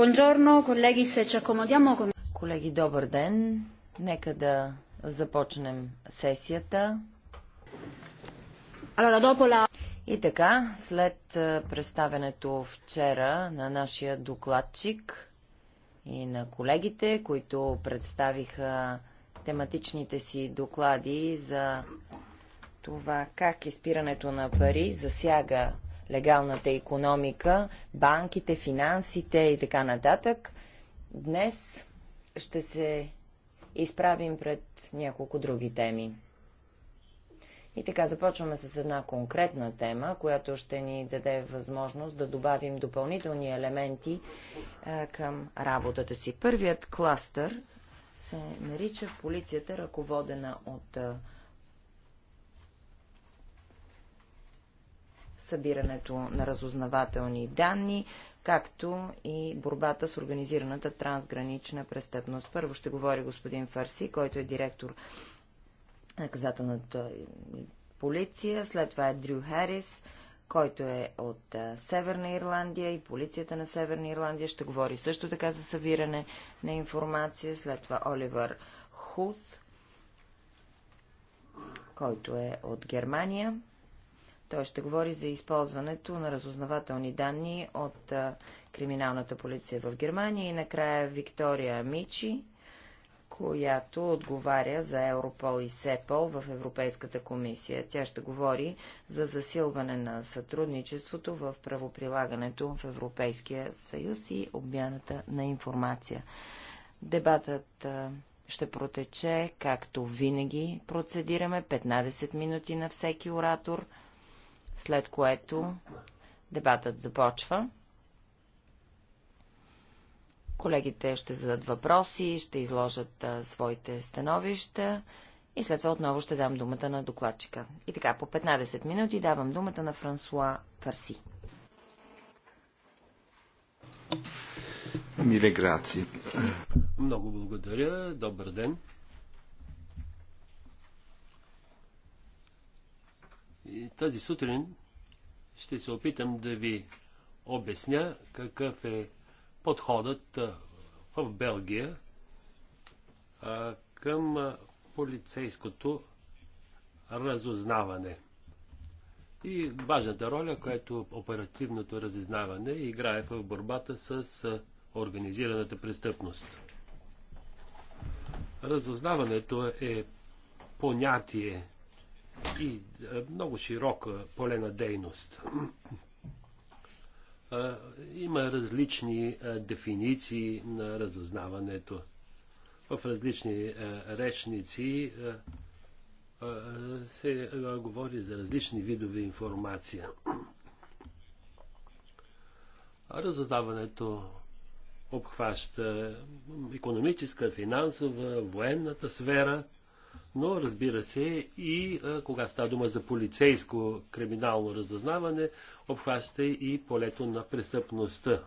Buongiorno, колеги, се ci accomodiamo. Колеги, добър ден. Нека да започнем сесията. Allora, dopo la... И така, след представенето вчера на нашия докладчик и на колегите, които представиха тематичните си доклади за това как изпирането на пари засяга легалната економика, банките, финансите и така нататък, днес ще се изправим пред няколко други теми. И така започваме с една конкретна тема, която ще ни даде възможност да добавим допълнителни елементи а, към работата си. Първият кластър се нарича полицията, ръководена от събирането на разузнавателни данни, както и борбата с организираната трансгранична престъпност. Първо ще говори господин Фарси, който е директор на наказателната полиция, след това е Дрю Харис, който е от Северна Ирландия и полицията на Северна Ирландия ще говори също така за събиране на информация, след това Оливър Хус, който е от Германия той ще говори за използването на разузнавателни данни от криминалната полиция в Германия и накрая Виктория Мичи, която отговаря за Европол и СЕПОЛ в Европейската комисия. Тя ще говори за засилване на сътрудничеството в правоприлагането в Европейския съюз и обмяната на информация. Дебатът ще протече, както винаги процедираме, 15 минути на всеки оратор – след което дебатът започва. Колегите ще зададат въпроси, ще изложат а, своите становища и след това отново ще дам думата на докладчика. И така, по 15 минути давам думата на Франсуа Фарси. Миле грации. Много благодаря. Добър ден. И тази сутрин ще се опитам да ви обясня какъв е подходът в Белгия към полицейското разузнаване и важната роля, която оперативното разузнаване играе в борбата с организираната престъпност. Разузнаването е понятие, и много широка поле на дейност. Има различни дефиниции на разузнаването. В различни речници се говори за различни видове информация. Разузнаването обхваща економическа, финансова, военната сфера – но разбира се и а, кога става дума за полицейско криминално разузнаване, обхваща и полето на престъпността.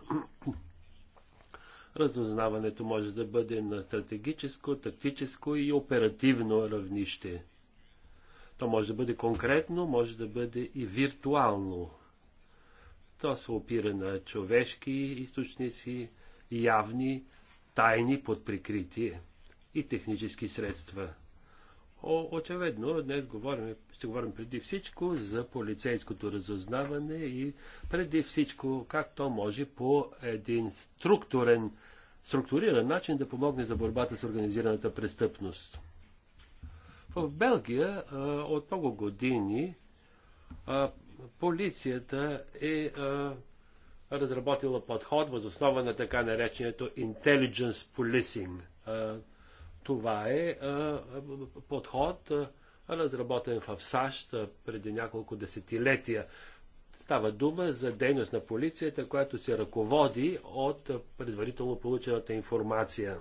Разузнаването може да бъде на стратегическо, тактическо и оперативно равнище. То може да бъде конкретно, може да бъде и виртуално. То се опира на човешки източници, явни, тайни под прикритие и технически средства. Очевидно, днес говорим, ще говорим преди всичко за полицейското разузнаване и преди всичко как то може по един структурен, структуриран начин да помогне за борбата с организираната престъпност. В Белгия от много години полицията е разработила подход въз основа на така нареченото intelligence policing – това е подход, разработен в САЩ преди няколко десетилетия. Става дума за дейност на полицията, която се ръководи от предварително получената информация.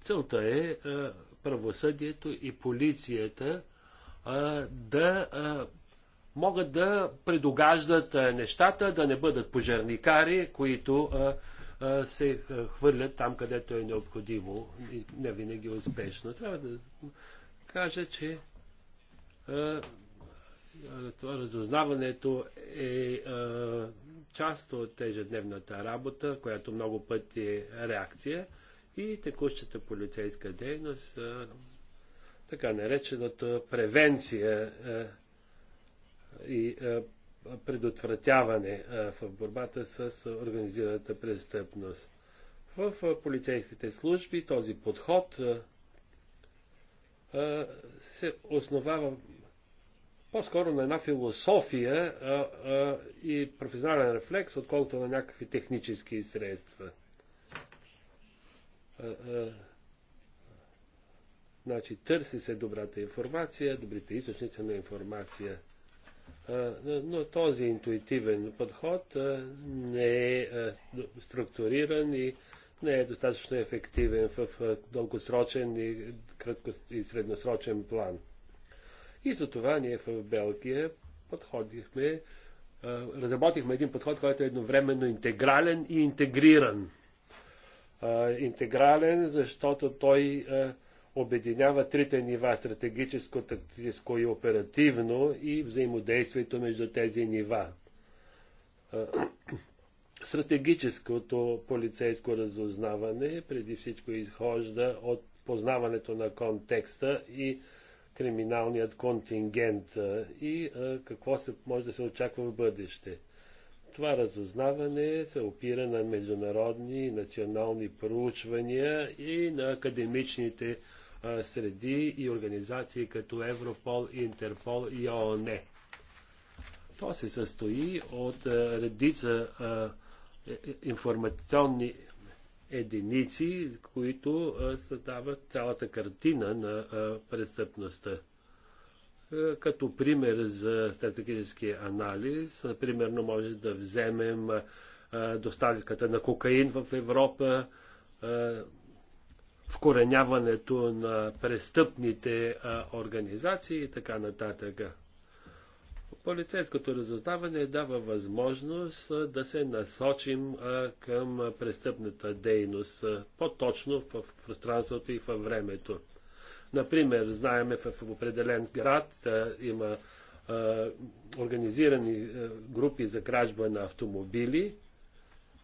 Целта е правосъдието и полицията да могат да предогаждат нещата, да не бъдат пожарникари, които се хвърлят там, където е необходимо и не винаги е успешно. Трябва да кажа, че това разузнаването е част от ежедневната работа, която много пъти е реакция и текущата полицейска дейност, така наречената превенция и предотвратяване в борбата с организираната престъпност. В полицейските служби този подход се основава по-скоро на една философия и професионален рефлекс, отколкото на някакви технически средства. Значи, търси се добрата информация, добрите източници на информация – но този интуитивен подход не е структуриран и не е достатъчно ефективен в дългосрочен и, кратко, и средносрочен план. И за това ние в Белгия подходихме, разработихме един подход, който е едновременно интегрален и интегриран. Интегрален, защото той обединява трите нива стратегическо, тактическо и оперативно и взаимодействието между тези нива. Стратегическото полицейско разузнаване преди всичко изхожда от познаването на контекста и криминалният контингент и какво се, може да се очаква в бъдеще. Това разузнаване се опира на международни и национални проучвания и на академичните среди и организации като Европол, Интерпол и ООН. То се състои от редица е, е, информационни единици, които създават цялата картина на престъпността. Като пример за стратегически анализ, примерно може да вземем доставката на кокаин в Европа, вкореняването на престъпните а, организации и така нататък. Полицейското разузнаване дава възможност да се насочим към престъпната дейност, по-точно в пространството и във времето. Например, знаеме в определен град има организирани групи за кражба на автомобили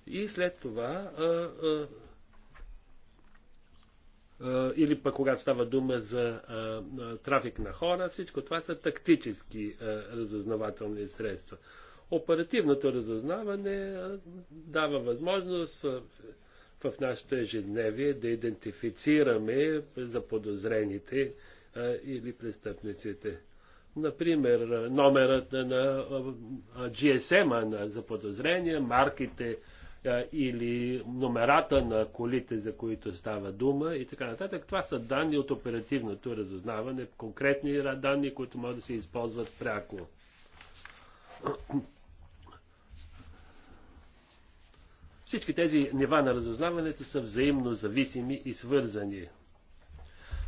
и след това или пък когато става дума за трафик на хора, всичко това са тактически разузнавателни средства. Оперативното разузнаване дава възможност в нашето ежедневие да идентифицираме заподозрените или престъпниците. Например, номерът на GSM-а на заподозрения, марките, или номерата на колите, за които става дума и така нататък. Това са данни от оперативното разузнаване, конкретни данни, които могат да се използват пряко. Всички тези нива на разузнаването са взаимно зависими и свързани.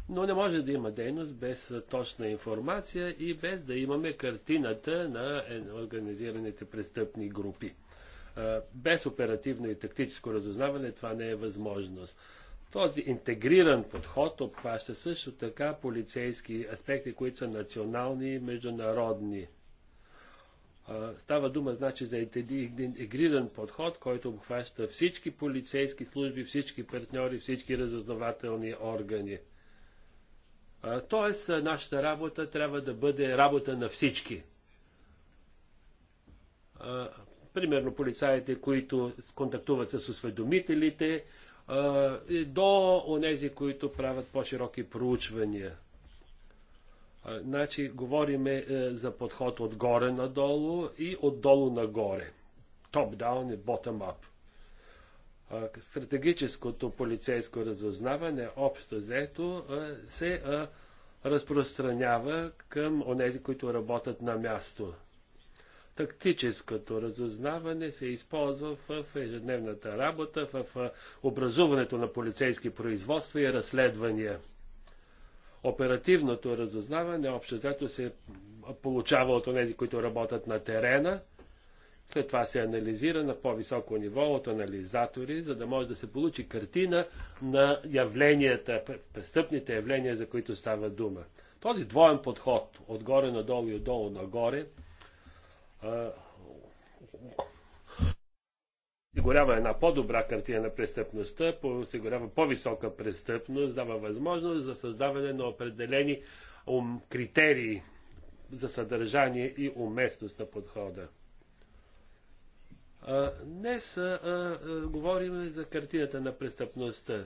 Но не може да има дейност без точна информация и без да имаме картината на е, организираните престъпни групи. Без оперативно и тактическо разузнаване това не е възможност. Този интегриран подход обхваща също така полицейски аспекти, които са национални и международни. Става дума, значи, за интегриран подход, който обхваща всички полицейски служби, всички партньори, всички разузнавателни органи. Тоест, нашата работа трябва да бъде работа на всички. Примерно полицаите, които контактуват с осведомителите, до онези, които правят по-широки проучвания. Значи, говориме е, за подход отгоре надолу и отдолу нагоре. Топ-даун и bottom-up. Стратегическото полицейско разузнаване, общо взето, се разпространява към онези, които работят на място. Тактическото разузнаване се използва в ежедневната работа, в образуването на полицейски производства и разследвания. Оперативното разузнаване общо взето се получава от тези, които работят на терена. След това се анализира на по-високо ниво от анализатори, за да може да се получи картина на явленията, престъпните явления, за които става дума. Този двоен подход, отгоре надолу и отдолу нагоре, осигурява една по-добра картина на престъпността, осигурява по-висока престъпност, дава възможност за създаване на определени критерии за съдържание и уместност на подхода. днес говорим за картината на престъпността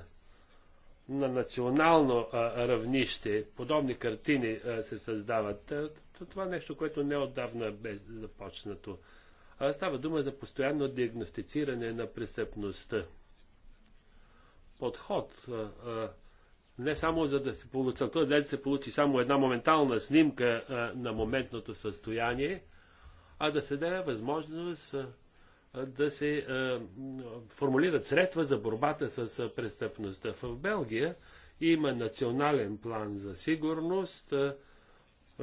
на национално а, равнище подобни картини а, се създават. Това е нещо, което не отдавна бе започнато. А, става дума за постоянно диагностициране на престъпността. Подход не само за да се получи, целта е да се получи само една моментална снимка на моментното състояние, а да се даде възможност да се формулират средства за борбата с престъпността. В Белгия има национален план за сигурност,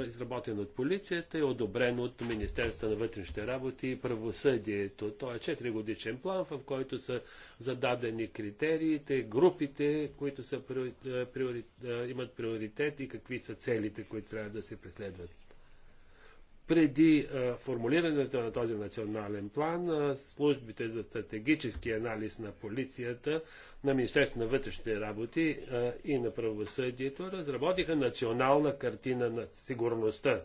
изработен от полицията и одобрен от Министерство на вътрешните работи и правосъдието. Той е 4 годишен план, в който са зададени критериите, групите, които са, приори, имат приоритет и какви са целите, които трябва да се преследват преди а, формулирането на този национален план, а, службите за стратегически анализ на полицията, на Министерство на вътрешните работи а, и на правосъдието разработиха национална картина на сигурността,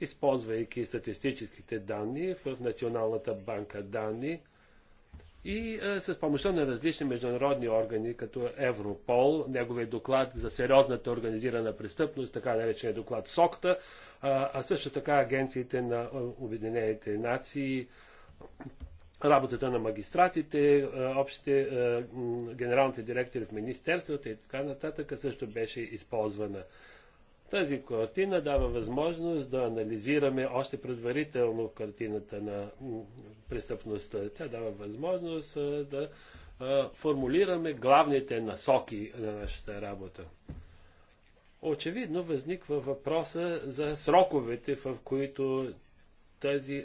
използвайки статистическите данни в Националната банка данни – и а, с помощта на различни международни органи, като Европол, неговият доклад за сериозната организирана престъпност, така наречения доклад СОКТА, а, а също така агенциите на Обединените нации, работата на магистратите, общите генералните директори в министерствата и така нататък също беше използвана. Тази картина дава възможност да анализираме още предварително картината на престъпността. Тя дава възможност да формулираме главните насоки на нашата работа. Очевидно възниква въпроса за сроковете, в които тази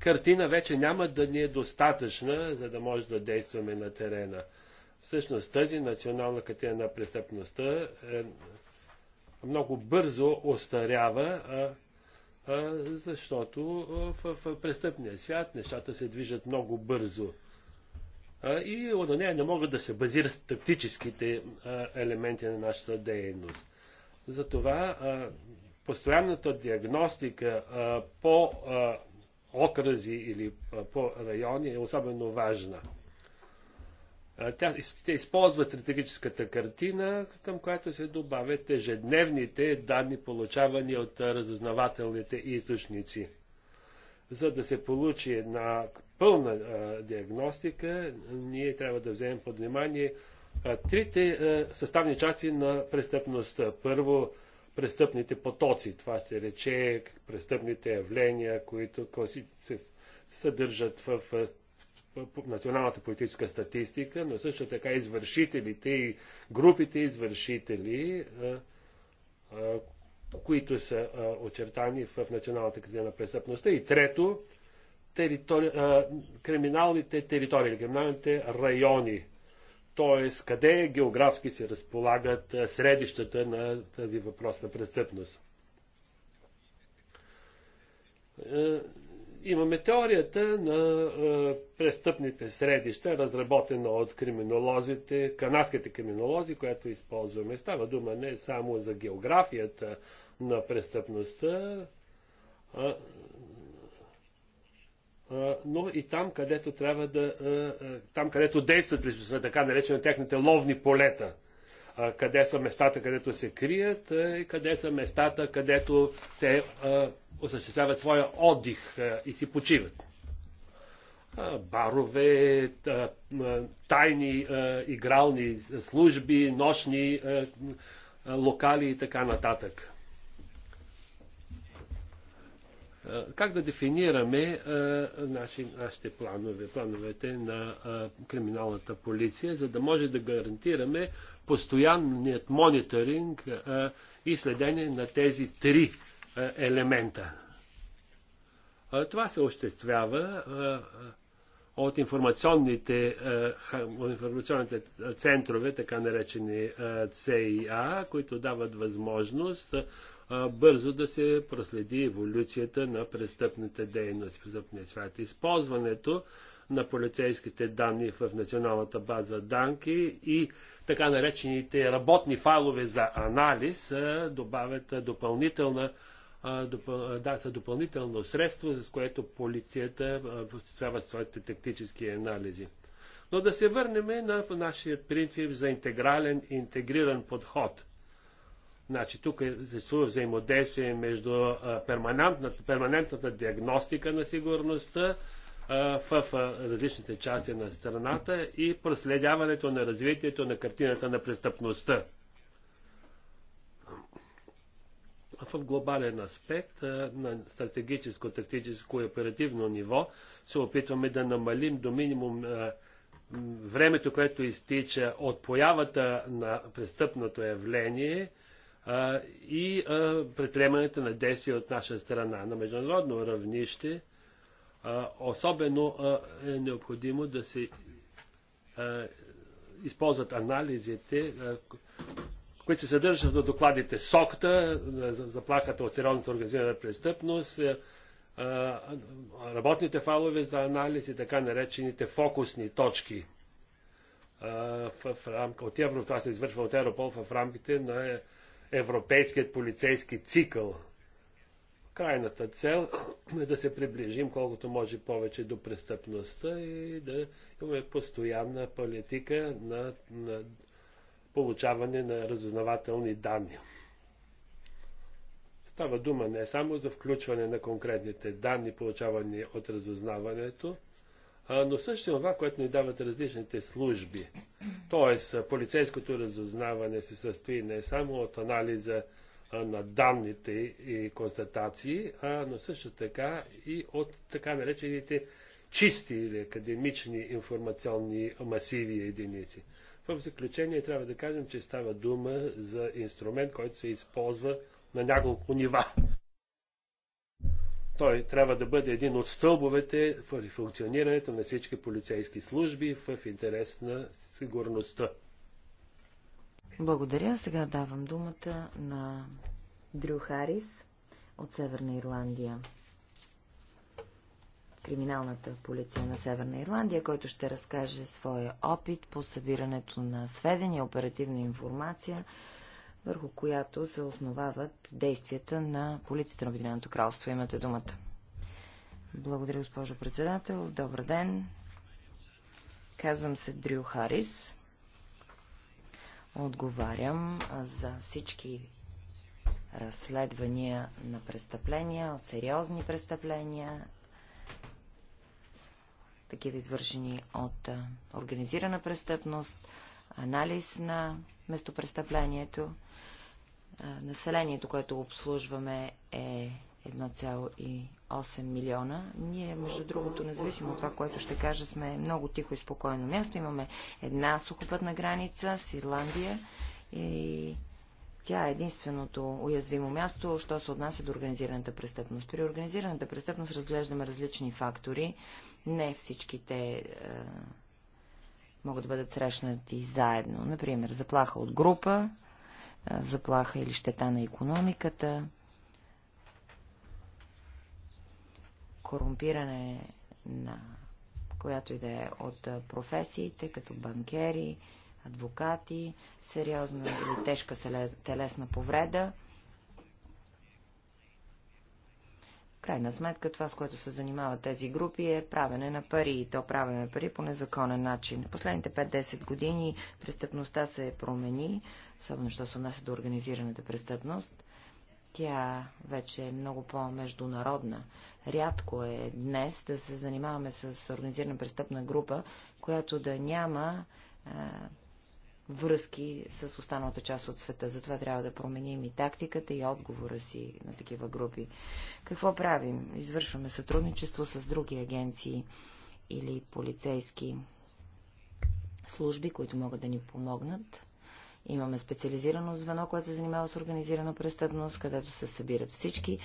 картина вече няма да ни е достатъчна, за да може да действаме на терена. Всъщност тази национална картина на престъпността е много бързо остарява, защото в престъпния свят нещата се движат много бързо. И от нея не могат да се базират тактическите елементи на нашата дейност. Затова постоянната диагностика по окръзи или по райони е особено важна. Тя, те използват стратегическата картина, към която се добавят ежедневните данни, получавани от разузнавателните източници. За да се получи една пълна диагностика, ние трябва да вземем под внимание трите съставни части на престъпността. Първо, престъпните потоци, това ще рече престъпните явления, които се съдържат в националната политическа статистика, но също така извършителите и групите извършители, които са очертани в националната картина на престъпността. И трето, територи... криминалните територии, криминалните райони, т.е. къде географски се разполагат средищата на тази въпрос на престъпност Имаме теорията на е, престъпните средища, разработена от криминолозите, канадските криминолози, която използваме. Става дума не само за географията на престъпността, а, а, но и там, където трябва да. А, е, е, там, където действат така наречена техните ловни полета – къде са местата, където се крият и къде са местата, където те осъществяват своя отдих и си почиват. Барове, тайни игрални служби, нощни локали и така нататък. Как да дефинираме наши, нашите планове, плановете на криминалната полиция, за да може да гарантираме постоянният мониторинг и следение на тези три елемента. това се осъществява от информационните, информационните центрове, така наречени CIA, които дават възможност бързо да се проследи еволюцията на престъпната дейност в престъпния свят. Използването на полицейските данни в националната база данки и така наречените работни файлове за анализ добавят допълнителна да, са допълнително средство, с което полицията осъществява своите тактически анализи. Но да се върнем на нашия принцип за интегрален и интегриран подход. Значи, тук е, съществува взаимодействие между перманентната, перманентната диагностика на сигурността, в различните части на страната и проследяването на развитието на картината на престъпността. В глобален аспект на стратегическо, тактическо и оперативно ниво се опитваме да намалим до минимум времето, което изтича от появата на престъпното явление и предприемането на действия от наша страна. На международно равнище Особено е необходимо да се използват анализите, които се съдържат в докладите СОКТА, заплахата от сериозната организирана престъпност, е, работните фалове за анализ и така наречените фокусни точки в рамка от Европол. Това се извършва от Европол в рамките на европейският полицейски цикъл – Крайната цел е да се приближим колкото може повече до престъпността и да имаме постоянна политика на, на получаване на разузнавателни данни. Става дума не само за включване на конкретните данни, получавани от разузнаването, но също това, което ни дават различните служби. Тоест, полицейското разузнаване се състои не само от анализа на данните и констатации, а но също така и от така наречените чисти или академични информационни масиви единици. В заключение трябва да кажем, че става дума за инструмент, който се използва на няколко нива. Той трябва да бъде един от стълбовете в функционирането на всички полицейски служби в интерес на сигурността. Благодаря. Сега давам думата на Дрю Харис от Северна Ирландия. Криминалната полиция на Северна Ирландия, който ще разкаже своя опит по събирането на сведения, оперативна информация, върху която се основават действията на полицията на Обединеното кралство. Имате думата. Благодаря, госпожо председател. Добър ден. Казвам се Дрю Харис. Отговарям за всички разследвания на престъпления, сериозни престъпления, такива извършени от организирана престъпност, анализ на местопрестъплението. Населението, което обслужваме е 1,8 милиона. Ние, между другото, независимо от това, което ще кажа, сме много тихо и спокойно място. Имаме една сухопътна граница с Ирландия и тя е единственото уязвимо място, що се отнася до организираната престъпност. При организираната престъпност разглеждаме различни фактори. Не всичките е, могат да бъдат срещнати заедно. Например, заплаха от група, е, заплаха или щета на економиката, корумпиране на която и да е от професиите, като банкери, адвокати, сериозна или тежка телесна повреда. Крайна сметка, това, с което се занимават тези групи, е правене на пари и то правене на пари по незаконен начин. Последните 5-10 години престъпността се промени, особено що се отнася до организираната престъпност. Тя вече е много по-международна. Рядко е днес да се занимаваме с организирана престъпна група, която да няма а, връзки с останалата част от света. Затова трябва да променим и тактиката, и отговора си на такива групи. Какво правим? Извършваме сътрудничество с други агенции или полицейски служби, които могат да ни помогнат Имаме специализирано звено, което се занимава с организирана престъпност, където се събират всички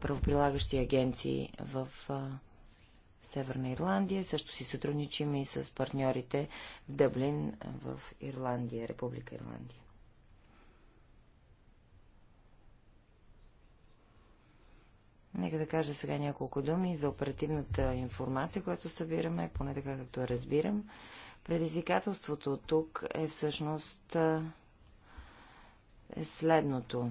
правоприлагащи агенции в Северна Ирландия. Също си сътрудничим и с партньорите в Дъблин, в Ирландия, Република Ирландия. Нека да кажа сега няколко думи за оперативната информация, която събираме, поне така както я разбирам. Предизвикателството тук е всъщност е следното.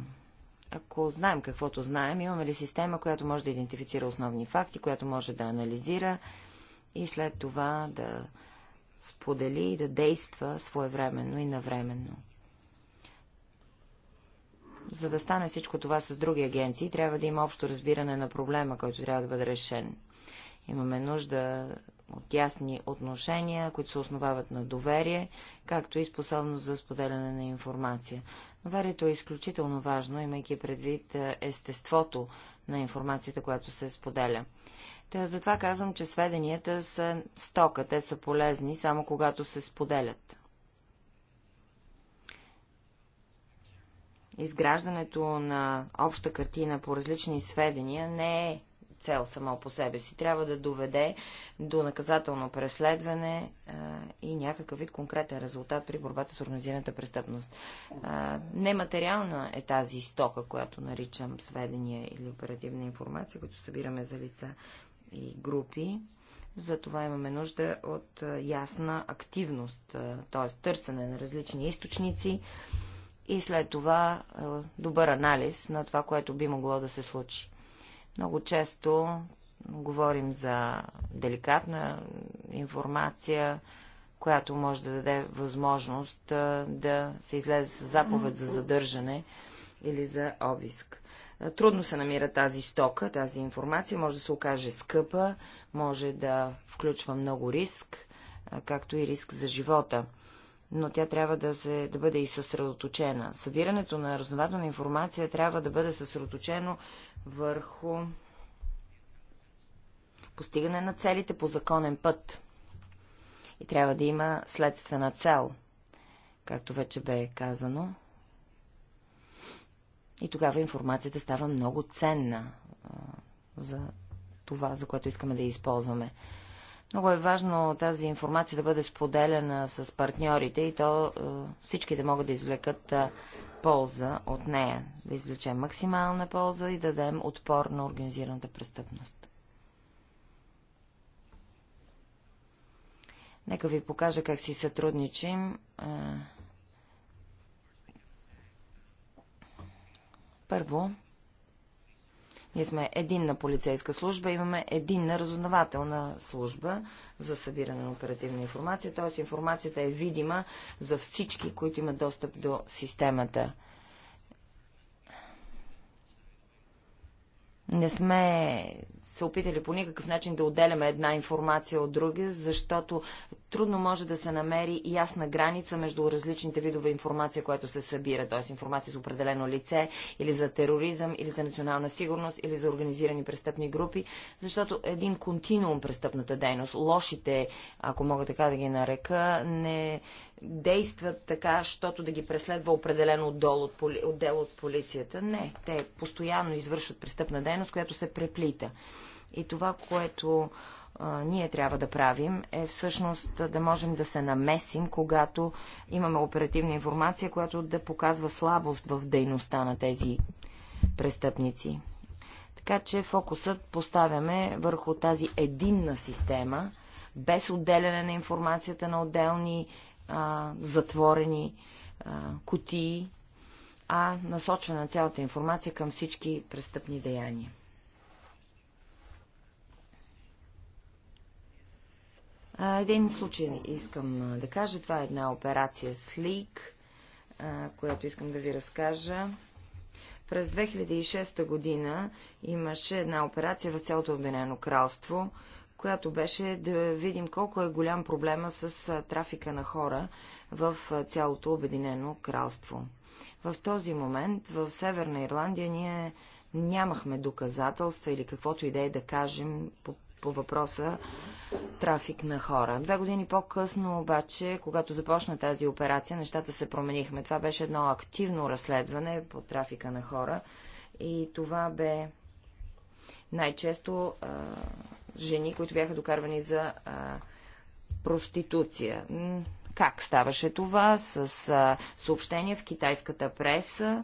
Ако знаем каквото знаем, имаме ли система, която може да идентифицира основни факти, която може да анализира и след това да сподели и да действа своевременно и навременно. За да стане всичко това с други агенции, трябва да има общо разбиране на проблема, който трябва да бъде решен. Имаме нужда от ясни отношения, които се основават на доверие, както и способност за споделяне на информация. Доверието е изключително важно, имайки предвид е, естеството на информацията, която се споделя. Та, затова казвам, че сведенията са стока, те са полезни само когато се споделят. Изграждането на обща картина по различни сведения не е цел само по себе си. Трябва да доведе до наказателно преследване а, и някакъв вид конкретен резултат при борбата с организираната престъпност. А, нематериална е тази стока, която наричам сведения или оперативна информация, които събираме за лица и групи. Затова имаме нужда от ясна активност, т.е. търсене на различни източници и след това добър анализ на това, което би могло да се случи. Много често говорим за деликатна информация, която може да даде възможност да се излезе с заповед за задържане или за обиск. Трудно се намира тази стока, тази информация, може да се окаже скъпа, може да включва много риск, както и риск за живота но тя трябва да, се, да бъде и съсредоточена. Събирането на разнователна информация трябва да бъде съсредоточено върху постигане на целите по законен път. И трябва да има следствена цел, както вече бе казано. И тогава информацията става много ценна за това, за което искаме да я използваме. Много е важно тази информация да бъде споделена с партньорите и то е, всички да могат да извлекат е, полза от нея, да извлечем максимална полза и да дадем отпор на организираната престъпност. Нека ви покажа как си сътрудничим. Е. Първо, ние сме единна полицейска служба, имаме единна разузнавателна служба за събиране на оперативна информация, т.е. информацията е видима за всички, които имат достъп до системата. Не сме се опитали по никакъв начин да отделяме една информация от друга, защото трудно може да се намери ясна граница между различните видове информация, която се събира, т.е. информация за определено лице или за тероризъм, или за национална сигурност, или за организирани престъпни групи, защото един континуум престъпната дейност, лошите, ако мога така да ги нарека, не действат така, щото да ги преследва определено отдел от, поли... отдел от полицията. Не, те постоянно извършват престъпна дейност, която се преплита. И това, което ние трябва да правим, е всъщност да можем да се намесим, когато имаме оперативна информация, която да показва слабост в дейността на тези престъпници. Така че фокусът поставяме върху тази единна система, без отделяне на информацията на отделни а, затворени а, кутии, а насочване на цялата информация към всички престъпни деяния. Един случай искам да кажа. Това е една операция Слик, която искам да ви разкажа. През 2006 година имаше една операция в цялото Обединено кралство, която беше да видим колко е голям проблема с трафика на хора в цялото Обединено кралство. В този момент в Северна Ирландия ние нямахме доказателства или каквото и да е да кажем по по въпроса трафик на хора. Две години по-късно обаче, когато започна тази операция, нещата се променихме. Това беше едно активно разследване по трафика на хора и това бе най-често жени, които бяха докарвани за а, проституция. Как ставаше това? С а, съобщения в китайската преса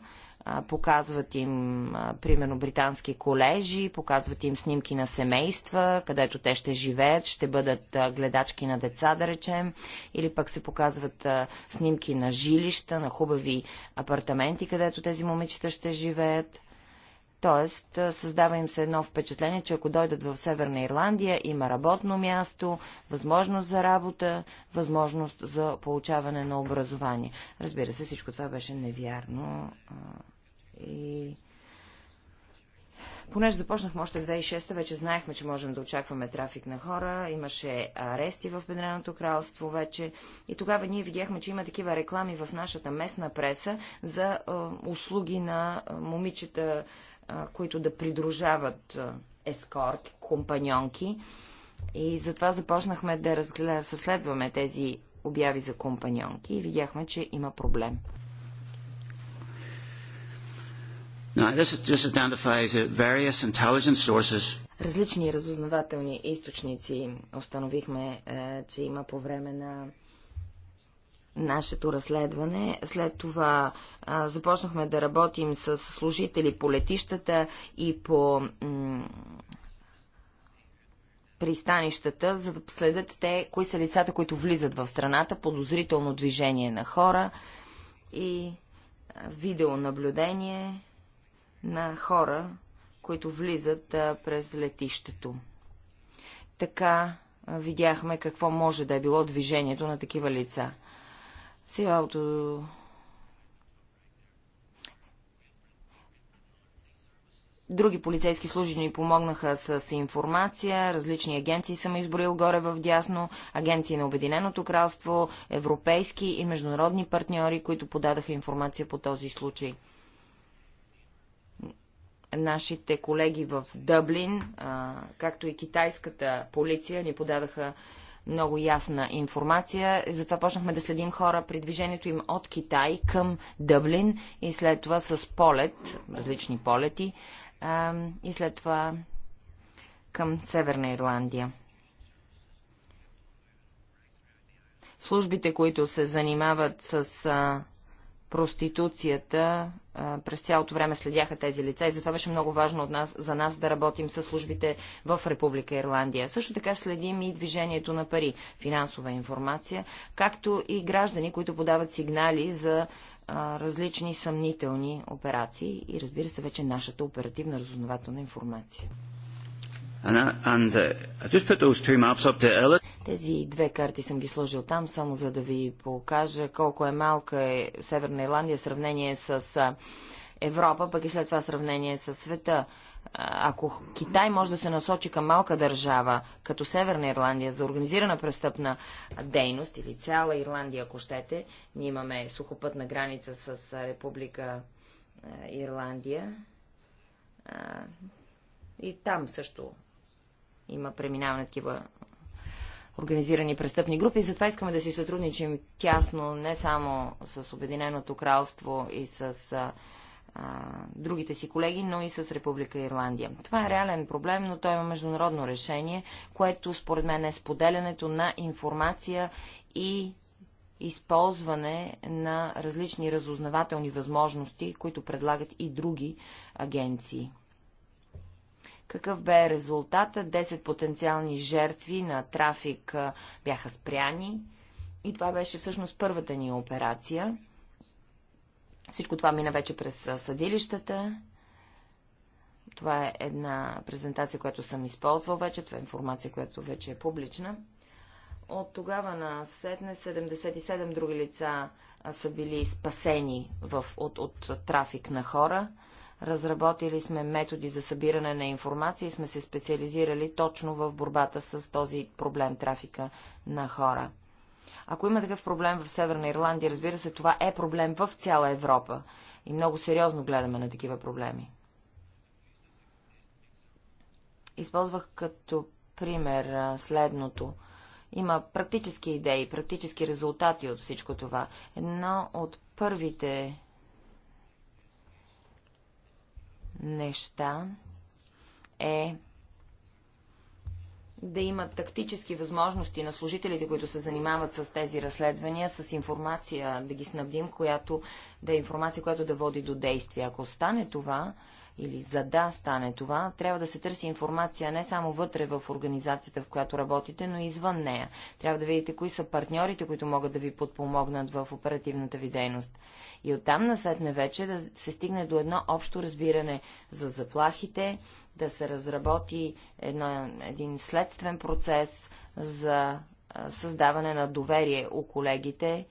показват им, примерно, британски колежи, показват им снимки на семейства, където те ще живеят, ще бъдат гледачки на деца, да речем, или пък се показват снимки на жилища, на хубави апартаменти, където тези момичета ще живеят. Тоест, създава им се едно впечатление, че ако дойдат в Северна Ирландия, има работно място, възможност за работа, възможност за получаване на образование. Разбира се, всичко това беше невярно. И понеже започнахме още 2006, вече знаехме, че можем да очакваме трафик на хора, имаше арести в Бедреното кралство вече и тогава ние видяхме, че има такива реклами в нашата местна преса за е, услуги на е, момичета, е, които да придружават е, ескорт, компаньонки. И затова започнахме да разгледа, съследваме тези обяви за компаньонки и видяхме, че има проблем. различни разузнавателни източници установихме, е, че има по време на нашето разследване. След това започнахме да работим с служители по летищата и по пристанищата, за да следят те, кои са лицата, които влизат в страната, подозрително движение на хора и видеонаблюдение на хора, които влизат през летището. Така видяхме какво може да е било движението на такива лица. Сега от Други полицейски служители ни помогнаха с информация, различни агенции съм изброил горе в дясно, агенции на Обединеното кралство, европейски и международни партньори, които подадаха информация по този случай. Нашите колеги в Дъблин, както и китайската полиция, ни подадаха много ясна информация. Затова почнахме да следим хора при движението им от Китай към Дъблин и след това с полет, различни полети, и след това към Северна Ирландия. Службите, които се занимават с проституцията, през цялото време следяха тези лица и затова беше много важно от нас, за нас да работим с службите в Република Ирландия. Също така следим и движението на пари, финансова информация, както и граждани, които подават сигнали за различни съмнителни операции и разбира се вече нашата оперативна разузнавателна информация. And, uh, and, uh, тези две карти съм ги сложил там, само за да ви покажа колко е малка е Северна Ирландия в сравнение с Европа, пък и след това сравнение с света. Ако Китай може да се насочи към малка държава, като Северна Ирландия, за организирана престъпна дейност или цяла Ирландия, ако щете, ние имаме сухопътна граница с Република Ирландия. И там също има преминаване такива организирани престъпни групи. Затова искаме да си сътрудничим тясно не само с Обединеното кралство и с а, а, другите си колеги, но и с Република Ирландия. Това е реален проблем, но той има международно решение, което според мен е споделянето на информация и използване на различни разузнавателни възможности, които предлагат и други агенции. Какъв бе резултата? 10 потенциални жертви на трафик бяха спряни и това беше всъщност първата ни операция. Всичко това мина вече през съдилищата. Това е една презентация, която съм използвал вече. Това е информация, която вече е публична. От тогава на сетне 77 други лица са били спасени в, от, от трафик на хора. Разработили сме методи за събиране на информация и сме се специализирали точно в борбата с този проблем трафика на хора. Ако има такъв проблем в Северна Ирландия, разбира се, това е проблем в цяла Европа. И много сериозно гледаме на такива проблеми. Използвах като пример следното. Има практически идеи, практически резултати от всичко това. Едно от първите неща е да има тактически възможности на служителите, които се занимават с тези разследвания, с информация, да ги снабдим, която да е информация, която да води до действия. Ако стане това, или за да стане това, трябва да се търси информация не само вътре в организацията, в която работите, но и извън нея. Трябва да видите кои са партньорите, които могат да ви подпомогнат в оперативната ви дейност. И оттам насетне вече да се стигне до едно общо разбиране за заплахите, да се разработи едно, един следствен процес за създаване на доверие у колегите,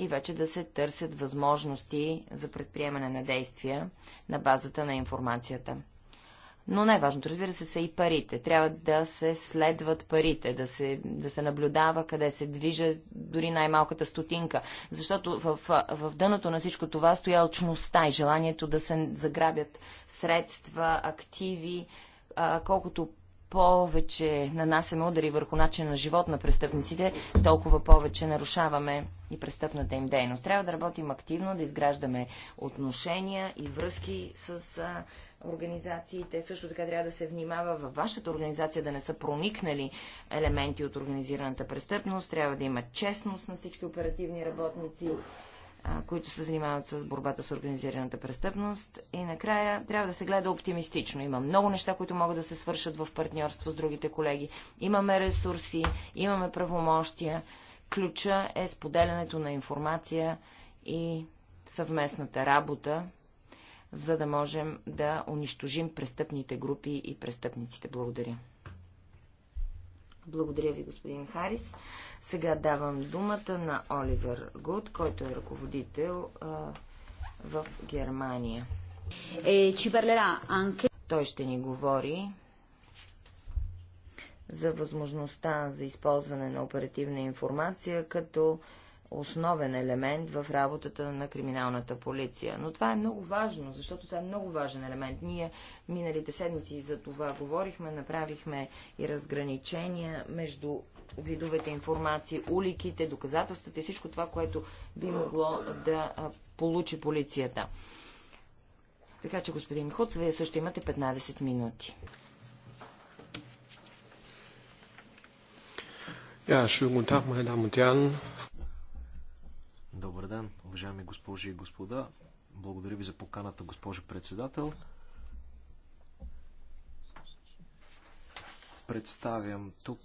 и вече да се търсят възможности за предприемане на действия на базата на информацията. Но най-важното, разбира се, са и парите. Трябва да се следват парите, да се, да се наблюдава къде се движа дори най-малката стотинка. Защото в, в дъното на всичко това стоя очността, и желанието да се заграбят средства, активи. А, колкото повече нанасяме удари върху начин на живот на престъпниците, толкова повече нарушаваме и престъпната им дейност. Трябва да работим активно, да изграждаме отношения и връзки с а, организациите. Също така трябва да се внимава във вашата организация да не са проникнали елементи от организираната престъпност. Трябва да има честност на всички оперативни работници които се занимават с борбата с организираната престъпност. И накрая трябва да се гледа оптимистично. Има много неща, които могат да се свършат в партньорство с другите колеги. Имаме ресурси, имаме правомощия. Ключа е споделянето на информация и съвместната работа, за да можем да унищожим престъпните групи и престъпниците. Благодаря. Благодаря ви, господин Харис. Сега давам думата на Оливер Гуд, който е ръководител а, в Германия. Е, анке... Той ще ни говори за възможността за използване на оперативна информация като основен елемент в работата на криминалната полиция. Но това е много важно, защото това е много важен елемент. Ние миналите седмици за това говорихме, направихме и разграничения между видовете информации, уликите, доказателствата и всичко това, което би могло да получи полицията. Така че, господин Хоц, вие също имате 15 минути. Ja, schönen guten Tag, meine Damen und Herren. Добър ден, уважаеми госпожи и господа. Благодаря ви за поканата, госпожо председател. Представям тук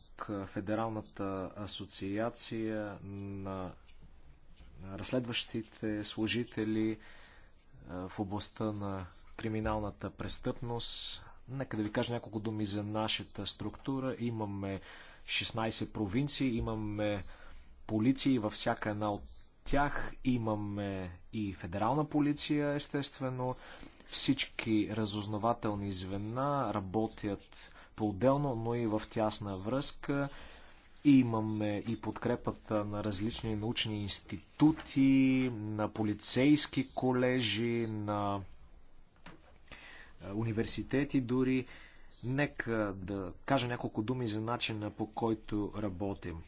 Федералната асоциация на разследващите служители в областта на криминалната престъпност. Нека да ви кажа няколко думи за нашата структура. Имаме 16 провинции, имаме полиции във всяка една от тях имаме и федерална полиция, естествено. Всички разузнавателни звена работят по-отделно, но и в тясна връзка. Имаме и подкрепата на различни научни институти, на полицейски колежи, на е, университети дори. Нека да кажа няколко думи за начина по който работим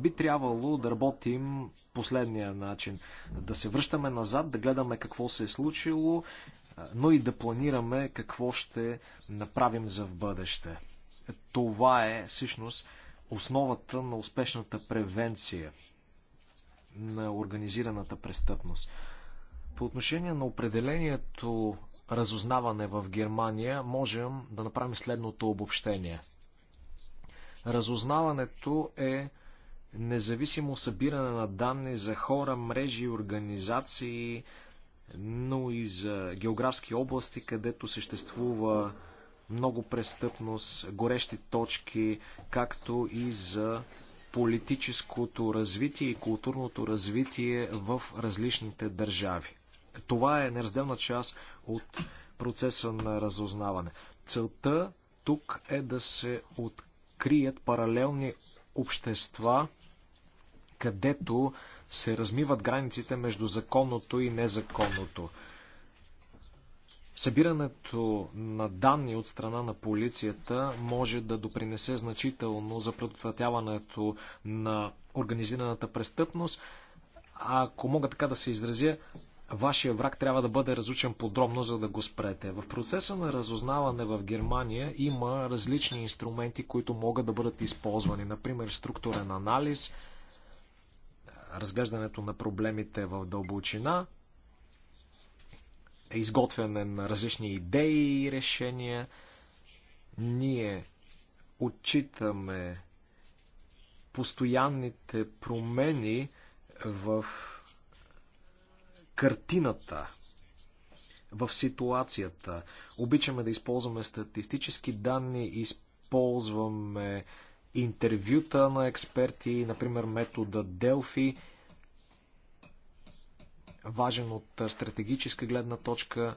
би трябвало да работим последния начин. Да се връщаме назад, да гледаме какво се е случило, но и да планираме какво ще направим за в бъдеще. Това е всъщност основата на успешната превенция на организираната престъпност. По отношение на определението разузнаване в Германия, можем да направим следното обобщение. Разузнаването е независимо събиране на данни за хора, мрежи, организации, но и за географски области, където съществува много престъпност, горещи точки, както и за политическото развитие и културното развитие в различните държави. Това е неразделна част от процеса на разузнаване. Целта тук е да се открият паралелни общества, където се размиват границите между законното и незаконното. Събирането на данни от страна на полицията може да допринесе значително за предотвратяването на организираната престъпност. Ако мога така да се изразя, вашия враг трябва да бъде разучен подробно, за да го спрете. В процеса на разузнаване в Германия има различни инструменти, които могат да бъдат използвани. Например, структурен анализ, разглеждането на проблемите в дълбочина, е изготвяне на различни идеи и решения. Ние отчитаме постоянните промени в картината, в ситуацията. Обичаме да използваме статистически данни, използваме интервюта на експерти, например метода Делфи, важен от стратегическа гледна точка.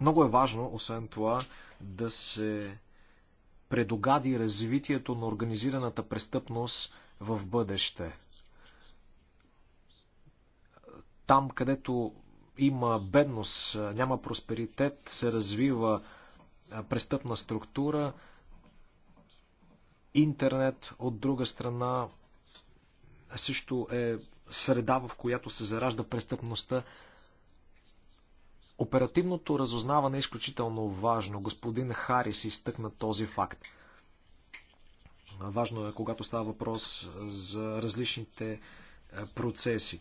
Много е важно, освен това, да се предогади развитието на организираната престъпност в бъдеще. Там, където има бедност, няма просперитет, се развива престъпна структура, интернет от друга страна също е среда, в която се заражда престъпността. Оперативното разузнаване е изключително важно. Господин Харис изтъкна този факт. Важно е, когато става въпрос за различните процеси.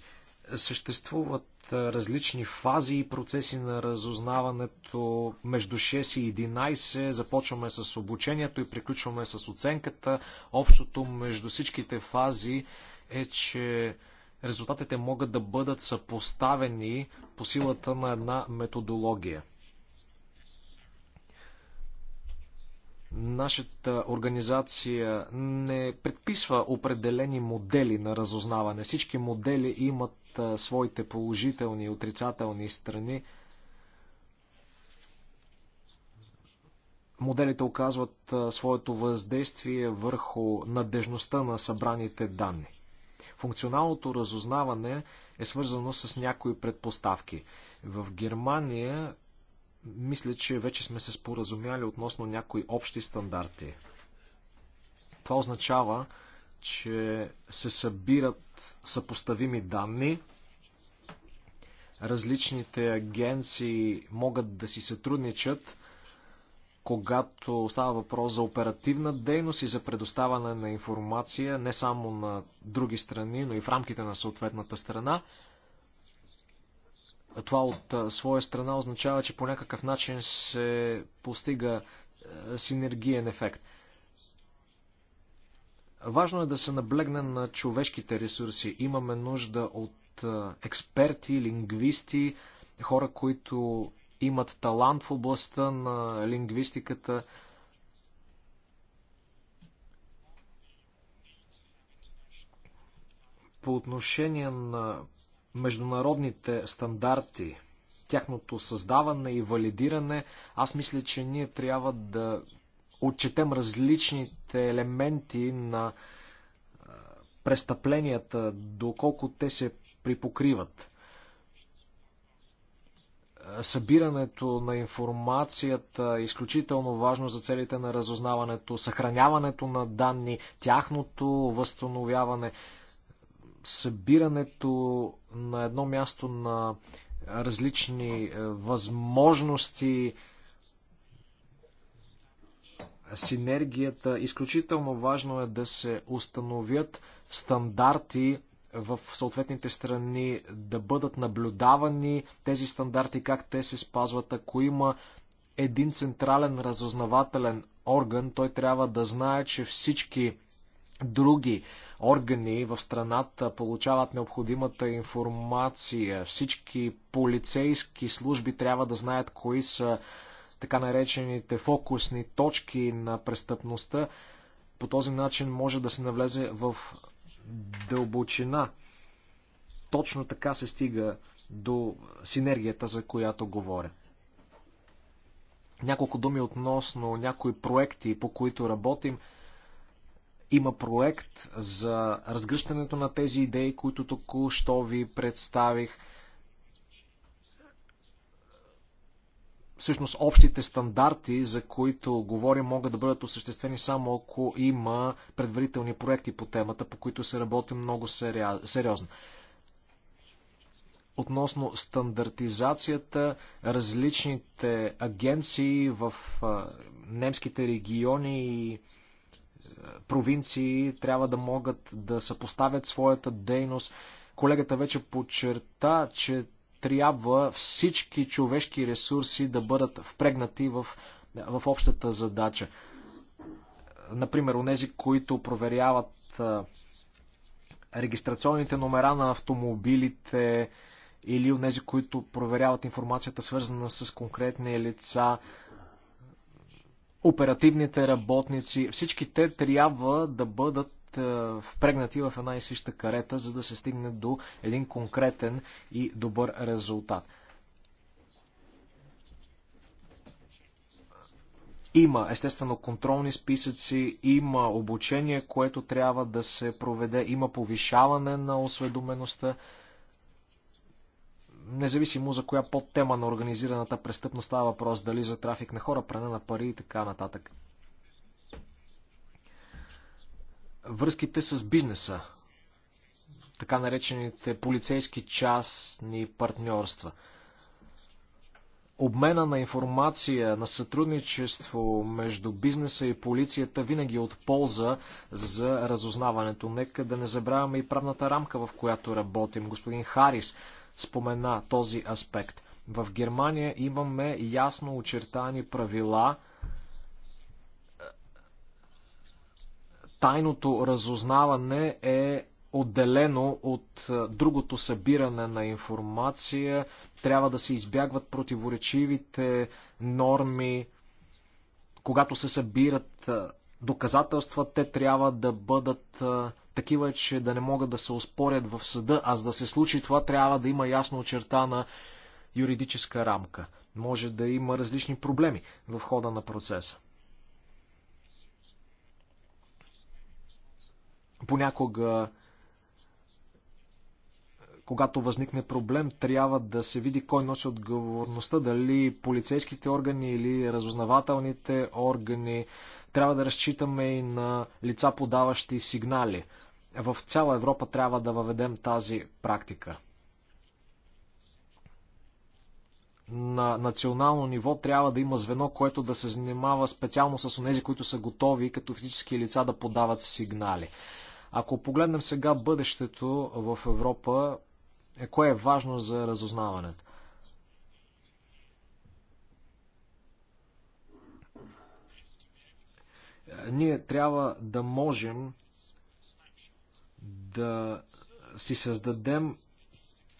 Съществуват различни фази и процеси на разузнаването. Между 6 и 11 започваме с обучението и приключваме с оценката. Общото между всичките фази е, че резултатите могат да бъдат съпоставени по силата на една методология. Нашата организация не предписва определени модели на разузнаване. Всички модели имат своите положителни и отрицателни страни. Моделите оказват своето въздействие върху надежността на събраните данни. Функционалното разузнаване е свързано с някои предпоставки. В Германия мисля, че вече сме се споразумяли относно някои общи стандарти. Това означава, че се събират съпоставими данни. Различните агенции могат да си сътрудничат, когато става въпрос за оперативна дейност и за предоставане на информация не само на други страни, но и в рамките на съответната страна. Това от своя страна означава, че по някакъв начин се постига синергиен ефект. Важно е да се наблегне на човешките ресурси. Имаме нужда от е, експерти, лингвисти, хора, които имат талант в областта на лингвистиката. По отношение на международните стандарти, тяхното създаване и валидиране, аз мисля, че ние трябва да отчетем различните основните елементи на престъпленията, доколко те се припокриват. Събирането на информацията е изключително важно за целите на разузнаването, съхраняването на данни, тяхното възстановяване, събирането на едно място на различни е, възможности, синергията, изключително важно е да се установят стандарти в съответните страни, да бъдат наблюдавани тези стандарти, как те се спазват. Ако има един централен разузнавателен орган, той трябва да знае, че всички други органи в страната получават необходимата информация. Всички полицейски служби трябва да знаят кои са така наречените фокусни точки на престъпността. По този начин може да се навлезе в дълбочина. Точно така се стига до синергията, за която говоря. Няколко думи относно някои проекти, по които работим. Има проект за разгръщането на тези идеи, които току-що ви представих – всъщност общите стандарти, за които говорим, могат да бъдат осъществени само ако има предварителни проекти по темата, по които се работи много сериозно. Относно стандартизацията, различните агенции в немските региони и провинции трябва да могат да съпоставят своята дейност. Колегата вече подчерта, че трябва всички човешки ресурси да бъдат впрегнати в, в общата задача. Например, онези, които проверяват регистрационните номера на автомобилите или нези, които проверяват информацията свързана с конкретни лица, оперативните работници, всички те трябва да бъдат впрегнати в една и съща карета, за да се стигне до един конкретен и добър резултат. Има, естествено, контролни списъци, има обучение, което трябва да се проведе, има повишаване на осведомеността. Независимо за коя подтема на организираната престъпност става въпрос, дали за трафик на хора, пране на пари и така нататък. връзките с бизнеса, така наречените полицейски частни партньорства. Обмена на информация, на сътрудничество между бизнеса и полицията винаги е от полза за разузнаването. Нека да не забравяме и правната рамка, в която работим. Господин Харис спомена този аспект. В Германия имаме ясно очертани правила – тайното разузнаване е отделено от е, другото събиране на информация. Трябва да се избягват противоречивите норми. Когато се събират е, доказателства, те трябва да бъдат е, такива, че да не могат да се успорят в съда, а за да се случи това, трябва да има ясно очертана юридическа рамка. Може да има различни проблеми в хода на процеса. Понякога, когато възникне проблем, трябва да се види кой носи отговорността, дали полицейските органи или разузнавателните органи. Трябва да разчитаме и на лица подаващи сигнали. В цяла Европа трябва да въведем тази практика. на национално ниво трябва да има звено, което да се занимава специално с онези, които са готови като физически лица да подават сигнали. Ако погледнем сега бъдещето в Европа, е, кое е важно за разузнаването? Е, ние трябва да можем да си създадем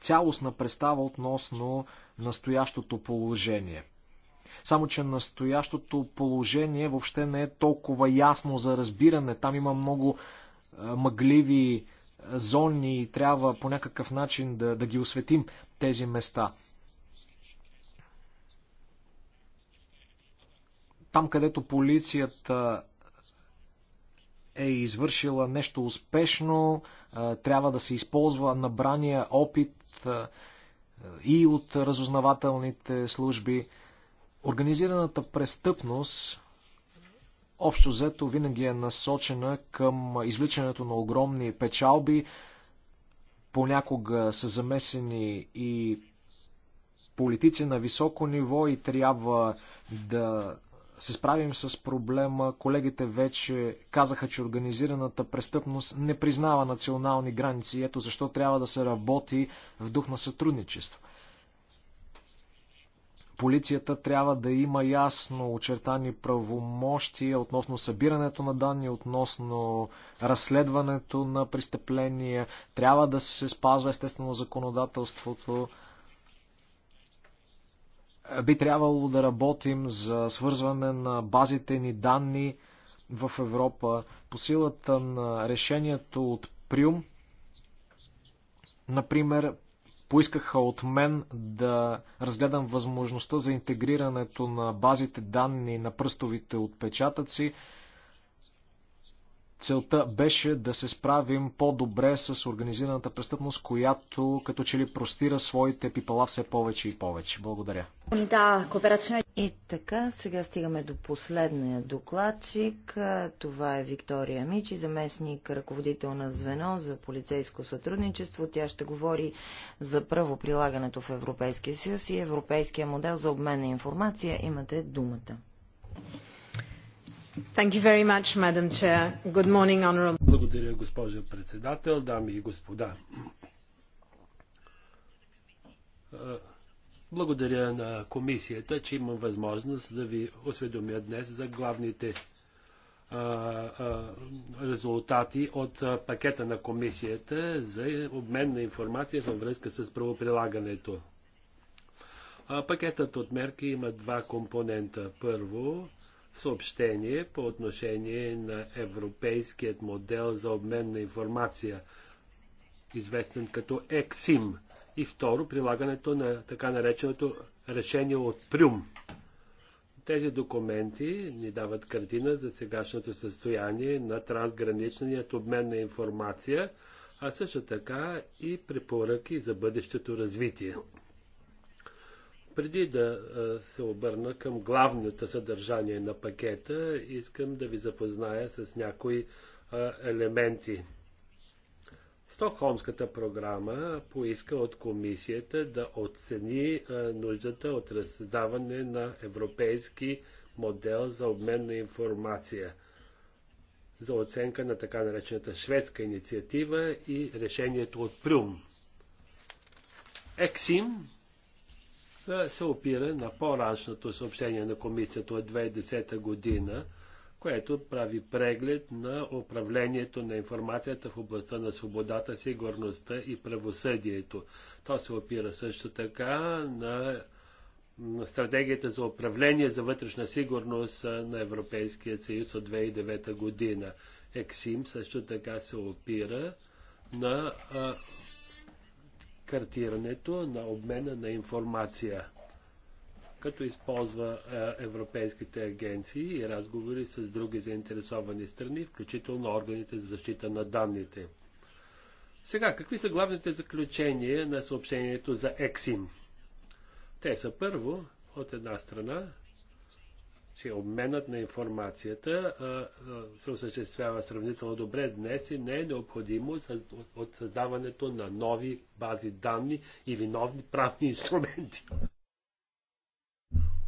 цялостна представа относно настоящото положение. Само, че настоящото положение въобще не е толкова ясно за разбиране. Там има много мъгливи зони и трябва по някакъв начин да, да ги осветим тези места. Там, където полицията е извършила нещо успешно, трябва да се използва набрания опит и от разузнавателните служби. Организираната престъпност общо взето винаги е насочена към извличането на огромни печалби. Понякога са замесени и политици на високо ниво и трябва да се справим с проблема. Колегите вече казаха, че организираната престъпност не признава национални граници. Ето защо трябва да се работи в дух на сътрудничество. Полицията трябва да има ясно очертани правомощия относно събирането на данни, относно разследването на престъпления. Трябва да се спазва естествено законодателството. Би трябвало да работим за свързване на базите ни данни в Европа по силата на решението от Прюм. Например, поискаха от мен да разгледам възможността за интегрирането на базите данни на пръстовите отпечатъци Целта беше да се справим по-добре с организираната престъпност, която като че ли простира своите пипала все повече и повече. Благодаря. Да, кооперационен. И така, сега стигаме до последния докладчик. Това е Виктория Мичи, заместник ръководител на звено за полицейско сътрудничество. Тя ще говори за правоприлагането в Европейския съюз и европейския модел за обмен на информация. Имате думата. Благодаря, госпожо председател, дами и господа. Благодаря на комисията, че имам възможност да ви осведомя днес за главните резултати от пакета на комисията за обмен на информация във връзка с правоприлагането. пакетът от мерки има два компонента. Първо, съобщение по отношение на европейският модел за обмен на информация, известен като ЕКСИМ. И второ, прилагането на така нареченото решение от Прюм. Тези документи ни дават картина за сегашното състояние на трансграничният обмен на информация, а също така и препоръки за бъдещето развитие преди да се обърна към главното съдържание на пакета, искам да ви запозная с някои елементи. Стокхолмската програма поиска от комисията да оцени нуждата от раздаване на европейски модел за обмен на информация за оценка на така наречената шведска инициатива и решението от Прюм. Ексим се опира на по-рачното съобщение на комисията от 2010 година, което прави преглед на управлението на информацията в областта на свободата, сигурността и правосъдието. То се опира също така на, на стратегията за управление за вътрешна сигурност на Европейския съюз от 2009 година. ЕКСИМ също така се опира на а, картирането на обмена на информация, като използва е, европейските агенции и разговори с други заинтересовани страни, включително органите за защита на данните. Сега, какви са главните заключения на съобщението за ЕКСИМ? Те са първо, от една страна, че обменът на информацията а, а, се осъществява сравнително добре днес и не е необходимо съ, от, от създаването на нови бази данни или нови правни инструменти.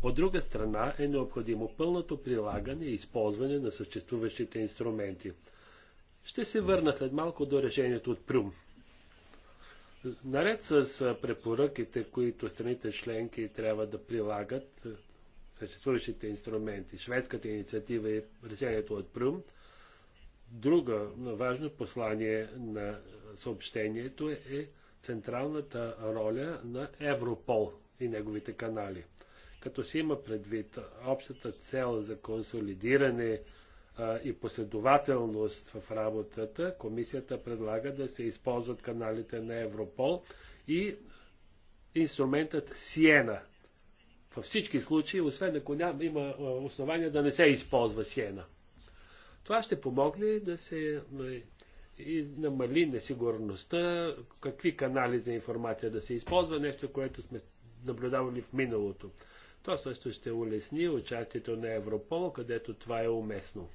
От друга страна е необходимо пълното прилагане и използване на съществуващите инструменти. Ще се върна след малко до решението от Прюм. Наред с препоръките, които страните членки трябва да прилагат съществуващите инструменти, шведската инициатива и е решението от Прюм. Друга важно послание на съобщението е, е централната роля на Европол и неговите канали. Като се има предвид общата цел за консолидиране а, и последователност в работата, комисията предлага да се използват каналите на Европол и инструментът Сиена – във всички случаи, освен ако няма, има основания да не се използва сиена. Това ще помогне да се и намали несигурността, какви канали за информация да се използва, нещо, което сме наблюдавали в миналото. То също ще улесни участието на Европол, където това е уместно.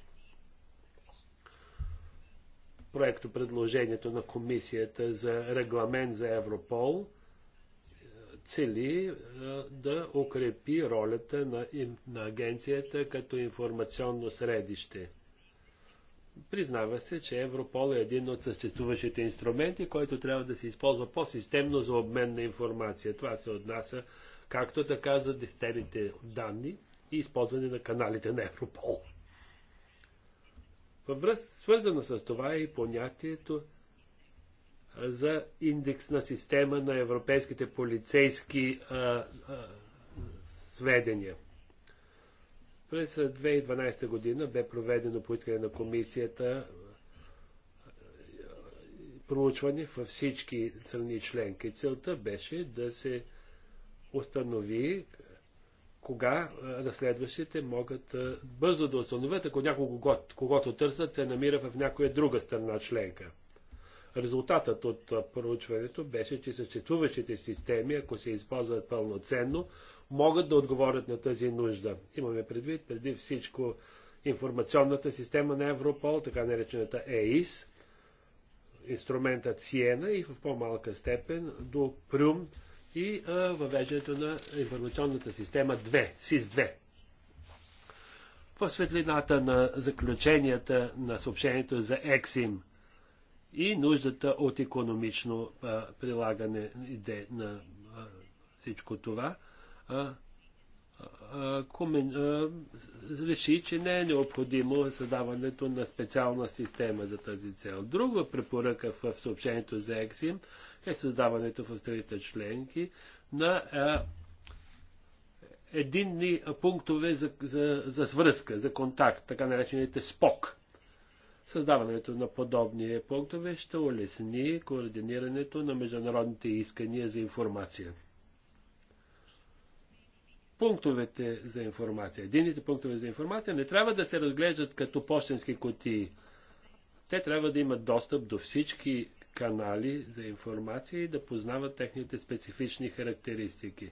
Проекто предложението на комисията за регламент за Европол цели е, да укрепи ролята на, на агенцията като информационно средище. Признава се, че Европол е един от съществуващите инструменти, който трябва да се използва по-системно за обмен на информация. Това се отнася както така за дистерите данни и използване на каналите на Европол. Във връз, свързано с това е и понятието за индексна система на европейските полицейски а, а, сведения. През 2012 година бе проведено по искане на комисията проучване във всички страни членки. Целта беше да се установи кога разследващите могат бързо да установят, ако някого, когото търсят, се намира в някоя друга страна членка. Резултатът от проучването беше, че съществуващите системи, ако се използват пълноценно, могат да отговорят на тази нужда. Имаме предвид преди всичко информационната система на Европол, така наречената ЕИС, инструментът Сиена и в по-малка степен до Прюм и а, въвеждането на информационната система 2, СИС-2. В светлината на заключенията на съобщението за ЕКСИМ – и нуждата от економично а, прилагане на а, всичко това, а, а, комен, а, реши, че не е необходимо създаването на специална система за тази цел. Друга препоръка в, в съобщението за Ексим е създаването в страните членки на а, единни пунктове за, за, за свръзка, за контакт, така наречените СПОК. Създаването на подобни пунктове ще улесни координирането на международните искания за информация. Пунктовете за информация, едините пунктове за информация не трябва да се разглеждат като почтенски кутии. Те трябва да имат достъп до всички канали за информация и да познават техните специфични характеристики.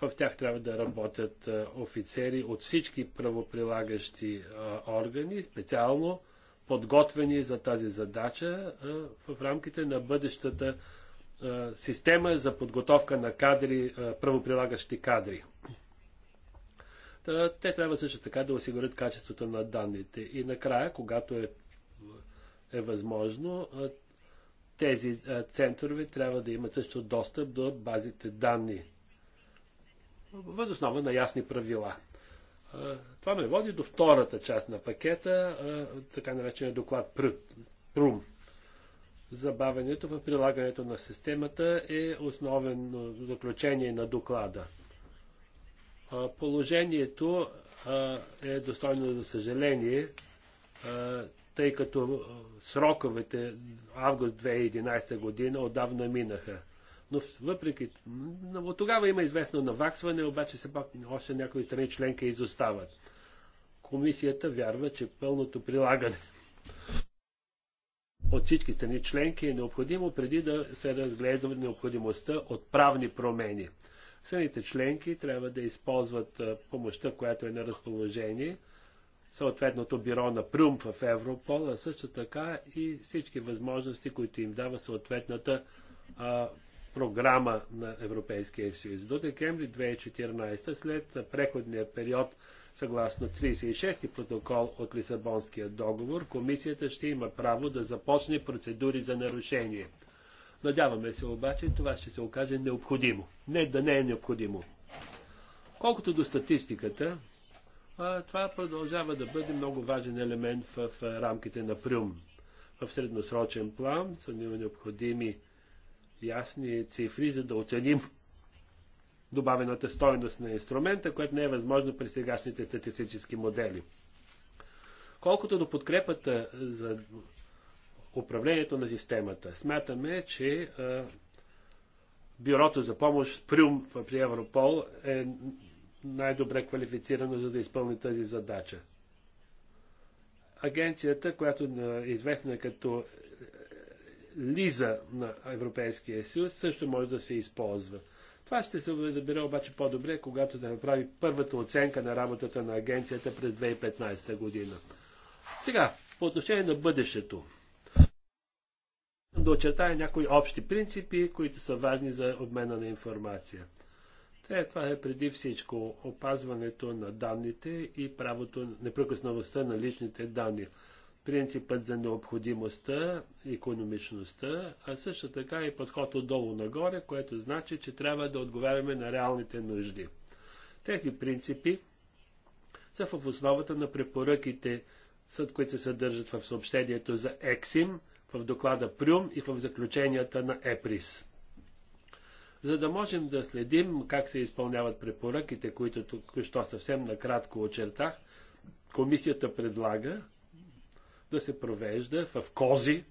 В тях трябва да работят офицери от всички правоприлагащи органи, специално подготвени за тази задача в рамките на бъдещата система за подготовка на кадри, правоприлагащи кадри. те трябва също така да осигурят качеството на данните. И накрая, когато е, е възможно, тези центрове трябва да имат също достъп до базите данни. Въз основа на ясни правила. Това ме води до втората част на пакета, така наречения доклад ПРУМ. Забавянето в прилагането на системата е основен заключение на доклада. Положението е достойно за съжаление, тъй като сроковете август 2011 година отдавна минаха. Но въпреки, от тогава има известно наваксване, обаче все пак още някои страни членки изостават. Комисията вярва, че пълното прилагане от всички страни членки е необходимо преди да се разгледа необходимостта от правни промени. Страните членки трябва да използват помощта, която е на разположение, съответното бюро на Прюм в Европол, а също така и всички възможности, които им дава съответната а, програма на Европейския съюз. До декември 2014, след преходния период съгласно 36-ти протокол от Лисабонския договор, комисията ще има право да започне процедури за нарушение. Надяваме се обаче, това ще се окаже необходимо. Не да не е необходимо. Колкото до статистиката, това продължава да бъде много важен елемент в рамките на Прюм. В средносрочен план са необходими ясни цифри, за да оценим добавената стойност на инструмента, което не е възможно при сегашните статистически модели. Колкото до подкрепата за управлението на системата, смятаме, че Бюрото за помощ Прюм при Европол е най-добре квалифицирано, за да изпълни тази задача. Агенцията, която е известна като Лиза на Европейския съюз също може да се използва. Това ще се разбере обаче по-добре, когато да направи първата оценка на работата на агенцията през 2015 година. Сега, по отношение на бъдещето. Да очертая някои общи принципи, които са важни за обмена на информация. Те, това е преди всичко опазването на данните и правото непрекъсновостта на личните данни принципът за необходимостта, економичността, а също така и подход отдолу нагоре, което значи, че трябва да отговаряме на реалните нужди. Тези принципи са в основата на препоръките, които се съдържат в съобщението за ЕКСИМ, в доклада Прюм и в заключенията на ЕПРИС. За да можем да следим как се изпълняват препоръките, които тук що съвсем накратко очертах, комисията предлага да се провежда в Кози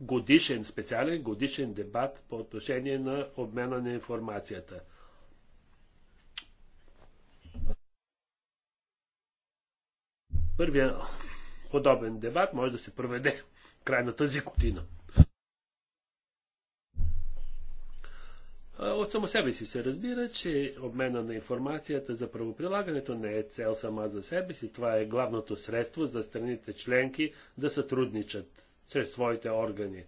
годишен, специален годишен дебат по отношение на обмена на информацията. Първия подобен дебат може да се проведе в край на тази година. От само себе си се разбира, че обмена на информацията за правоприлагането не е цел сама за себе си. Това е главното средство за страните членки да сътрудничат чрез своите органи.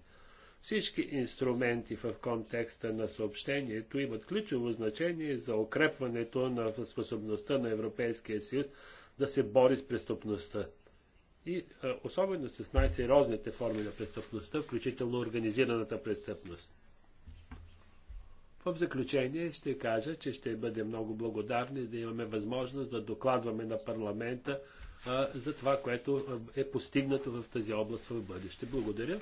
Всички инструменти в контекста на съобщението имат ключово значение за укрепването на способността на Европейския съюз да се бори с престъпността. И особено с най-сериозните форми на престъпността, включително организираната престъпност. В заключение ще кажа, че ще бъде много благодарни да имаме възможност да докладваме на парламента а, за това, което е постигнато в тази област в бъдеще. Благодаря.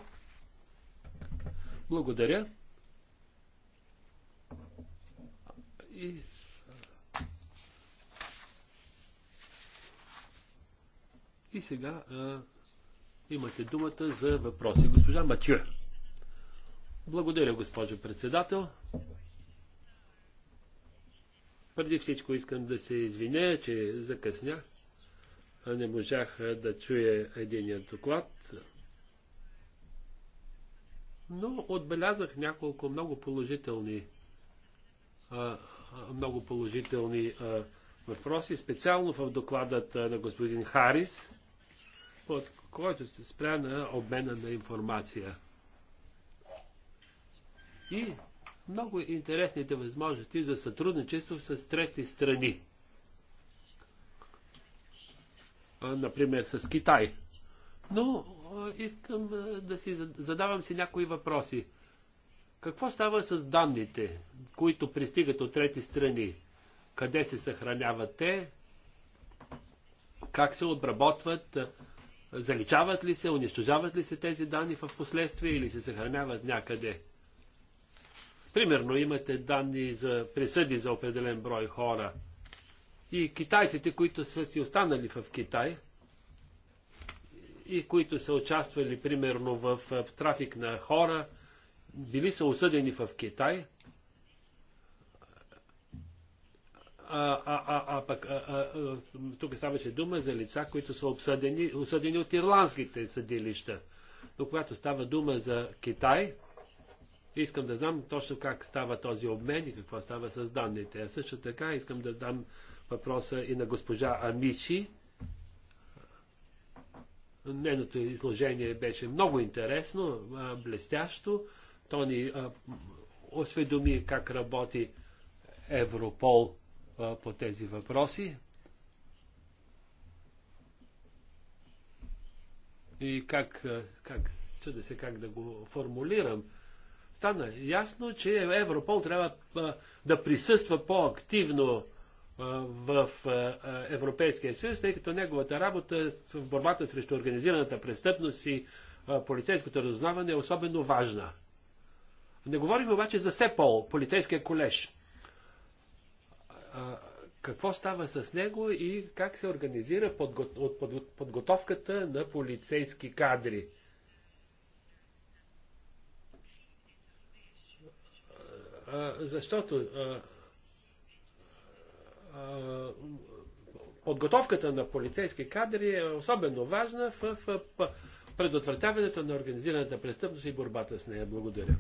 Благодаря. И... И сега а, имате думата за въпроси. Госпожа Матюр. Благодаря, госпожо председател. Преди всичко искам да се извиня, че закъснях. Не можах да чуя единия доклад. Но отбелязах няколко много положителни много положителни въпроси, специално в докладът на господин Харис, под който се спря на обмена на информация. И много интересните възможности за сътрудничество с трети страни. Например, с Китай. Но искам да си задавам си някои въпроси. Какво става с данните, които пристигат от трети страни? Къде се съхраняват те? Как се обработват? Заличават ли се, унищожават ли се тези данни в последствие или се съхраняват някъде? Примерно имате данни за присъди за определен брой хора. И китайците, които са си останали в Китай и които са участвали примерно в трафик на хора, били са осъдени в Китай, а, а, а, а пък а, а, а, тук ставаше дума за лица, които са обсъдени, осъдени от ирландските съдилища. Но когато става дума за Китай, Искам да знам точно как става този обмен и какво става с данните. А също така искам да дам въпроса и на госпожа Амичи. Неното изложение беше много интересно, блестящо. То ни осведоми как работи Европол по тези въпроси. И как, как чуда се как да го формулирам, стана ясно, че Европол трябва да присъства по-активно в Европейския съюз, тъй като неговата работа в борбата срещу организираната престъпност и полицейското разузнаване е особено важна. Не говорим обаче за СЕПОЛ, полицейския колеж. Какво става с него и как се организира подготовката на полицейски кадри? защото подготовката на полицейски кадри е особено важна в предотвратяването на организираната престъпност и борбата с нея. Благодаря.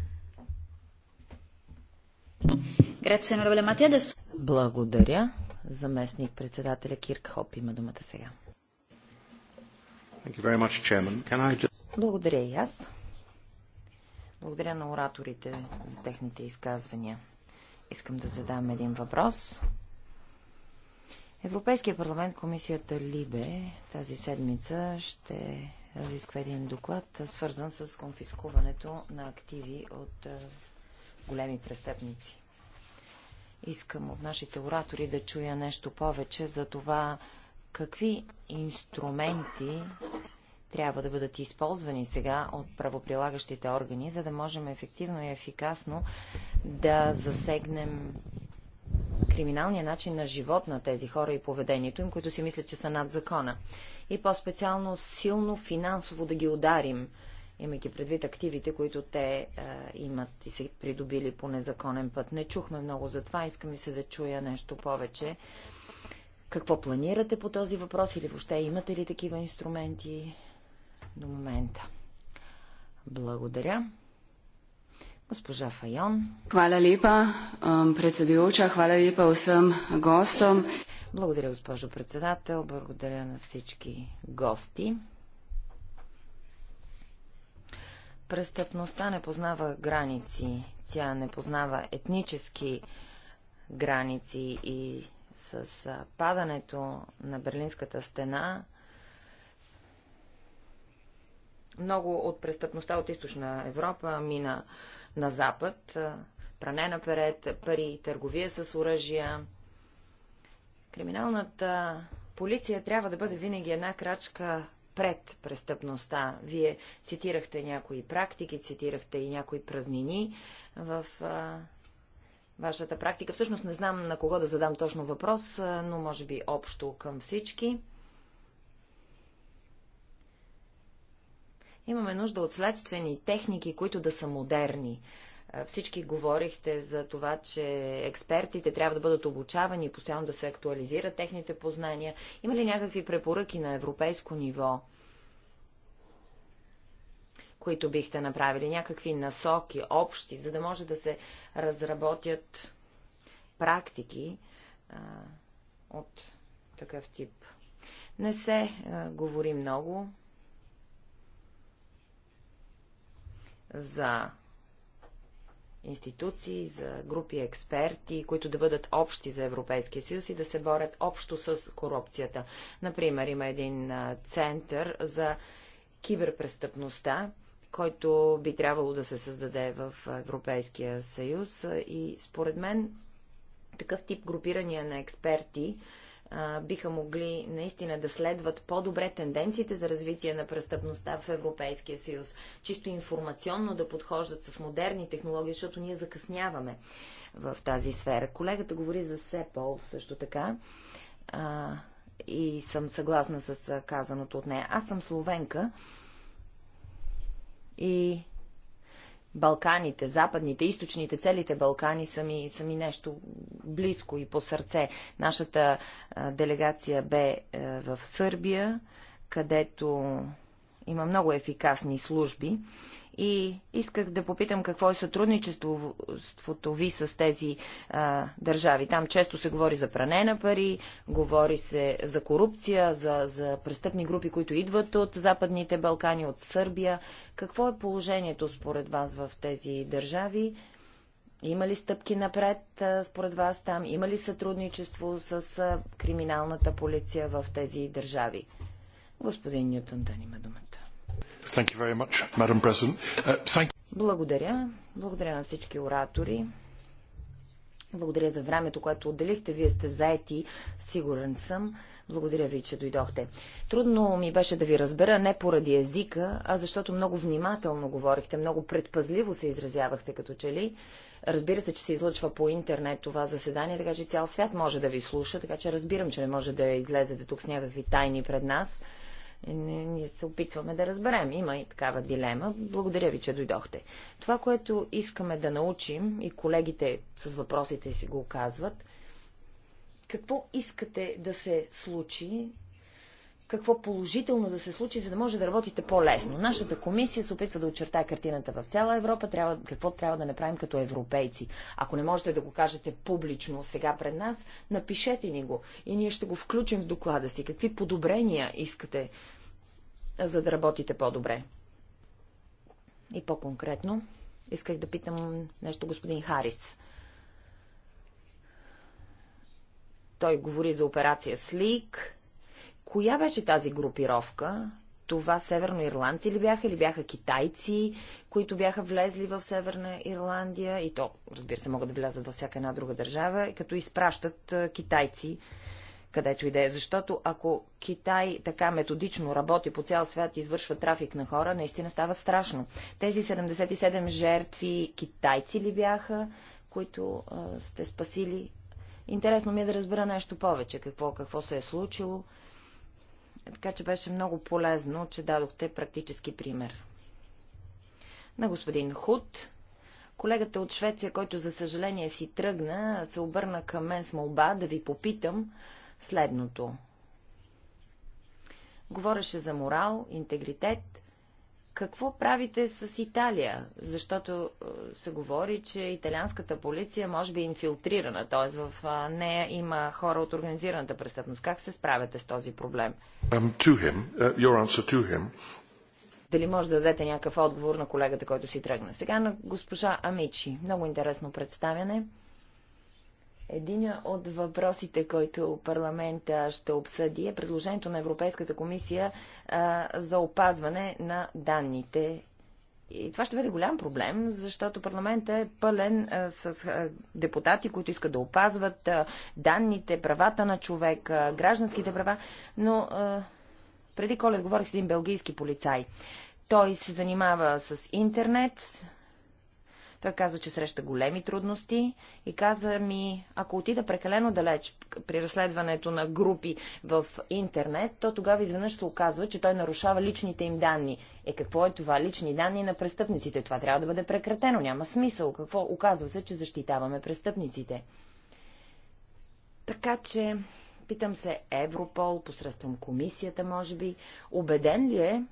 Благодаря. Заместник председателя Кирк Хоп има думата сега. Благодаря и аз. Благодаря на ораторите за техните изказвания. Искам да задам един въпрос. Европейския парламент, комисията Либе, тази седмица ще разисква един доклад, свързан с конфискуването на активи от е, големи престъпници. Искам от нашите оратори да чуя нещо повече за това, какви инструменти трябва да бъдат използвани сега от правоприлагащите органи, за да можем ефективно и ефикасно да засегнем криминалния начин на живот на тези хора и поведението им, които си мислят, че са над закона. И по-специално силно финансово да ги ударим, имайки предвид активите, които те е, имат и са придобили по незаконен път. Не чухме много за това, искам и се да чуя нещо повече. Какво планирате по този въпрос или въобще имате ли такива инструменти? до момента. Благодаря. Госпожа Файон. Хвала лепа, председателча, хвала лепа всем гостам. Благодаря, госпожо председател. Благодаря на всички гости. Престъпността не познава граници. Тя не познава етнически граници и с падането на Берлинската стена много от престъпността от източна Европа мина на запад. Пране на пари, търговия с оръжия. Криминалната полиция трябва да бъде винаги една крачка пред престъпността. Вие цитирахте някои практики, цитирахте и някои празнини в а, вашата практика. Всъщност не знам на кого да задам точно въпрос, но може би общо към всички. Имаме нужда от следствени техники, които да са модерни. Всички говорихте за това, че експертите трябва да бъдат обучавани и постоянно да се актуализират техните познания. Има ли някакви препоръки на европейско ниво, които бихте направили? Някакви насоки, общи, за да може да се разработят практики а, от такъв тип? Не се а, говори много за институции, за групи експерти, които да бъдат общи за Европейския съюз и да се борят общо с корупцията. Например, има един център за киберпрестъпността, който би трябвало да се създаде в Европейския съюз и според мен такъв тип групирания на експерти биха могли наистина да следват по-добре тенденциите за развитие на престъпността в Европейския съюз. Чисто информационно да подхождат с модерни технологии, защото ние закъсняваме в тази сфера. Колегата говори за СЕПОЛ също така. А, и съм съгласна с казаното от нея. Аз съм словенка и Балканите, западните, източните, целите Балкани са ми, са ми нещо близко и по сърце. Нашата а, делегация бе а, е, в Сърбия, където има много ефикасни служби и исках да попитам какво е сътрудничеството ви с тези а, държави. Там често се говори за пране на пари, говори се за корупция, за, за престъпни групи, които идват от Западните Балкани, от Сърбия. Какво е положението според вас в тези държави? Има ли стъпки напред според вас там? Има ли сътрудничество с криминалната полиция в тези държави? Господин Ньютон, да има думата. Uh, Благодаря. Благодаря на всички оратори. Благодаря за времето, което отделихте. Вие сте заети, сигурен съм. Благодаря ви, че дойдохте. Трудно ми беше да ви разбера не поради езика, а защото много внимателно говорихте, много предпазливо се изразявахте като че ли. Разбира се, че се излъчва по интернет това заседание, така че цял свят може да ви слуша, така че разбирам, че не може да излезете тук с някакви тайни пред нас. Ние, ние се опитваме да разберем. Има и такава дилема. Благодаря ви, че дойдохте. Това, което искаме да научим, и колегите с въпросите си го казват, какво искате да се случи какво положително да се случи, за да може да работите по-лесно. Нашата комисия се опитва да очертае картината в цяла Европа, трябва, какво трябва да направим като европейци. Ако не можете да го кажете публично сега пред нас, напишете ни го и ние ще го включим в доклада си. Какви подобрения искате, за да работите по-добре? И по-конкретно, исках да питам нещо господин Харис. Той говори за операция Слик Коя беше тази групировка? Това северноирландци ли бяха или бяха китайци, които бяха влезли в Северна Ирландия и то, разбира се, могат да влязат във всяка една друга държава, като изпращат китайци където и да е. Защото ако Китай така методично работи по цял свят и извършва трафик на хора, наистина става страшно. Тези 77 жертви китайци ли бяха, които а, сте спасили? Интересно ми е да разбера нещо повече, какво, какво се е случило. Така че беше много полезно, че дадохте практически пример. На господин Худ, колегата от Швеция, който за съжаление си тръгна, се обърна към мен с молба да ви попитам следното. Говореше за морал, интегритет какво правите с Италия? Защото е, се говори, че италианската полиция може би е инфилтрирана, т.е. в нея има хора от организираната престъпност. Как се справяте с този проблем? Um, uh, дали може да дадете някакъв отговор на колегата, който си тръгна. Сега на госпожа Амичи. Много интересно представяне. Един от въпросите, който парламента ще обсъди е предложението на Европейската комисия а, за опазване на данните. И това ще бъде голям проблем, защото парламентът е пълен а, с а, депутати, които искат да опазват а, данните, правата на човека, гражданските права. Но а, преди колед говорих с един белгийски полицай. Той се занимава с интернет, той каза, че среща големи трудности и каза ми, ако отида прекалено далеч при разследването на групи в интернет, то тогава изведнъж се оказва, че той нарушава личните им данни. Е, какво е това? Лични данни на престъпниците. Това трябва да бъде прекратено. Няма смисъл. Какво? Оказва се, че защитаваме престъпниците. Така че, питам се, Европол, посредством комисията, може би, убеден ли е,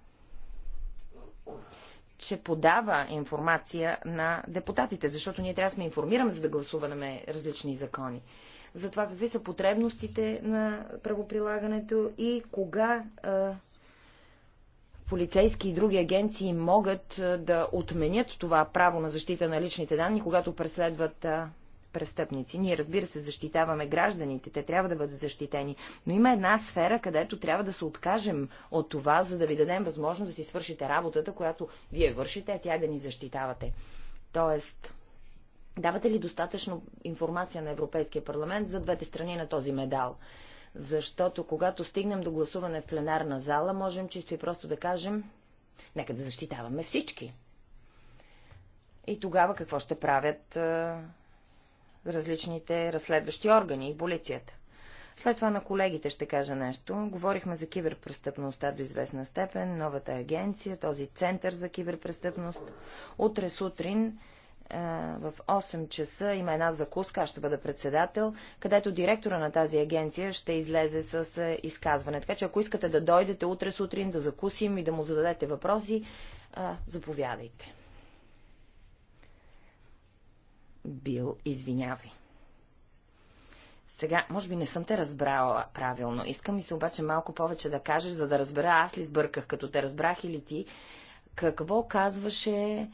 че подава информация на депутатите, защото ние трябва да сме информираме, за да гласуваме различни закони. За това какви са потребностите на правоприлагането и кога а, полицейски и други агенции могат а, да отменят това право на защита на личните данни, когато преследват а, престъпници. Ние, разбира се, защитаваме гражданите, те трябва да бъдат защитени, но има една сфера, където трябва да се откажем от това, за да ви дадем възможност да си свършите работата, която вие вършите, а тя да ни защитавате. Тоест, давате ли достатъчно информация на Европейския парламент за двете страни на този медал? Защото когато стигнем до гласуване в пленарна зала, можем чисто и просто да кажем, нека да защитаваме всички. И тогава какво ще правят различните разследващи органи и полицията. След това на колегите ще кажа нещо. Говорихме за киберпрестъпността до известна степен, новата агенция, този център за киберпрестъпност. Утре сутрин е, в 8 часа има една закуска, аз ще бъда председател, където директора на тази агенция ще излезе с е, изказване. Така че ако искате да дойдете утре сутрин да закусим и да му зададете въпроси, е, заповядайте бил извинявай. Сега, може би не съм те разбрала правилно. Искам ми се обаче малко повече да кажеш, за да разбера аз ли сбърках, като те разбрах или ти, какво казваше е,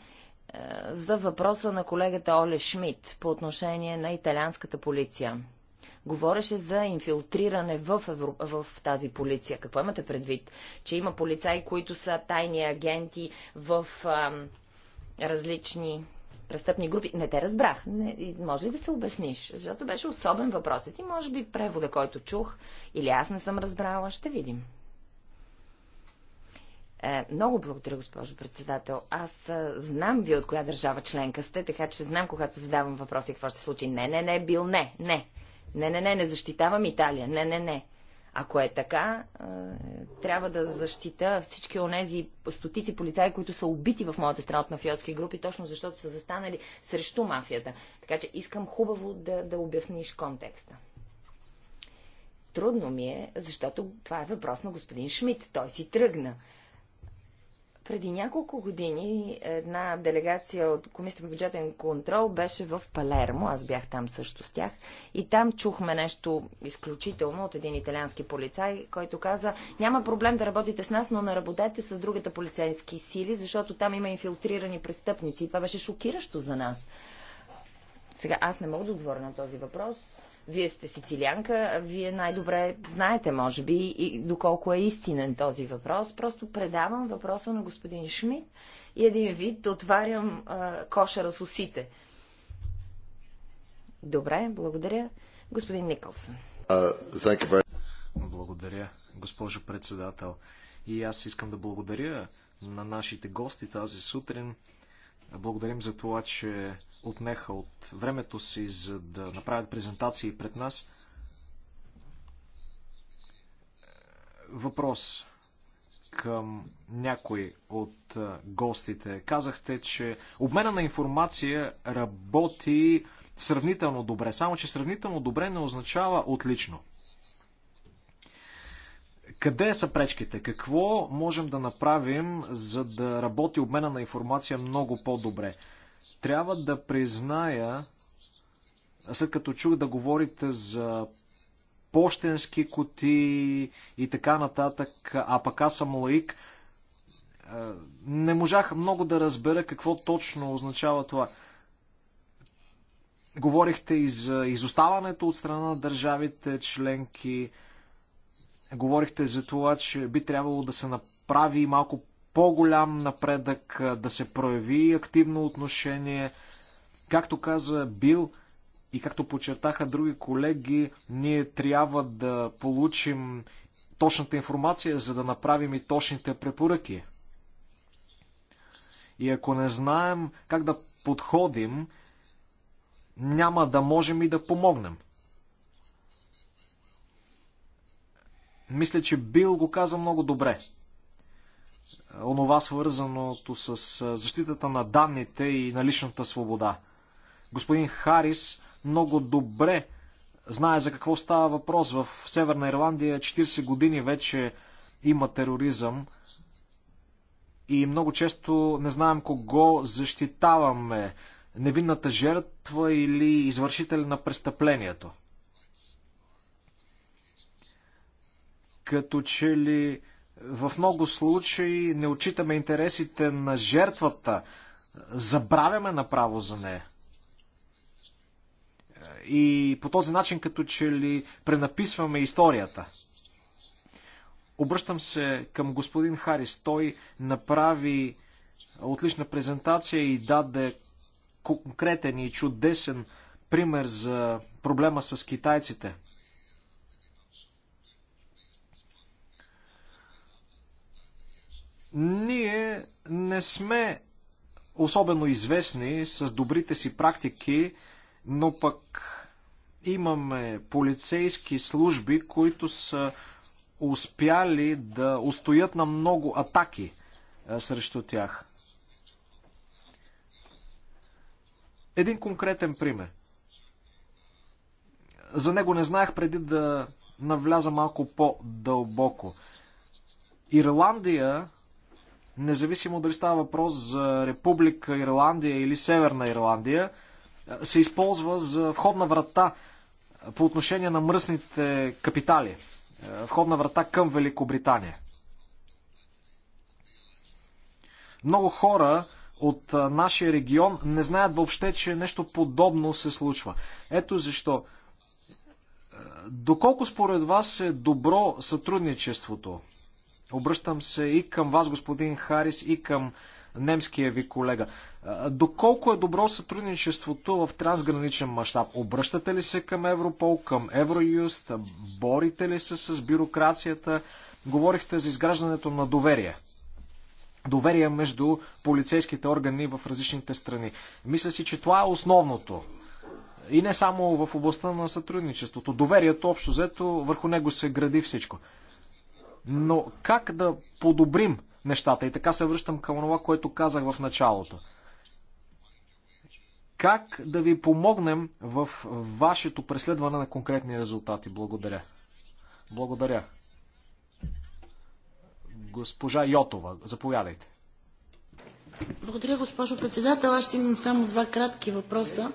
за въпроса на колегата Оле Шмидт по отношение на италианската полиция. Говореше за инфилтриране в, Евро... в тази полиция. Какво имате предвид? Че има полицаи, които са тайни агенти в ам, различни престъпни групи. Не те разбрах. Не, може ли да се обясниш? Защото беше особен въпросът и може би превода, който чух, или аз не съм разбрала, ще видим. Е, много благодаря, госпожо председател. Аз а, е, знам ви от коя държава членка сте, така че знам, когато задавам въпроси, какво ще случи. Не, не, не, бил не, не. Не, не, не, не защитавам Италия. Не, не, не. Ако е така, трябва да защита всички онези стотици полицаи, които са убити в моята страна от мафиотски групи, точно защото са застанали срещу мафията. Така че искам хубаво да, да обясниш контекста. Трудно ми е, защото това е въпрос на господин Шмидт. Той си тръгна. Преди няколко години една делегация от Комисията по бюджетен контрол беше в Палермо, аз бях там също с тях, и там чухме нещо изключително от един италиански полицай, който каза, няма проблем да работите с нас, но не работете с другата полицейски сили, защото там има инфилтрирани престъпници. И това беше шокиращо за нас. Сега аз не мога да отговоря на този въпрос, вие сте сицилианка, вие най-добре знаете, може би, и доколко е истинен този въпрос. Просто предавам въпроса на господин Шмидт и един вид отварям а, кошера с усите. Добре, благодаря. Господин Никълсън. благодаря, госпожо председател. И аз искам да благодаря на нашите гости тази сутрин. Благодарим за това, че отнеха от времето си, за да направят презентации пред нас. Въпрос към някой от гостите. Казахте, че обмена на информация работи сравнително добре. Само, че сравнително добре не означава отлично. Къде са пречките? Какво можем да направим, за да работи обмена на информация много по-добре? Трябва да призная, след като чух да говорите за почтенски коти и така нататък, а пък аз съм лаик, е, не можах много да разбера какво точно означава това. Говорихте и за изоставането от страна на държавите членки. Говорихте за това, че би трябвало да се направи малко по-голям напредък, да се прояви активно отношение. Както каза Бил и както подчертаха други колеги, ние трябва да получим точната информация, за да направим и точните препоръки. И ако не знаем как да подходим, няма да можем и да помогнем. Мисля, че Бил го каза много добре. Онова свързаното с защитата на данните и на личната свобода. Господин Харис много добре знае за какво става въпрос. В Северна Ирландия 40 години вече има тероризъм и много често не знаем кого защитаваме невинната жертва или извършител на престъплението. Като че ли в много случаи не отчитаме интересите на жертвата, забравяме направо за нея. И по този начин като че ли пренаписваме историята. Обръщам се към господин Харис. Той направи отлична презентация и даде конкретен и чудесен пример за проблема с китайците – Ние не сме особено известни с добрите си практики, но пък имаме полицейски служби, които са успяли да устоят на много атаки е, срещу тях. Един конкретен пример. За него не знаех преди да навляза малко по-дълбоко. Ирландия независимо дали става въпрос за Република Ирландия или Северна Ирландия, се използва за входна врата по отношение на мръсните капитали. Входна врата към Великобритания. Много хора от нашия регион не знаят въобще, че нещо подобно се случва. Ето защо. Доколко според вас е добро сътрудничеството Обръщам се и към вас, господин Харис, и към немския ви колега. Доколко е добро сътрудничеството в трансграничен мащаб? Обръщате ли се към Европол, към Евроюст? Борите ли се с бюрокрацията? Говорихте за изграждането на доверие. Доверие между полицейските органи в различните страни. Мисля си, че това е основното. И не само в областта на сътрудничеството. Доверието, общо взето, върху него се гради всичко. Но как да подобрим нещата? И така се връщам към това, което казах в началото. Как да ви помогнем в вашето преследване на конкретни резултати? Благодаря. Благодаря. Госпожа Йотова, заповядайте. Благодаря, госпожо председател. Аз ще имам само два кратки въпроса.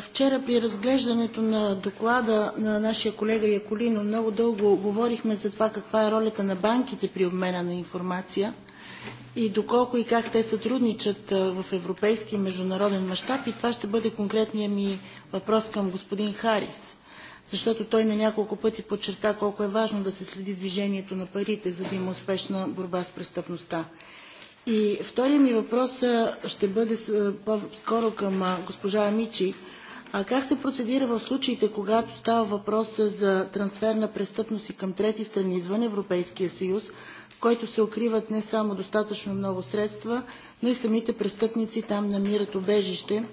Вчера при разглеждането на доклада на нашия колега Яколино много дълго говорихме за това каква е ролята на банките при обмена на информация и доколко и как те сътрудничат в европейски и международен мащаб. И това ще бъде конкретният ми въпрос към господин Харис, защото той на няколко пъти подчерта колко е важно да се следи движението на парите, за да има успешна борба с престъпността. И втория ми въпрос ще бъде по-скоро към госпожа Амичи. А как се процедира в случаите, когато става въпрос за трансфер на престъпност и към трети страни извън Европейския съюз, в който се укриват не само достатъчно много средства, но и самите престъпници там намират убежище?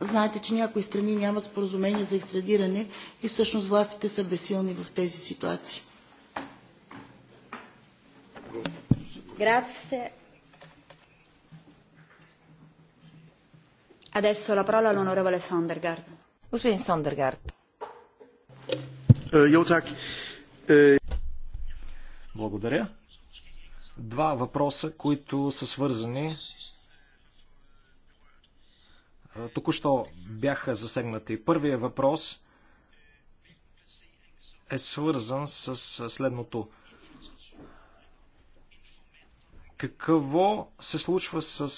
Знаете, че някои страни нямат споразумение за екстрадиране и всъщност властите са безсилни в тези ситуации. Grazie. Adesso la parola all'onorevole Sondergaard. Господин Сондергард. Е, Благодаря. Два въпроса, които са свързани. Е, току-що бяха засегнати. Първият въпрос е свързан с следното. Какво се случва с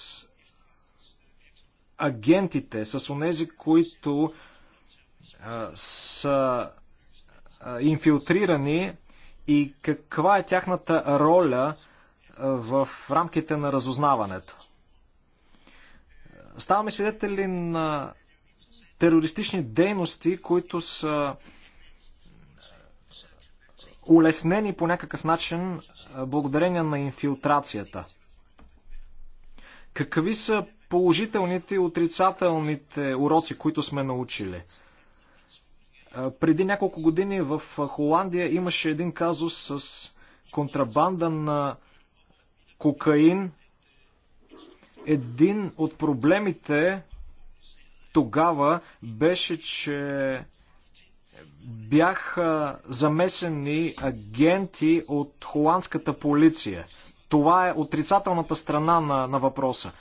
агентите, с онези, които а, са а, инфилтрирани и каква е тяхната роля а, в рамките на разузнаването. Ставаме свидетели на терористични дейности, които са улеснени по някакъв начин благодарение на инфилтрацията. Какви са положителните и отрицателните уроци, които сме научили. Преди няколко години в Холандия имаше един казус с контрабанда на кокаин. Един от проблемите тогава беше, че бяха замесени агенти от холандската полиция. Това е отрицателната страна на, на въпроса.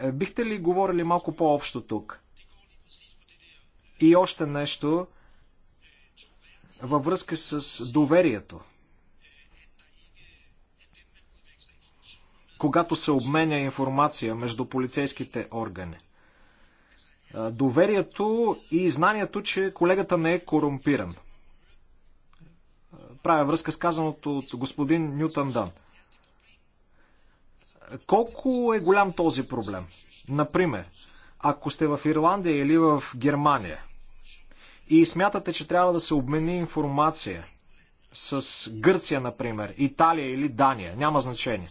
Е, бихте ли говорили малко по-общо тук? И още нещо във връзка с доверието. Когато се обменя информация между полицейските органи. Е, доверието и знанието, че колегата не е корумпиран. Е, правя връзка с казаното от господин Нютън Дан. Колко е голям този проблем? Например, ако сте в Ирландия или в Германия и смятате, че трябва да се обмени информация с Гърция, например, Италия или Дания, няма значение.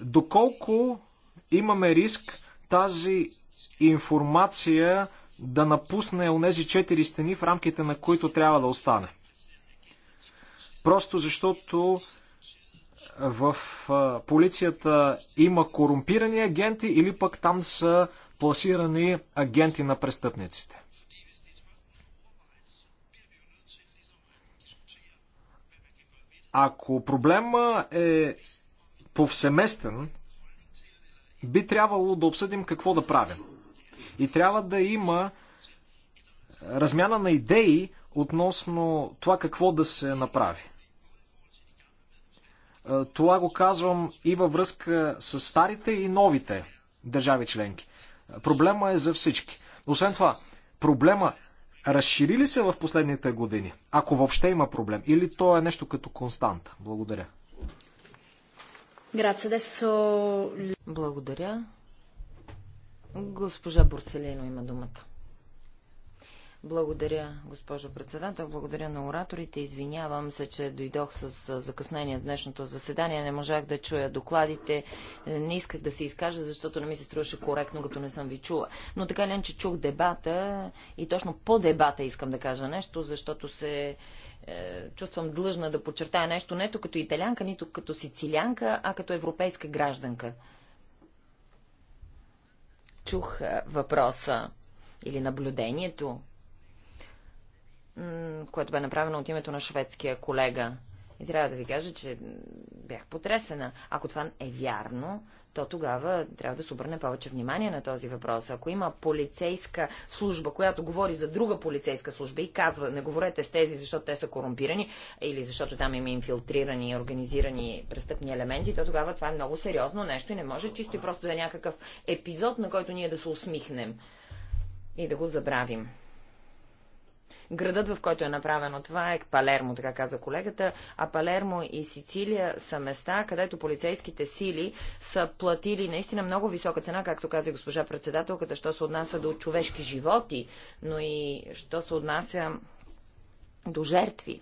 Доколко имаме риск тази информация да напусне онези четири стени, в рамките на които трябва да остане? Просто защото в полицията има корумпирани агенти или пък там са пласирани агенти на престъпниците. Ако проблема е повсеместен, би трябвало да обсъдим какво да правим. И трябва да има размяна на идеи относно това какво да се направи. Е, това го казвам и във връзка с старите и новите държави членки. Проблема е за всички. Освен това, проблема разшири ли се в последните години, ако въобще има проблем, или то е нещо като константа? Благодаря. Благодаря. Госпожа Борселино има думата. Благодаря, госпожо председател. Благодаря на ораторите. Извинявам се, че дойдох с закъснение в днешното заседание. Не можах да чуя докладите. Не исках да се изкажа, защото не ми се струваше коректно, като не съм ви чула. Но така ли, че чух дебата и точно по дебата искам да кажа нещо, защото се е, чувствам длъжна да подчертая нещо нето като италянка, нито като сицилянка, а като европейска гражданка. Чух е, въпроса или наблюдението което бе направено от името на шведския колега. И трябва да ви кажа, че бях потресена. Ако това е вярно, то тогава трябва да се обърне повече внимание на този въпрос. Ако има полицейска служба, която говори за друга полицейска служба и казва, не говорете с тези, защото те са корумпирани или защото там има инфилтрирани и организирани престъпни елементи, то тогава това е много сериозно нещо и не може чисто и просто да е някакъв епизод, на който ние да се усмихнем и да го забравим. Градът, в който е направено това е Палермо, така каза колегата, а Палермо и Сицилия са места, където полицейските сили са платили наистина много висока цена, както каза госпожа председателката, що се отнася до човешки животи, но и що се отнася до жертви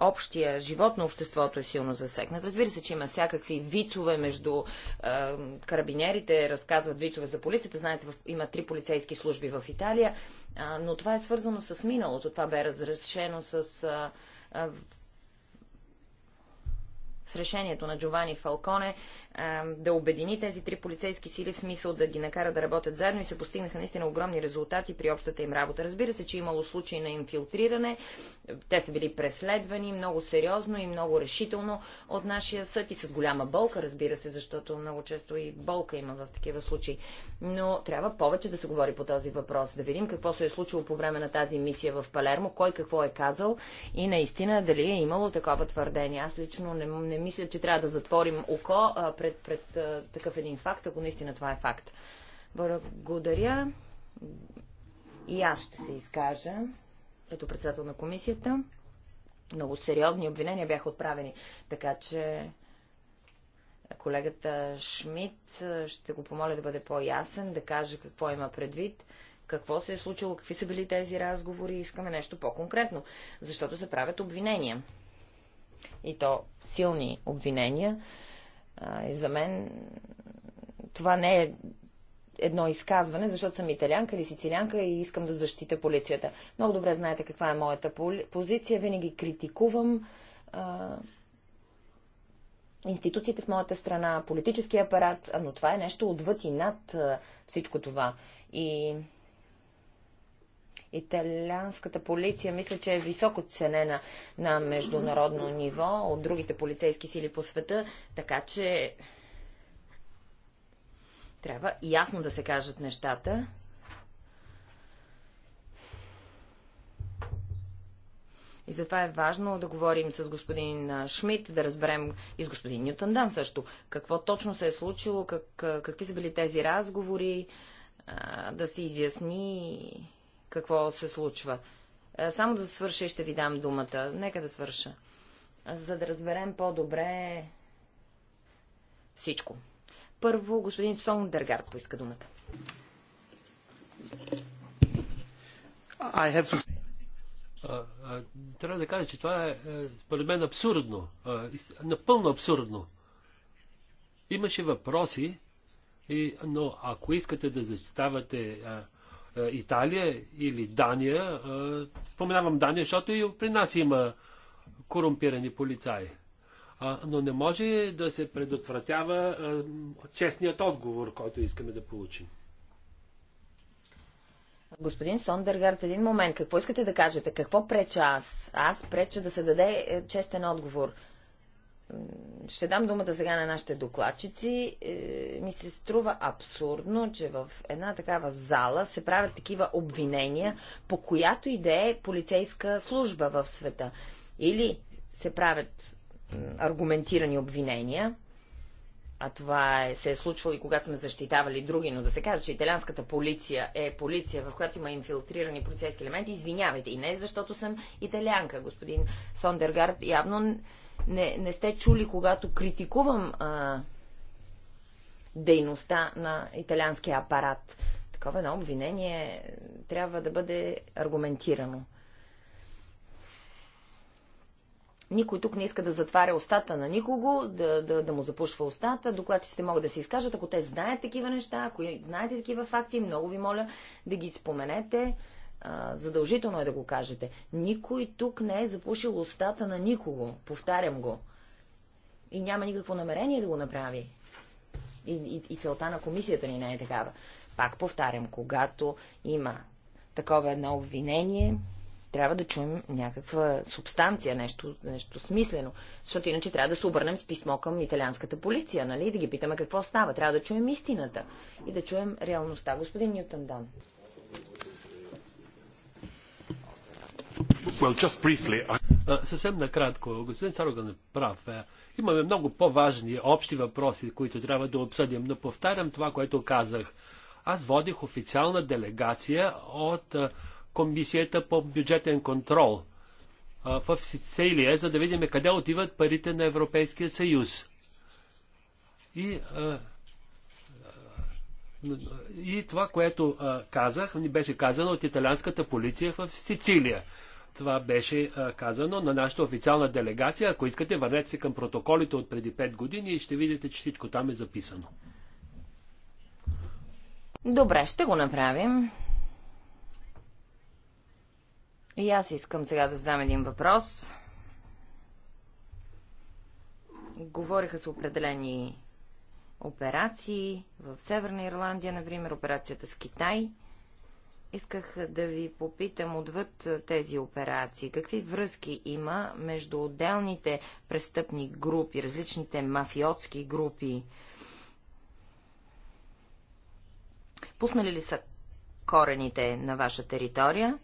общия живот на обществото е силно засегнат. Разбира се, че има всякакви вицове между е, карабинерите, разказват вицове за полицията. Знаете, в, има три полицейски служби в Италия, е, но това е свързано с миналото. Това бе разрешено с. Е, е, с решението на Джовани Фалконе да обедини тези три полицейски сили в смисъл да ги накара да работят заедно и се постигнаха наистина огромни резултати при общата им работа. Разбира се, че имало случаи на инфилтриране, те са били преследвани много сериозно и много решително от нашия съд и с голяма болка, разбира се, защото много често и болка има в такива случаи. Но трябва повече да се говори по този въпрос, да видим какво се е случило по време на тази мисия в Палермо, кой какво е казал и наистина дали е имало такова твърдение. Аз лично не, не мисля, че трябва да затворим око пред пред, пред а, такъв един факт, ако наистина това е факт. Благодаря. И аз ще се изкажа като председател на комисията. Много сериозни обвинения бяха отправени, така че колегата Шмидт ще го помоля да бъде по-ясен, да каже какво има предвид какво се е случило, какви са били тези разговори, и искаме нещо по-конкретно, защото се правят обвинения. И то силни обвинения и за мен това не е едно изказване, защото съм италянка или сицилянка и искам да защита полицията. Много добре знаете каква е моята позиция. Винаги критикувам а, институциите в моята страна, политическия апарат, но това е нещо отвъд и над а, всичко това. И Италианската полиция мисля, че е високо ценена на международно ниво от другите полицейски сили по света, така че трябва ясно да се кажат нещата. И затова е важно да говорим с господин Шмидт, да разберем и с господин Ньютон Дан също, какво точно се е случило, как, какви са били тези разговори, да се изясни какво се случва. Е, само да свърша и ще ви дам думата. Нека да свърша. За да разберем по-добре всичко. Първо, господин Сондергард поиска думата. I have... трябва да кажа, че това е, е според мен, абсурдно. напълно абсурдно. Имаше въпроси, но ако искате да защитавате е, Италия или Дания. Е, споменавам Дания, защото и при нас има корумпирани полицаи. Но не може да се предотвратява е, честният отговор, който искаме да получим. Господин Сондергард, един момент. Какво искате да кажете? Какво преча аз? Аз преча да се даде честен отговор ще дам думата сега на нашите докладчици. Е, ми се струва абсурдно, че в една такава зала се правят такива обвинения, по която и да е полицейска служба в света. Или се правят аргументирани обвинения, а това е, се е случвало и когато сме защитавали други, но да се каже, че италианската полиция е полиция, в която има инфилтрирани полицейски елементи, извинявайте. И не защото съм италианка. Господин Сондергард явно не, не сте чули, когато критикувам а, дейността на италианския апарат. Такова едно обвинение трябва да бъде аргументирано. Никой тук не иска да затваря устата на никого, да, да, да му запушва устата. Докладчиците могат да се изкажат, ако те знаят такива неща, ако знаете такива факти, много ви моля да ги споменете задължително е да го кажете. Никой тук не е запушил устата на никого, повтарям го. И няма никакво намерение да го направи. И, и, и целта на комисията ни не е такава. Пак повтарям, когато има такова едно обвинение, трябва да чуем някаква субстанция, нещо, нещо смислено. Защото иначе трябва да се обърнем с писмо към италианската полиция, нали? Да ги питаме какво става. Трябва да чуем истината и да чуем реалността. Господин Ньютон Дан. Well, just briefly, I... съвсем накратко, господин Сароган е прав. Е, имаме много по-важни общи въпроси, които трябва да обсъдим, но повтарям това, което казах. Аз водих официална делегация от е, Комисията по бюджетен контрол е, в Сицилия, за да видим къде отиват парите на Европейския съюз. И и това, което казах, ни беше казано от италианската полиция в Сицилия. Това беше а, казано на нашата официална делегация. Ако искате, върнете се към протоколите от преди 5 години и ще видите, че всичко там е записано. Добре, ще го направим. И аз искам сега да задам един въпрос. Говориха се определени операции в Северна Ирландия, например, операцията с Китай – Исках да ви попитам отвъд тези операции, какви връзки има между отделните престъпни групи, различните мафиотски групи? Пуснали ли са корените на ваша територия?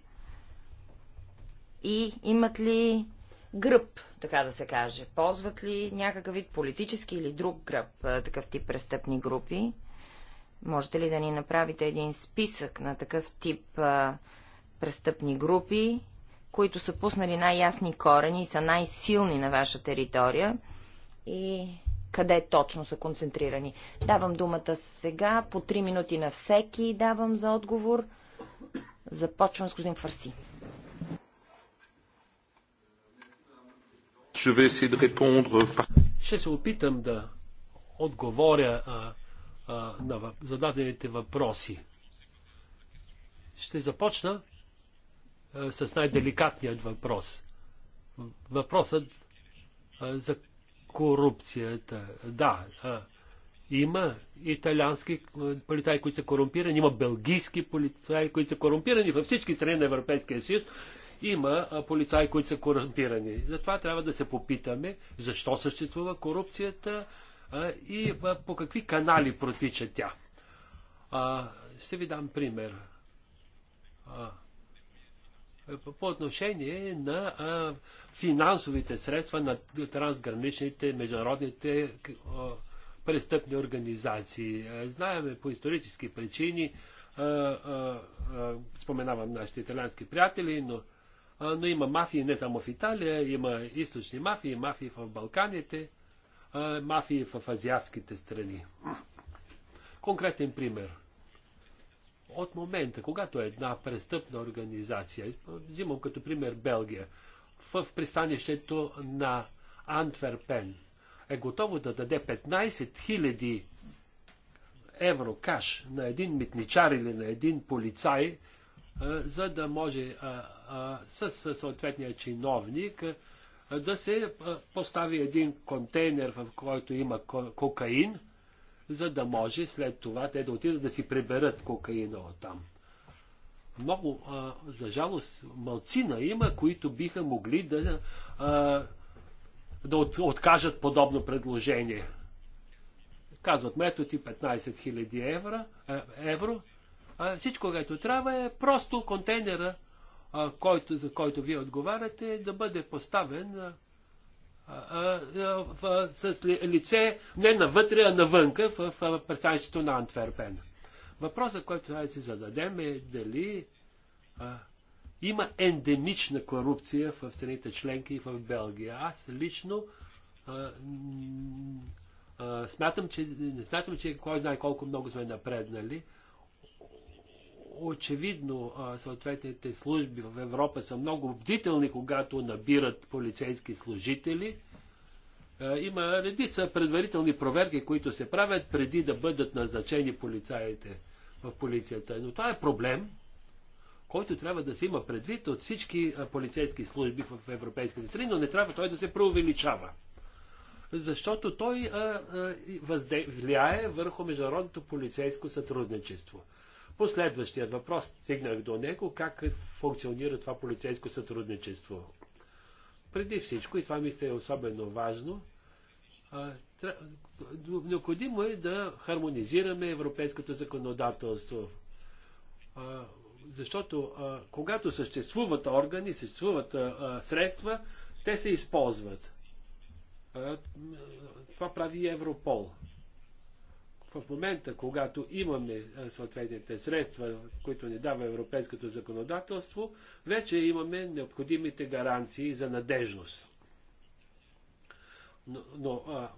И имат ли гръб, така да се каже? Ползват ли някакъв вид политически или друг гръб такъв тип престъпни групи? Можете ли да ни направите един списък на такъв тип а, престъпни групи, които са пуснали най-ясни корени и са най-силни на ваша територия и къде точно са концентрирани? Давам думата сега, по три минути на всеки давам за отговор. Започвам с господин Фарси. Ще се опитам да отговоря а, на зададените въпроси. Ще започна с най-деликатният въпрос. Въпросът за корупцията. Да, има италиански полицаи, които са корумпирани, има белгийски полицаи, които са корумпирани във всички страни на Европейския съюз. Има полицаи, които са корумпирани. Затова трябва да се попитаме защо съществува корупцията, и по какви канали протича тя. Ще ви дам пример. По отношение на финансовите средства на трансграничните международните престъпни организации. Знаеме по исторически причини, споменавам нашите италиански приятели, но, но има мафии не само в Италия, има източни мафии, мафии в Балканите – мафии в азиатските страни. Конкретен пример. От момента, когато една престъпна организация, взимам като пример Белгия, в пристанището на Антверпен е готово да даде 15 000 евро каш на един митничар или на един полицай, за да може с съответния чиновник да се постави един контейнер, в който има кокаин, за да може след това те да отидат да си приберат кокаина от там. Много, а, за жалост, малцина има, които биха могли да, а, да от, откажат подобно предложение. Казват метод 15 000 евро, е, евро а всичко, което трябва е просто контейнера а, който, за който вие отговаряте, да бъде поставен а, а, а, с лице не навътре, а навънка в, в, в пристанището на Антверпен. Въпросът, който трябва да си зададем е дали а, има ендемична корупция в страните членки и в Белгия. Аз лично а, а, смятам, че, не смятам, че кой знае колко много сме напреднали. Очевидно, съответните служби в Европа са много бдителни, когато набират полицейски служители. Има редица предварителни проверки, които се правят преди да бъдат назначени полицаите в полицията. Но това е проблем, който трябва да се има предвид от всички полицейски служби в европейските страни, но не трябва той да се преувеличава. Защото той влияе върху международното полицейско сътрудничество. Последващият въпрос, стигнах до него, как функционира това полицейско сътрудничество. Преди всичко, и това ми се е особено важно, необходимо е да хармонизираме европейското законодателство. Защото когато съществуват органи, съществуват средства, те се използват. Това прави Европол в момента, когато имаме съответните средства, които ни дава европейското законодателство, вече имаме необходимите гаранции за надежност. Но, но а,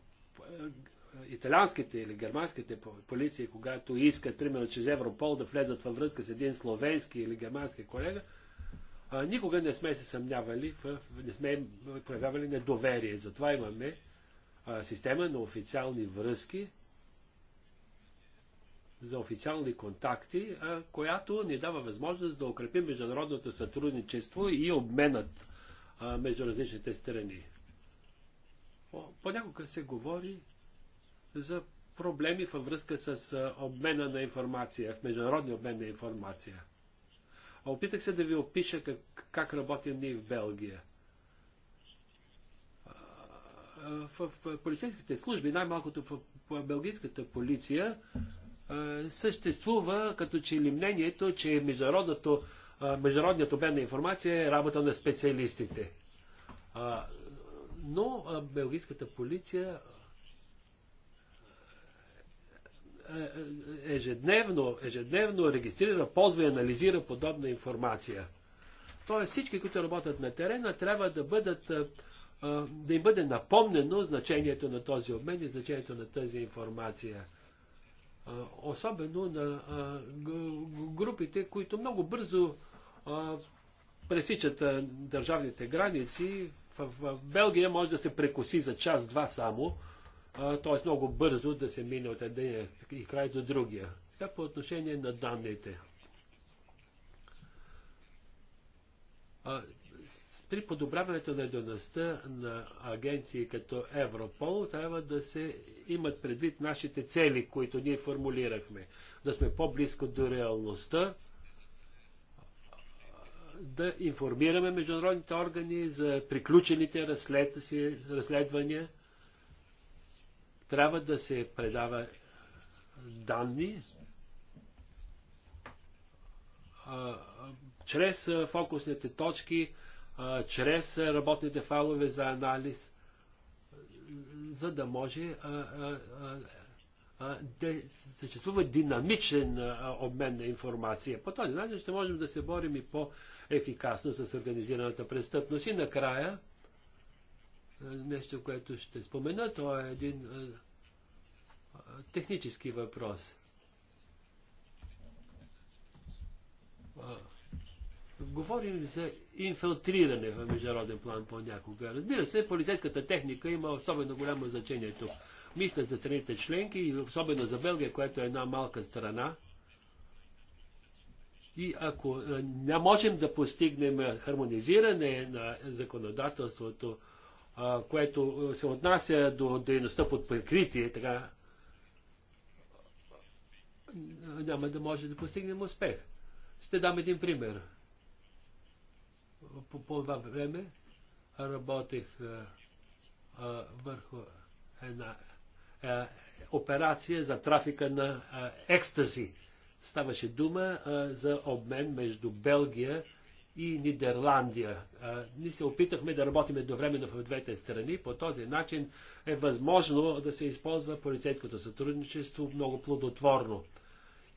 италянските или германските полиции, когато искат, примерно, чрез Европол да влезат във връзка с един словенски или германски колега, а, никога не сме се съмнявали, в, не сме проявявали недоверие. Затова имаме а, система на официални връзки, за официални контакти, която ни дава възможност да укрепим международното сътрудничество и обменът между различните страни. Понякога се говори за проблеми във връзка с обмена на информация, в международния обмен на информация. Опитах се да ви опиша как, как работим ние в Белгия. В полицейските служби, най-малкото в белгийската полиция, съществува като че ли мнението, че международният обмен на информация е работа на специалистите. Но белгийската полиция ежедневно, ежедневно регистрира, ползва и анализира подобна информация. Тоест всички, които работят на терена, трябва да бъдат да им бъде напомнено значението на този обмен и значението на тази информация особено на групите, които много бързо пресичат държавните граници. В Белгия може да се прекоси за час-два само, т.е. много бързо да се мине от един и край до другия. Така по отношение на данните. При подобряването на дейността на агенции като Европол трябва да се имат предвид нашите цели, които ние формулирахме. Да сме по-близко до реалността, да информираме международните органи за приключените разследвания. Трябва да се предава данни а, чрез фокусните точки а, чрез работните файлове за анализ, за да може а, а, а, да съществува динамичен а, обмен на информация. По този начин ще можем да се борим и по-ефикасно с организираната престъпност. И накрая, нещо, което ще спомена, то е един а, а, технически въпрос. А, Говорим за инфилтриране в международен план понякога. Разбира се, полицейската техника има особено голямо значение тук. Мисля за страните членки и особено за Белгия, която е една малка страна. И ако е, не можем да постигнем хармонизиране на законодателството, което е, се отнася до дейността под прикритие, така, няма да може да постигнем успех. Ще дам един пример по, това време работех а, е, а, е, върху една а, е, операция за трафика на а, екстази. Ставаше дума а, за обмен между Белгия и Нидерландия. А, ние се опитахме да работим едновременно в двете страни. По този начин е възможно да се използва полицейското сътрудничество много плодотворно.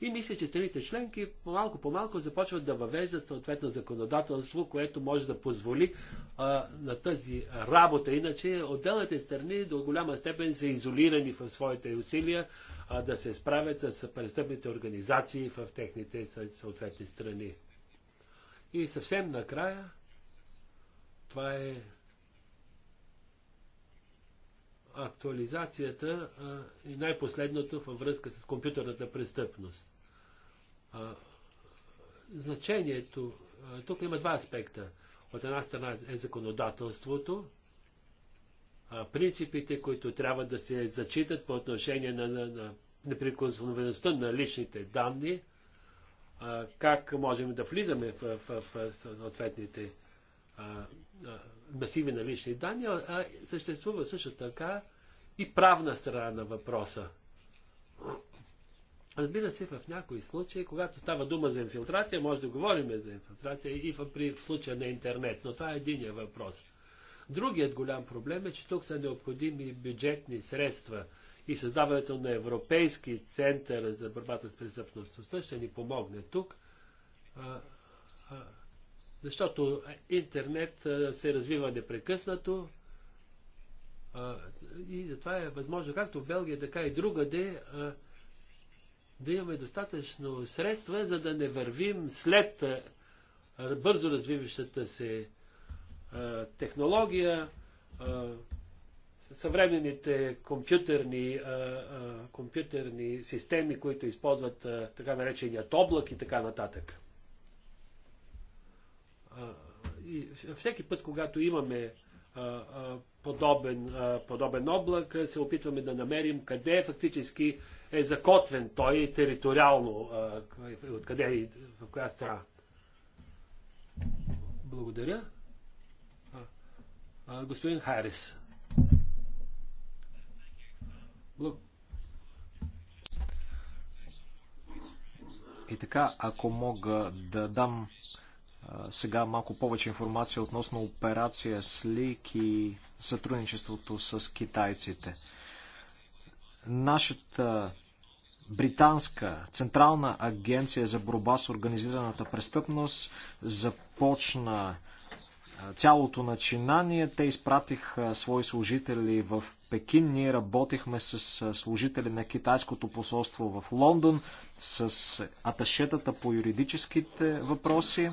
И мисля, че страните членки малко по малко започват да въвеждат съответно законодателство, което може да позволи а, на тази работа. Иначе отделните страни до голяма степен са изолирани в своите усилия а, да се справят с престъпните организации в техните съответни страни. И съвсем накрая, това е актуализацията а, и най-последното във връзка с компютърната престъпност. А, значението, а, тук има два аспекта. От една страна е законодателството, а, принципите, които трябва да се зачитат по отношение на, на, на неприкосновеността на личните данни, а, как можем да влизаме в, в, в съответните а, а, масиви на лични данни, а съществува също така и правна страна на въпроса. Разбира се, в някои случаи, когато става дума за инфилтрация, може да говорим за инфилтрация и в, при в случая на интернет, но това е единия въпрос. Другият голям проблем е, че тук са необходими бюджетни средства и създаването на Европейски център за борбата с престъпността ще ни помогне тук. А, а, защото интернет се развива непрекъснато и затова е възможно както в Белгия, така и другаде да имаме достатъчно средства, за да не вървим след бързо развиващата се технология, съвременните компютърни, компютърни системи, които използват така нареченият облак и така нататък и всеки път, когато имаме подобен, подобен облак, се опитваме да намерим къде фактически е закотвен той териториално, откъде и в коя страна. Благодаря. Господин Харис. И така, ако мога да дам сега малко повече информация относно операция СЛИК и сътрудничеството с китайците. Нашата британска централна агенция за борба с организираната престъпност започна цялото начинание. Те изпратиха свои служители в Пекин. Ние работихме с служители на китайското посолство в Лондон, с аташетата по юридическите въпроси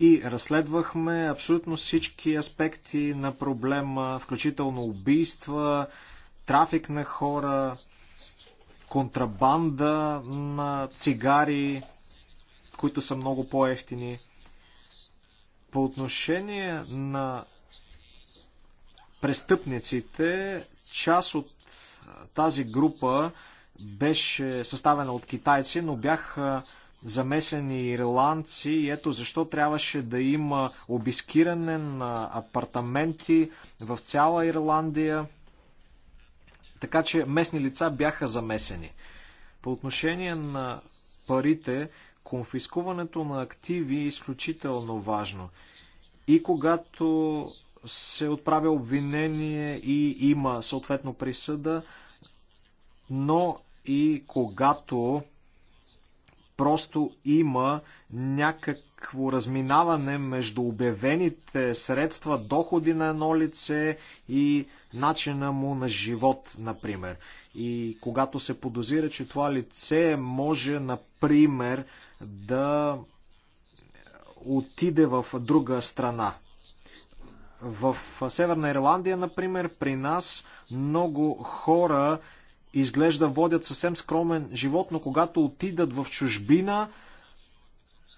и разследвахме абсолютно всички аспекти на проблема, включително убийства, трафик на хора, контрабанда на цигари, които са много по-ефтини. По отношение на престъпниците, част от тази група беше съставена от китайци, но бяха замесени ирландци и ето защо трябваше да има обискиране на апартаменти в цяла Ирландия. Така че местни лица бяха замесени. По отношение на парите, конфискуването на активи е изключително важно. И когато се отправя обвинение и има съответно присъда, но и когато Просто има някакво разминаване между обявените средства, доходи на едно лице и начина му на живот, например. И когато се подозира, че това лице може, например, да отиде в друга страна. В Северна Ирландия, например, при нас много хора изглежда водят съвсем скромен живот, но когато отидат в чужбина,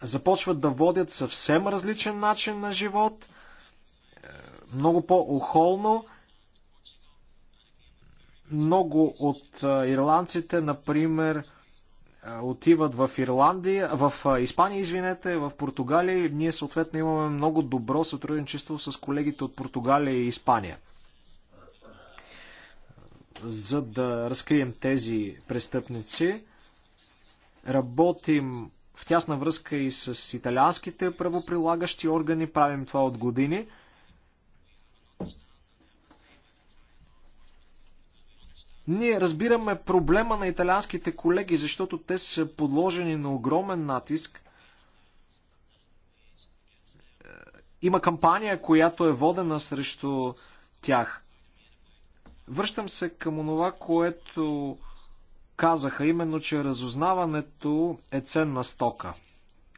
започват да водят съвсем различен начин на живот, е, много по-охолно. Много от е, ирландците, например, е, отиват в Ирландия, в Испания, извинете, в Португалия. Ние съответно имаме много добро сътрудничество с колегите от Португалия и Испания за да разкрием тези престъпници. Работим в тясна връзка и с италианските правоприлагащи органи, правим това от години. Ние разбираме проблема на италианските колеги, защото те са подложени на огромен натиск. Има кампания, която е водена срещу тях. Връщам се към онова, което казаха, именно, че разузнаването е ценна стока.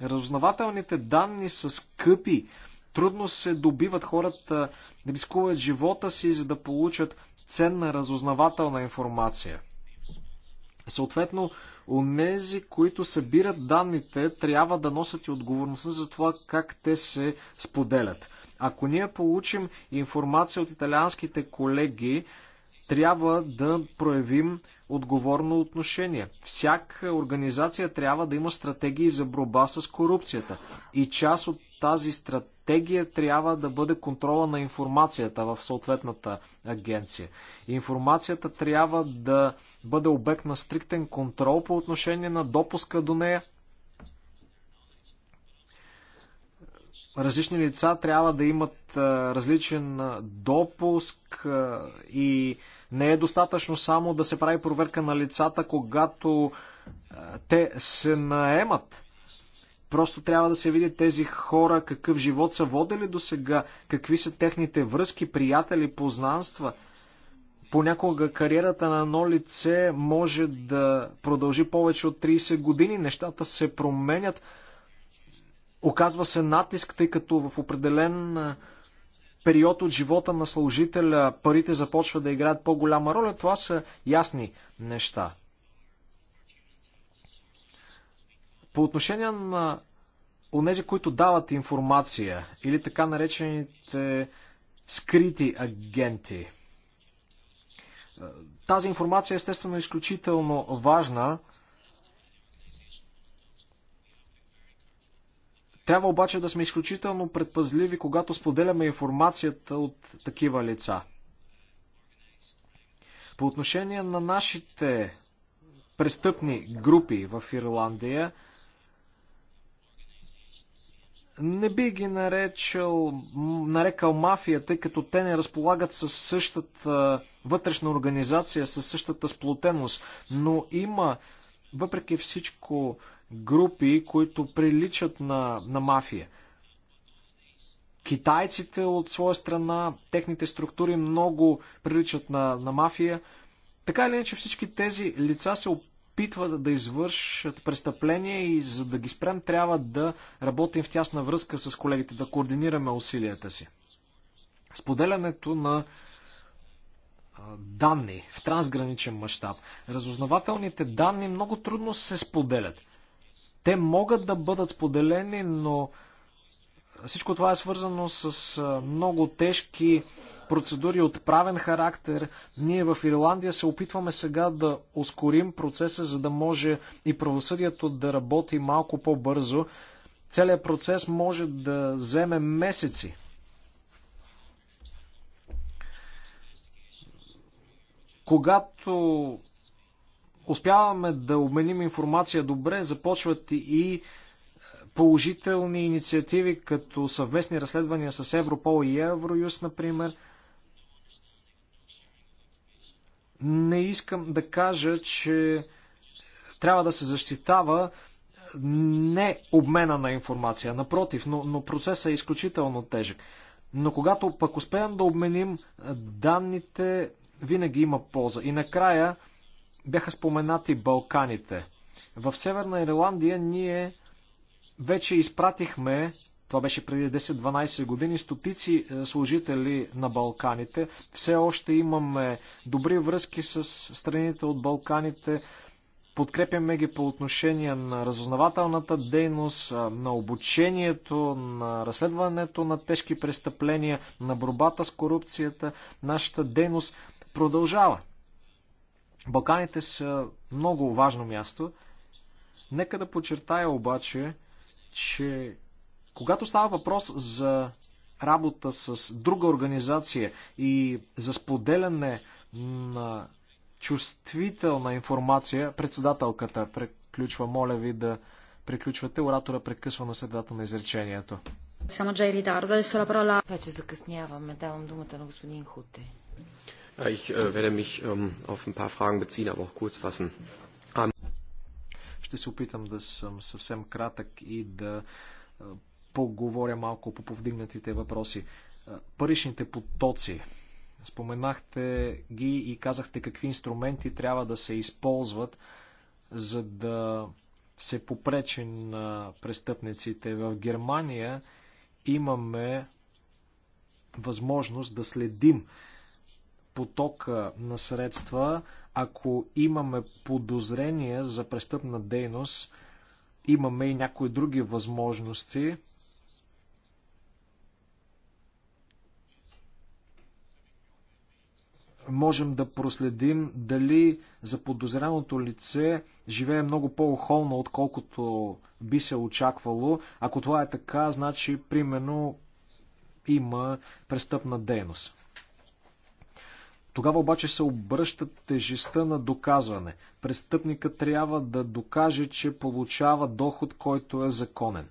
Разузнавателните данни са скъпи, трудно се добиват хората да рискуват живота си, за да получат ценна разузнавателна информация. Съответно, онези, които събират данните, трябва да носят и отговорността за това как те се споделят. Ако ние получим информация от италианските колеги, трябва да проявим отговорно отношение. Всяка организация трябва да има стратегии за борба с корупцията. И част от тази стратегия трябва да бъде контрола на информацията в съответната агенция. Информацията трябва да бъде обект на стриктен контрол по отношение на допуска до нея. Различни лица трябва да имат различен допуск и не е достатъчно само да се прави проверка на лицата, когато е, те се наемат. Просто трябва да се види тези хора какъв живот са водили до сега, какви са техните връзки, приятели, познанства. Понякога кариерата на едно лице може да продължи повече от 30 години, нещата се променят, оказва се натиск, тъй като в определен е, период от живота на служителя парите започват да играят по-голяма роля, това са ясни неща. По отношение на онези, които дават информация или така наречените скрити агенти. Е, тази информация е естествено изключително важна, Трябва обаче да сме изключително предпазливи, когато споделяме информацията от такива лица. По отношение на нашите престъпни групи в Ирландия, не би ги наречал, нарекал мафия, тъй като те не разполагат със същата вътрешна организация, със същата сплотеност, но има въпреки всичко групи, които приличат на, на мафия. Китайците от своя страна, техните структури много приличат на, на мафия. Така или иначе всички тези лица се опитват да извършат престъпления и за да ги спрем трябва да работим в тясна връзка с колегите, да координираме усилията си. Споделянето на данни в трансграничен мащаб. Разузнавателните данни много трудно се споделят. Те могат да бъдат споделени, но всичко това е свързано с много тежки процедури от правен характер. Ние в Ирландия се опитваме сега да ускорим процеса, за да може и правосъдието да работи малко по-бързо. Целият процес може да вземе месеци. Когато успяваме да обменим информация добре, започват и положителни инициативи, като съвместни разследвания с Европол и Евроюз, например. Не искам да кажа, че трябва да се защитава не обмена на информация, напротив, но, но процесът е изключително тежък. Но когато пък успеем да обменим данните, винаги има полза. И накрая, бяха споменати Балканите. В Северна Ирландия ние вече изпратихме, това беше преди 10-12 години, стотици е, служители на Балканите. Все още имаме добри връзки с страните от Балканите. Подкрепяме ги по отношение на разузнавателната дейност, е, на обучението, на разследването на тежки престъпления, на борбата с корупцията. Нашата дейност продължава. Балканите са много важно място. Нека да подчертая обаче, че когато става въпрос за работа с друга организация и за споделяне на чувствителна информация, председателката преключва, моля ви да приключвате, оратора прекъсва на средата на изречението. Само Джей Ритардо, Вече закъсняваме, давам думата на господин Хуте. Ich äh, werde mich ähm, auf ein paar Fragen beziehen, aber auch kurz fassen. Ähm. Ще се опитам да съм съвсем кратък и да поговоря малко по повдигнатите въпроси. Паричните потоци. Споменахте ги и казахте какви инструменти трябва да се използват, за да се попречи на престъпниците. В Германия имаме възможност да следим потока на средства, ако имаме подозрение за престъпна дейност, имаме и някои други възможности. Можем да проследим дали за подозреното лице живее много по-охолно, отколкото би се очаквало. Ако това е така, значи, примерно, има престъпна дейност. Тогава обаче се обръща тежестта на доказване. Престъпника трябва да докаже, че получава доход, който е законен.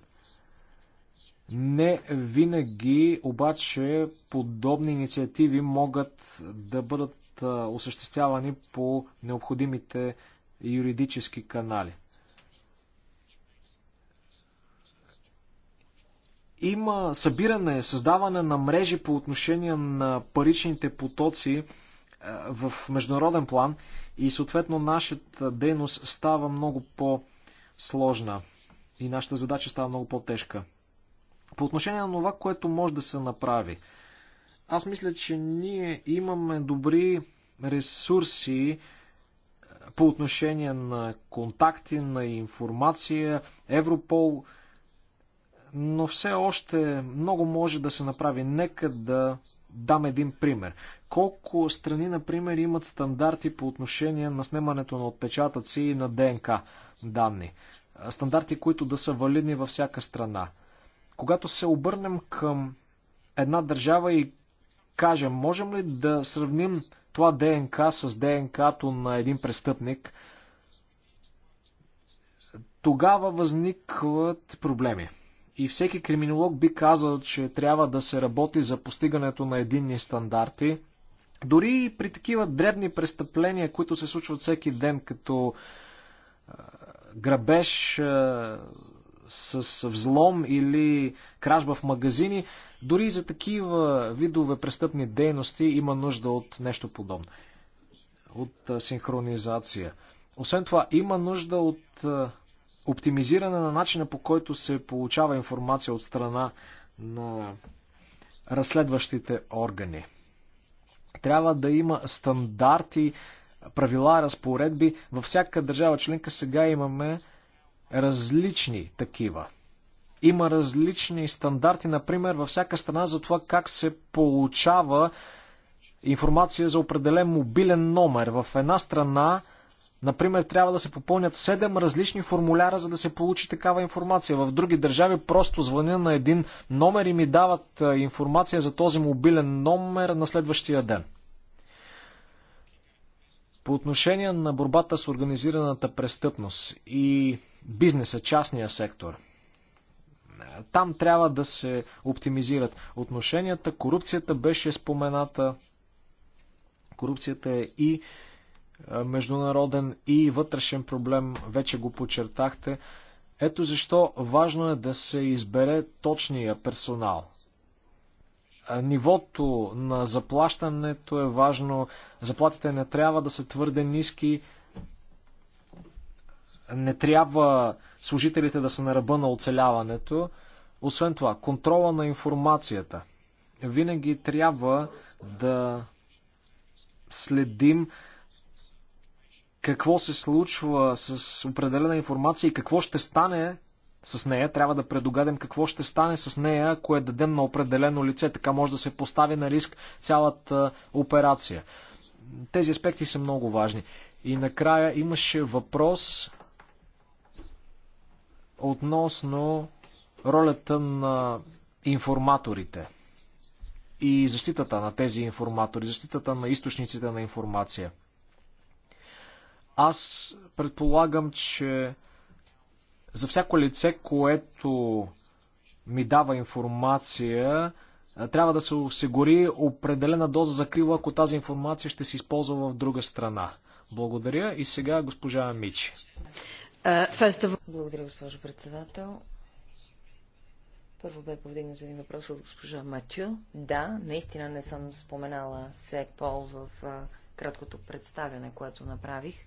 Не винаги обаче подобни инициативи могат да бъдат осъществявани по необходимите юридически канали. Има събиране, създаване на мрежи по отношение на паричните потоци е, в международен план и съответно нашата дейност става много по-сложна и нашата задача става много по-тежка. По отношение на това, което може да се направи, аз мисля, че ние имаме добри ресурси е, по отношение на контакти, на информация, Европол, но все още много може да се направи. Нека да дам един пример колко страни, например, имат стандарти по отношение на снимането на отпечатъци и на ДНК данни. Стандарти, които да са валидни във всяка страна. Когато се обърнем към една държава и кажем, можем ли да сравним това ДНК с ДНК-то на един престъпник, тогава възникват проблеми. И всеки криминолог би казал, че трябва да се работи за постигането на единни стандарти – дори и при такива дребни престъпления, които се случват всеки ден, като грабеж с взлом или кражба в магазини, дори и за такива видове престъпни дейности има нужда от нещо подобно. От синхронизация. Освен това, има нужда от оптимизиране на начина по който се получава информация от страна на разследващите органи. Трябва да има стандарти, правила, разпоредби. Във всяка държава членка сега имаме различни такива. Има различни стандарти, например, във всяка страна за това как се получава информация за определен мобилен номер. В една страна Например, трябва да се попълнят 7 различни формуляра, за да се получи такава информация. В други държави просто звъня на един номер и ми дават е, информация за този мобилен номер на следващия ден. По отношение на борбата с организираната престъпност и бизнеса, частния сектор, е, там трябва да се оптимизират отношенията. Корупцията беше спомената. Корупцията е и международен и вътрешен проблем, вече го подчертахте. Ето защо важно е да се избере точния персонал. Нивото на заплащането е важно. Заплатите не трябва да са твърде ниски. Не трябва служителите да са на ръба на оцеляването. Освен това, контрола на информацията. Винаги трябва да следим какво се случва с определена информация и какво ще стане с нея. Трябва да предугадем какво ще стане с нея, ако я дадем на определено лице. Така може да се постави на риск цялата операция. Тези аспекти са много важни. И накрая имаше въпрос относно ролята на информаторите и защитата на тези информатори, защитата на източниците на информация. Аз предполагам, че за всяко лице, което ми дава информация, трябва да се осигури определена доза закрила, ако тази информация ще се използва в друга страна. Благодаря и сега госпожа Мичи. Благодаря, госпожо председател. Първо бе повдигнат един въпрос от госпожа Матю. Да, наистина не съм споменала СЕПОЛ в краткото представяне, което направих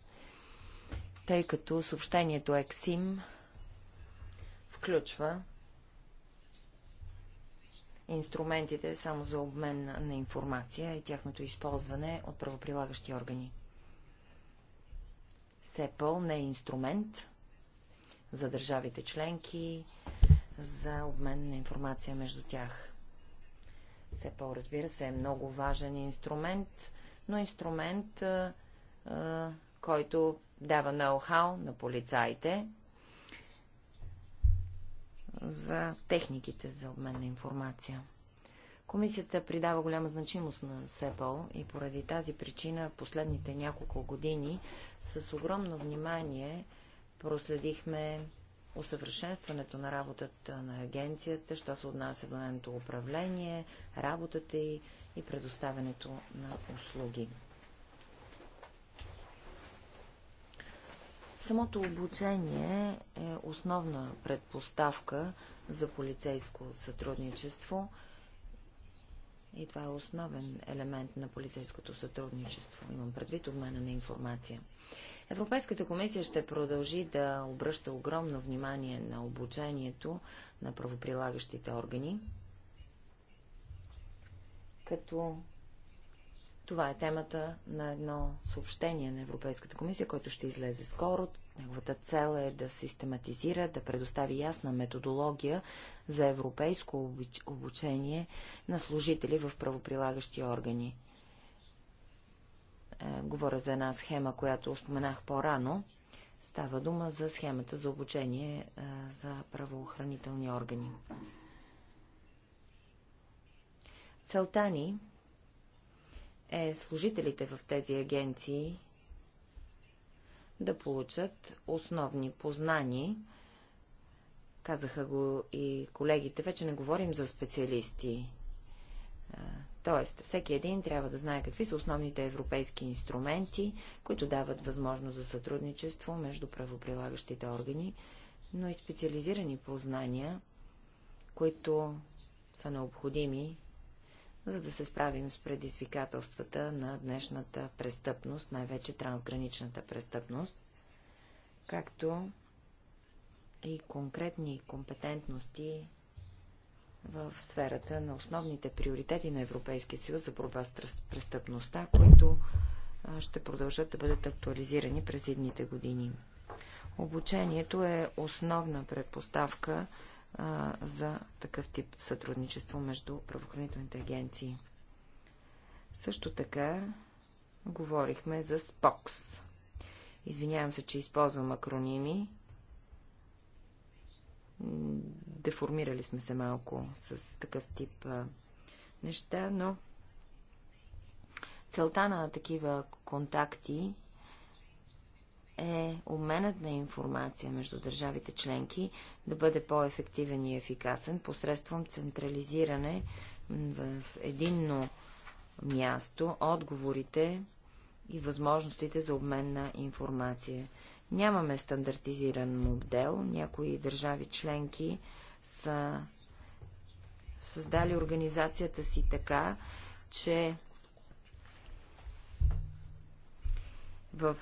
тъй като съобщението ЕКСИМ включва инструментите само за обмен на информация и тяхното използване от правоприлагащи органи. СЕПОЛ не е инструмент за държавите членки, за обмен на информация между тях. СЕПЛ, разбира се, е много важен инструмент, но инструмент, който дава ноу-хау на полицаите за техниките за обмен на информация. Комисията придава голяма значимост на СЕПОЛ и поради тази причина последните няколко години с огромно внимание проследихме усъвършенстването на работата на агенцията, що се отнася до нейното управление, работата и предоставянето на услуги. Самото обучение е основна предпоставка за полицейско сътрудничество и това е основен елемент на полицейското сътрудничество. Имам предвид обмена на информация. Европейската комисия ще продължи да обръща огромно внимание на обучението на правоприлагащите органи, като това е темата на едно съобщение на Европейската комисия, което ще излезе скоро. Неговата цел е да систематизира, да предостави ясна методология за европейско обучение на служители в правоприлагащи органи. Е, говоря за една схема, която споменах по-рано. Става дума за схемата за обучение е, за правоохранителни органи. Целта ни е служителите в тези агенции да получат основни познания. Казаха го и колегите, вече не говорим за специалисти. Тоест, всеки един трябва да знае какви са основните европейски инструменти, които дават възможност за сътрудничество между правоприлагащите органи, но и специализирани познания, които са необходими за да се справим с предизвикателствата на днешната престъпност, най-вече трансграничната престъпност, както и конкретни компетентности в сферата на основните приоритети на Европейския съюз за борба с престъпността, които ще продължат да бъдат актуализирани през едните години. Обучението е основна предпоставка а, за такъв тип сътрудничество между правоохранителните агенции. Също така говорихме за СПОКС. Извинявам се, че използвам акроними. Деформирали сме се малко с такъв тип а, неща, но целта на такива контакти е обменът на информация между държавите членки да бъде по-ефективен и ефикасен посредством централизиране в единно място отговорите и възможностите за обмен на информация. Нямаме стандартизиран модел. Някои държави членки са създали организацията си така, че в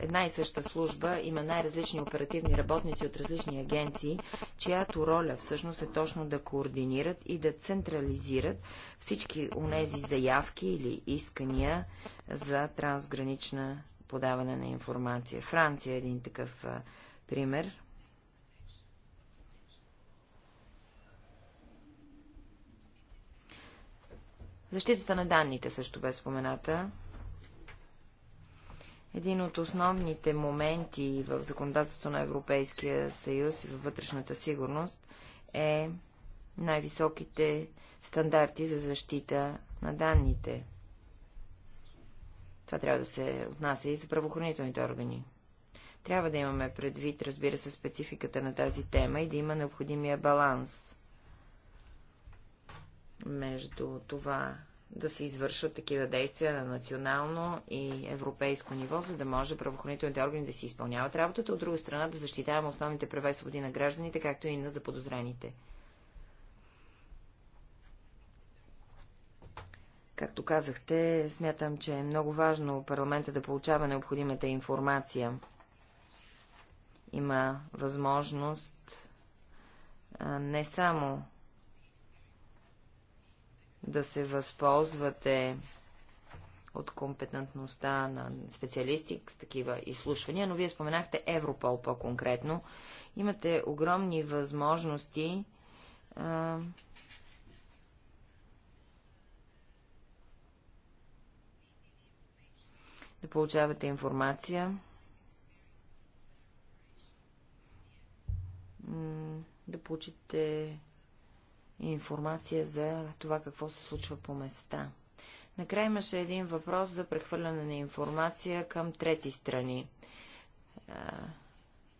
една и съща служба има най-различни оперативни работници от различни агенции, чиято роля всъщност е точно да координират и да централизират всички онези заявки или искания за трансгранична подаване на информация. Франция е един такъв пример. Защитата на данните също бе спомената. Един от основните моменти в законодателството на Европейския съюз и във вътрешната сигурност е най-високите стандарти за защита на данните. Това трябва да се отнася и за правоохранителните органи. Трябва да имаме предвид, разбира се, спецификата на тази тема и да има необходимия баланс между това да се извършват такива действия на национално и европейско ниво, за да може правоохранителните органи да си изпълняват работата, от друга страна да защитаваме основните права и свободи на гражданите, както и на заподозрените. Както казахте, смятам, че е много важно парламента да получава необходимата информация. Има възможност не само да се възползвате от компетентността на специалисти с такива изслушвания, но вие споменахте Европол по-конкретно. Имате огромни възможности а... да получавате информация, да получите информация за това какво се случва по места. Накрая имаше един въпрос за прехвърляне на информация към трети страни.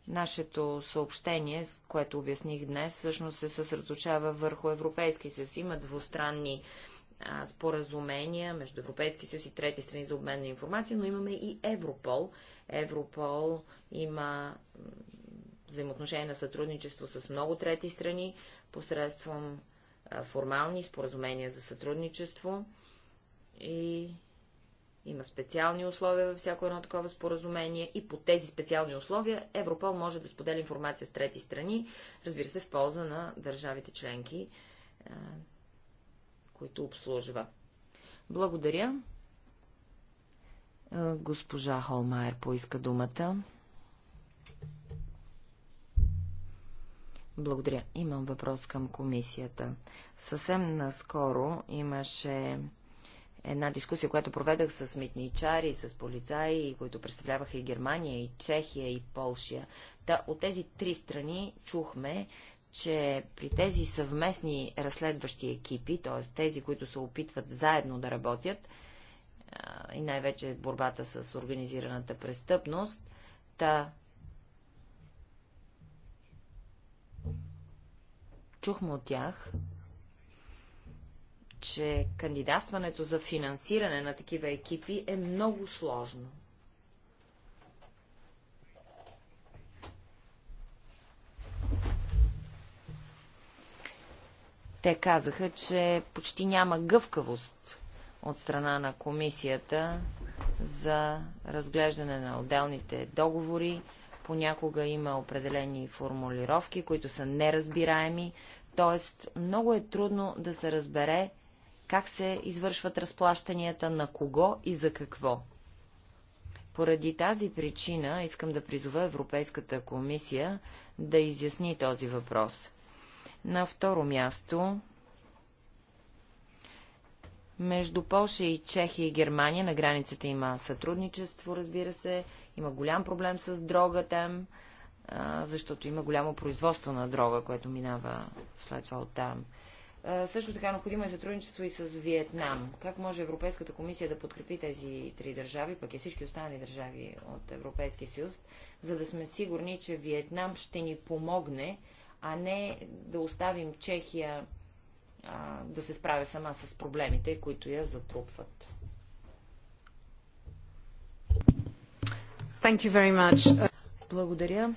Нашето съобщение, което обясних днес, всъщност се съсредоточава върху Европейски съюз. Има двустранни а, споразумения между Европейски съюз и трети страни за обмен на информация, но имаме и Европол. Европол има взаимоотношение на сътрудничество с много трети страни, посредством формални споразумения за сътрудничество и има специални условия във всяко едно такова споразумение и по тези специални условия Европол може да споделя информация с трети страни, разбира се, в полза на държавите членки, които обслужва. Благодаря. Госпожа Холмайер поиска думата. Благодаря. Имам въпрос към комисията. Съвсем наскоро имаше една дискусия, която проведах с митничари, с полицаи, които представляваха и Германия, и Чехия, и Полшия. Та от тези три страни чухме, че при тези съвместни разследващи екипи, т.е. тези, които се опитват заедно да работят, и най-вече борбата с организираната престъпност, та Чухме от тях, че кандидатстването за финансиране на такива екипи е много сложно. Те казаха, че почти няма гъвкавост от страна на комисията за разглеждане на отделните договори, Понякога има определени формулировки, които са неразбираеми, т.е. много е трудно да се разбере как се извършват разплащанията, на кого и за какво. Поради тази причина искам да призова Европейската комисия да изясни този въпрос. На второ място, между Польша и Чехия и Германия на границата има сътрудничество, разбира се, има голям проблем с дрогата, защото има голямо производство на дрога, което минава след това от там. Също така необходимо е сътрудничество и с Виетнам. Как може Европейската комисия да подкрепи тези три държави, пък и всички останали държави от Европейския съюз, за да сме сигурни, че Виетнам ще ни помогне, а не да оставим Чехия а, да се справя сама с проблемите, които я затрупват. Thank you very much. Благодаря.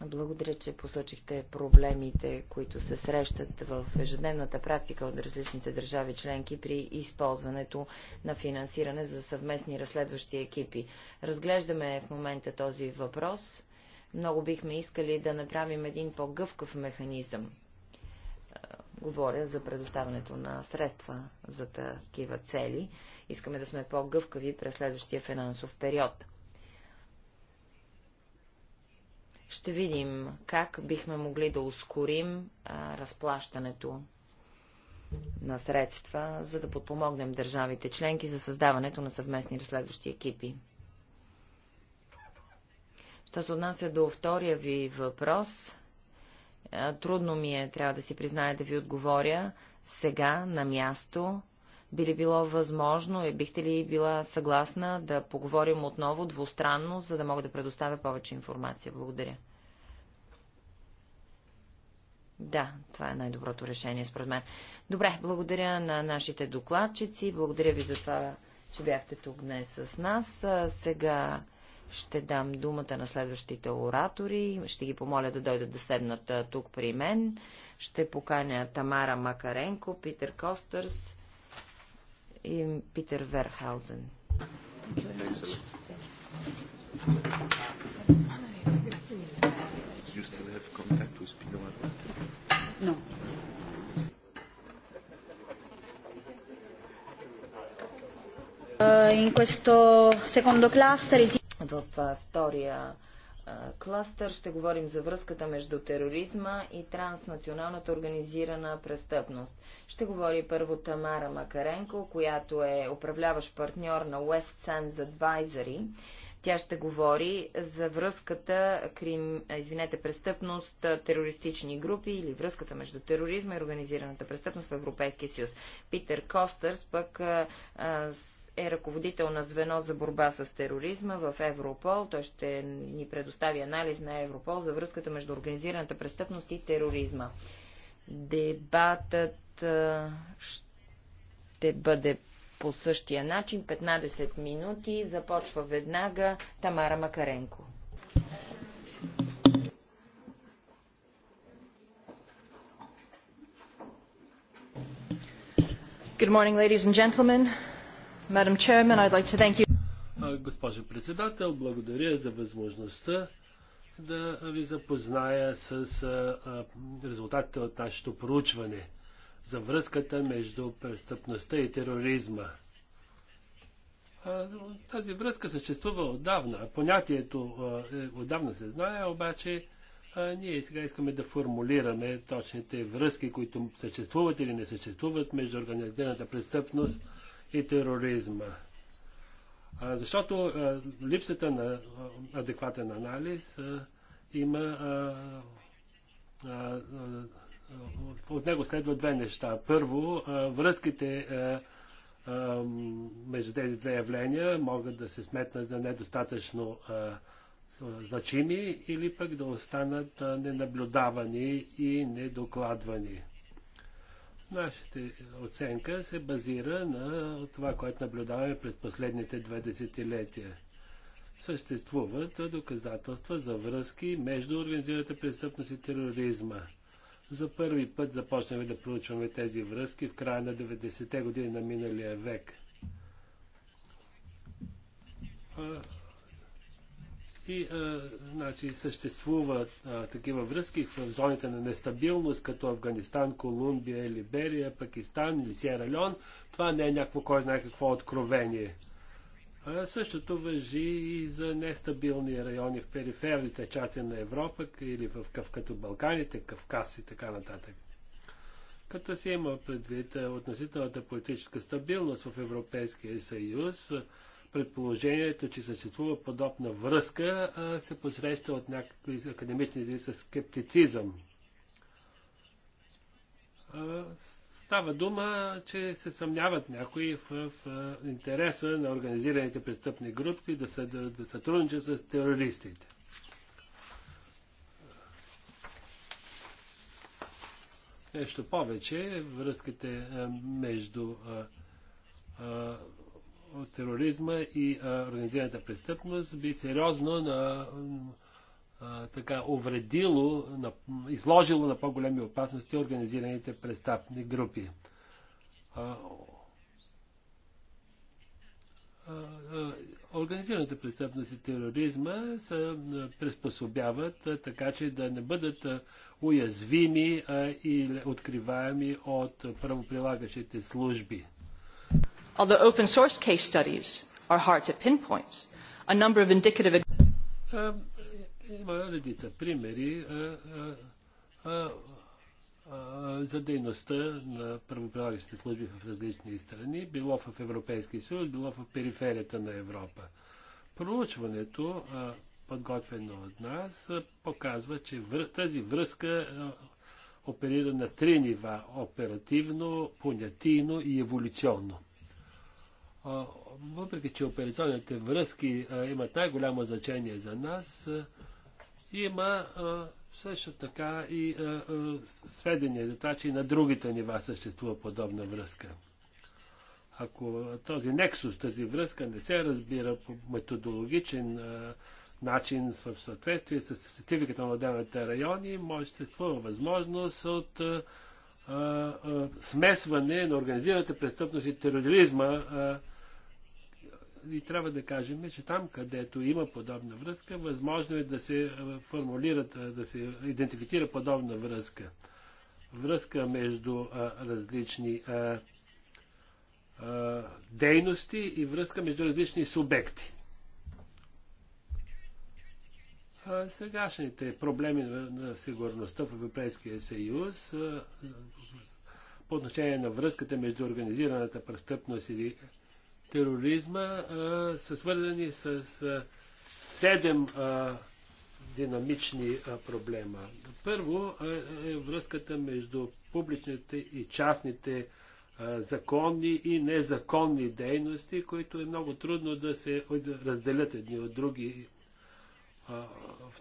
Благодаря, че посочихте проблемите, които се срещат в ежедневната практика от различните държави членки при използването на финансиране за съвместни разследващи екипи. Разглеждаме в момента този въпрос. Много бихме искали да направим един по-гъвкав механизъм. Е, говоря за предоставянето на средства за такива цели. Искаме да сме по-гъвкави през следващия финансов период. Ще видим как бихме могли да ускорим а, разплащането на средства, за да подпомогнем държавите членки за създаването на съвместни разследващи екипи. Що се отнася до втория ви въпрос, трудно ми е, трябва да си призная, да ви отговоря сега на място, би ли било възможно и бихте ли била съгласна да поговорим отново двустранно, за да мога да предоставя повече информация? Благодаря. Да, това е най-доброто решение според мен. Добре, благодаря на нашите докладчици, благодаря ви за това, че бяхте тук днес с нас. Сега ще дам думата на следващите оратори, ще ги помоля да дойдат да седнат тук при мен. Ще поканя Тамара Макаренко, Питер Костърс, и Питер Верхаузен. You still have contact with Pino No. In questo secondo cluster il в втория кластър ще говорим за връзката между тероризма и транснационалната организирана престъпност. Ще говори първо Тамара Макаренко, която е управляващ партньор на West Sands Advisory. Тя ще говори за връзката, крим, извинете, престъпност, терористични групи или връзката между тероризма и организираната престъпност в Европейския съюз. Питер Костърс пък а, с е ръководител на звено за борба с тероризма в Европол. Той ще ни предостави анализ на Европол за връзката между организираната престъпност и тероризма. Дебатът ще бъде по същия начин. 15 минути. Започва веднага Тамара Макаренко. Good morning, ladies and gentlemen. Госпожо председател, благодаря за възможността да ви запозная с резултатите от нашето проучване за връзката между престъпността и тероризма. Тази връзка съществува отдавна. Понятието е, отдавна се знае, обаче ние сега искаме да формулираме точните връзки, които съществуват или не съществуват между организираната престъпност и тероризма. защото липсата на адекватен анализ има. от него следва две неща. Първо, връзките между тези две явления могат да се сметнат за недостатъчно значими или пък да останат ненаблюдавани и недокладвани. Нашата оценка се базира на това, което наблюдаваме през последните две десетилетия. Съществуват доказателства за връзки между организираната престъпност и тероризма. За първи път започнахме да проучваме тези връзки в края на 90-те години на миналия век и а, значи, съществуват а, такива връзки в зоните на нестабилност, като Афганистан, Колумбия, Либерия, Пакистан или Сиера Леон. Това не е някакво, кой знае какво откровение. А, същото въжи и за нестабилни райони в периферните части на Европа или в като Балканите, Кавказ и така нататък. Като се има предвид относителната политическа стабилност в Европейския съюз, предположението, че съществува подобна връзка, се посреща от някакви академични с скептицизъм. Става дума, че се съмняват някои в, в интереса на организираните престъпни групи да, са, да, да сътрудничат с терористите. Нещо повече, връзките между от тероризма и а, организираната престъпност би сериозно на, а, така увредило, на, изложило на по-големи опасности организираните престъпни групи. А, организираната престъпност и тероризма се приспособяват така, че да не бъдат уязвими и откриваеми от правоприлагащите служби. Although open source case studies are hard to pinpoint, a number of indicative... Е, е, има редица примери е, за дейността на правоприлагащите служби в различни страни, било в Европейския съюз, било в периферията на Европа. Проучването, подготвено от нас, показва, че тази връзка оперира на три нива – оперативно, понятийно и еволюционно въпреки че операционните връзки имат най-голямо значение за нас, има също така и сведения за това, че и на другите нива съществува подобна връзка. Ако този нексус, тази връзка не се разбира по методологичен начин в съответствие с спецификата на отделните райони, може да съществува възможност от смесване на организираната престъпност и тероризма и трябва да кажем, че там, където има подобна връзка, възможно е да се е, формулират, е, да се идентифицира подобна връзка. Връзка между а, е, различни а, а, дейности и връзка между различни субекти. А, сегашните проблеми на, на сигурността в Европейския съюз а, по отношение на връзката между организираната престъпност или тероризма а, са свързани с а, седем а, динамични а, проблема. Първо а, е връзката между публичните и частните а, законни и незаконни дейности, които е много трудно да се разделят едни от други. А,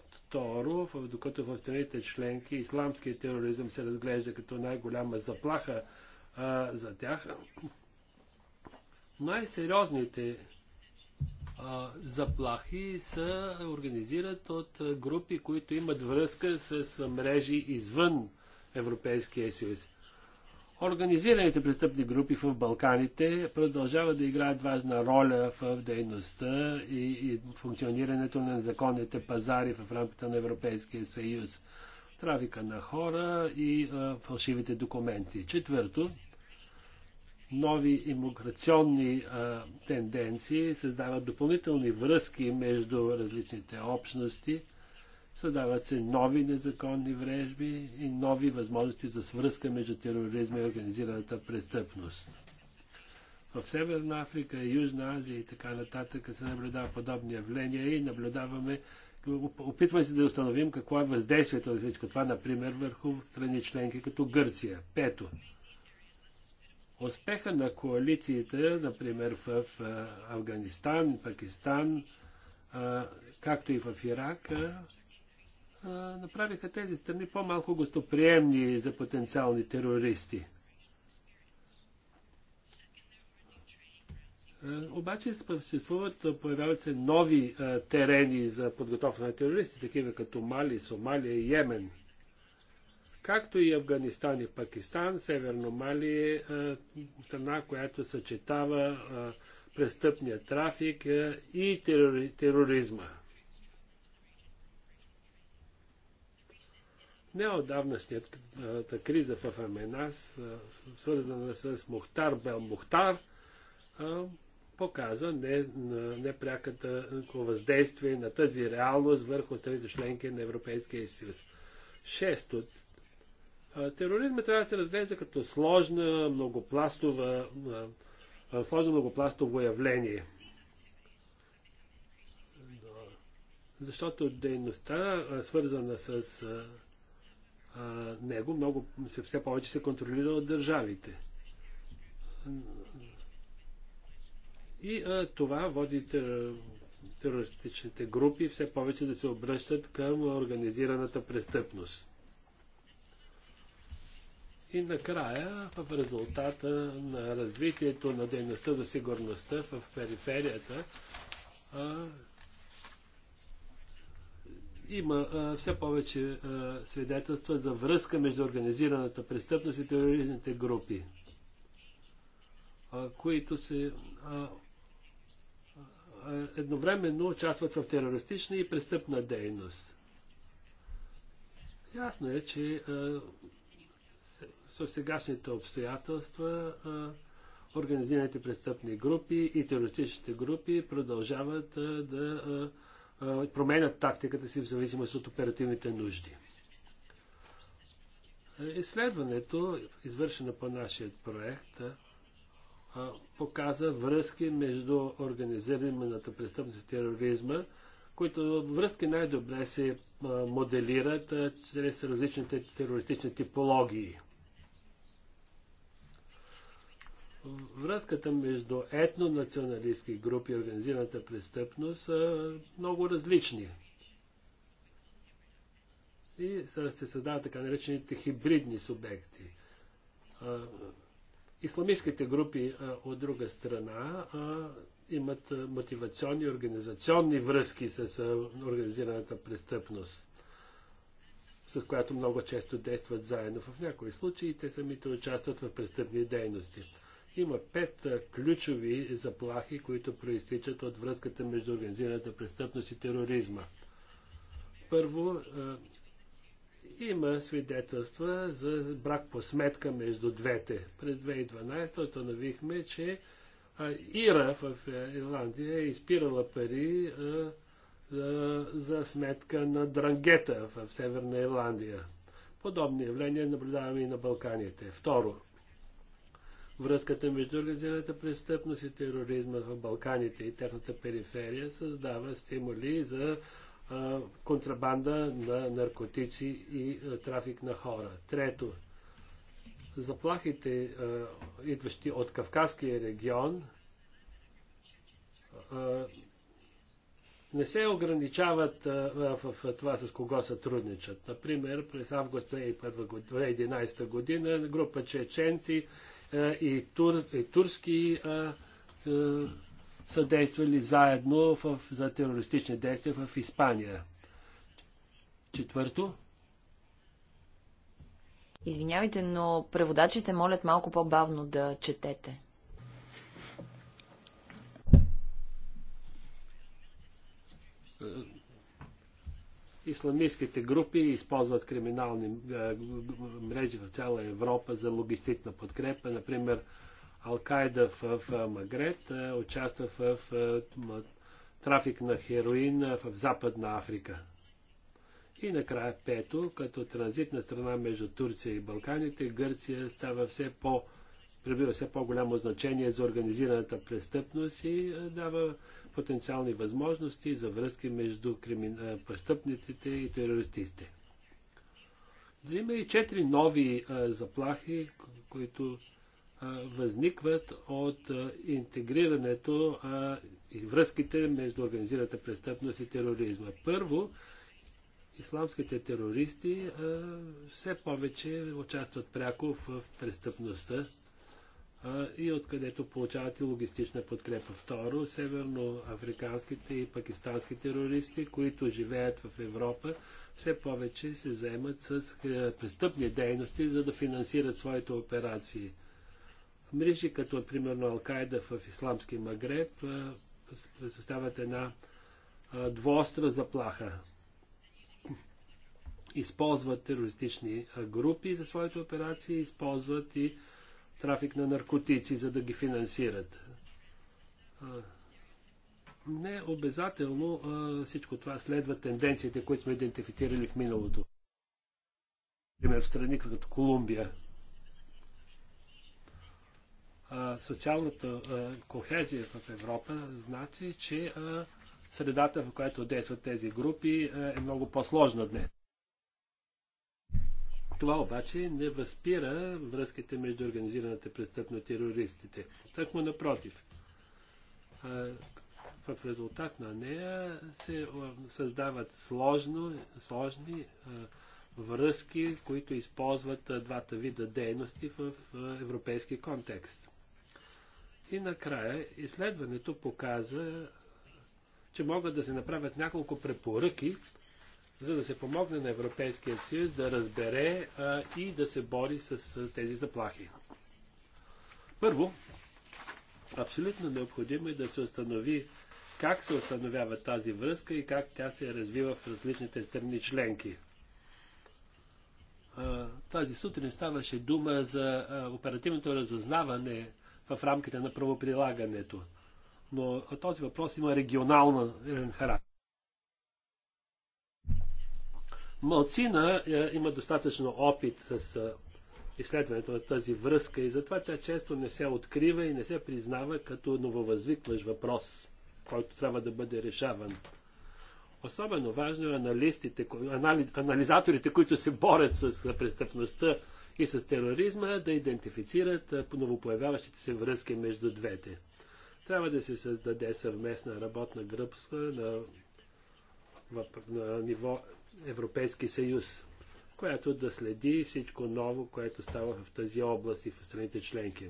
второ, докато в страните членки исламският тероризъм се разглежда като най-голяма заплаха а, за тях, най-сериозните заплахи се организират от групи, които имат връзка с мрежи извън Европейския съюз. Организираните престъпни групи в Балканите продължават да играят важна роля в дейността и, и функционирането на законните пазари в рамките на Европейския съюз, трафика на хора и а, фалшивите документи. Четвърто, нови иммиграционни а, тенденции, създават допълнителни връзки между различните общности, създават се нови незаконни врежби и нови възможности за свръзка между тероризма и организираната престъпност. В Северна Африка, Южна Азия и така нататък се наблюдава подобни явления и наблюдаваме, опитваме се да установим какво е въздействието на всичко това, например, върху страни членки като Гърция. Пето, Успеха на коалициите, например в Афганистан, Пакистан, както и в Ирак, направиха тези страни по-малко гостоприемни за потенциални терористи. Обаче съществуват, появяват се нови терени за подготовка на терористи, такива като Мали, Сомалия и Йемен – както и Афганистан и Пакистан, Северно Мали е, е страна, която съчетава е, престъпния трафик е, и тероризма. Неодавнашната криза в Аменас, свързана с Мухтар Бел Мухтар, показа непряката не въздействие на тази реалност върху страните членки на Европейския съюз. Шест от Тероризма трябва да се разглежда като сложна, многопластова, сложно многопластово явление. Защото дейността, свързана с него, много, все повече се контролира от държавите. И а, това води терористичните групи все повече да се обръщат към организираната престъпност. И накрая, в резултата на развитието на дейността за сигурността в периферията, а, има а, все повече а, свидетелства за връзка между организираната престъпност и терористните групи, а, които се а, а, едновременно участват в терористична и престъпна дейност. Ясно е, че а, в сегашните обстоятелства организираните престъпни групи и терористичните групи продължават да променят тактиката си в зависимост от оперативните нужди. Изследването, извършено по нашия проект, показа връзки между организираната престъпност и тероризма, които връзки най-добре се моделират чрез различните терористични типологии. връзката между етнонационалистски групи и организираната престъпност са много различни. И се създават така наречените хибридни субекти. Исламистските групи от друга страна имат мотивационни и организационни връзки с организираната престъпност с която много често действат заедно. В някои случаи те самите участват в престъпни дейности. Има пет ключови заплахи, които проистичат от връзката между организираната престъпност и тероризма. Първо, има свидетелства за брак по сметка между двете. През 2012 установихме, че Ира в Ирландия е изпирала пари за сметка на Дрангета в Северна Ирландия. Подобни явления наблюдаваме и на Балканите. Второ, Връзката между организираната престъпност и тероризма в Балканите и тяхната периферия създава стимули за а, контрабанда на наркотици и а, трафик на хора. Трето, заплахите, а, идващи от Кавказския регион, не се ограничават в, в това с кого сътрудничат. Например, през август 2011 година група чеченци е, и, тур, и турски а, е, а, е, са действали заедно в, за терористични действия в Испания. Четвърто. Извинявайте, но преводачите молят малко по-бавно да четете исламистските групи използват криминални е, мрежи в цяла Европа за логистична подкрепа. Например, Алкайда в Магрет е, участва в е, трафик на хероин в Западна Африка. И накрая пето, като транзитна страна между Турция и Балканите, Гърция става все по прибива все по-голямо значение за организираната престъпност и дава потенциални възможности за връзки между кримин... престъпниците и терористите. има и четири нови заплахи, които възникват от интегрирането и връзките между организираната престъпност и тероризма. Първо, исламските терористи все повече участват пряко в престъпността и откъдето получават и логистична подкрепа. Второ, северноафриканските и пакистански терористи, които живеят в Европа, все повече се заемат с е, престъпни дейности, за да финансират своите операции. Мрежи като, примерно, Алкайда в Исламски Магреб предоставят една двоостра заплаха. Използват терористични групи за своите операции, използват и трафик на наркотици, за да ги финансират. Не обязателно всичко това следва тенденциите, които сме идентифицирали в миналото. Например, в страни като Колумбия. Социалната кохезия в Европа значи, че средата, в която действат тези групи, е много по-сложна днес. Това обаче не възпира връзките между организираната престъпна терористите. Так му напротив. В резултат на нея се създават сложно, сложни връзки, които използват двата вида дейности в европейски контекст. И накрая изследването показа, че могат да се направят няколко препоръки за да се помогне на Европейския съюз да разбере а, и да се бори с, с тези заплахи. Първо, абсолютно необходимо е да се установи как се установява тази връзка и как тя се развива в различните страни членки. А, тази сутрин ставаше дума за а, оперативното разузнаване в рамките на правоприлагането. Но този въпрос има регионална характер. Малцина е, има достатъчно опит с е, изследването на тази връзка и затова тя често не се открива и не се признава като нововъзвикваш въпрос, който трябва да бъде решаван. Особено важно е аналистите, анали, анализаторите, които се борят с е, престъпността и с тероризма, да идентифицират е, новопоявяващите се връзки между двете. Трябва да се създаде съвместна работна гръбска на, на ниво Европейски съюз, която да следи всичко ново, което става в тази област и в страните членки.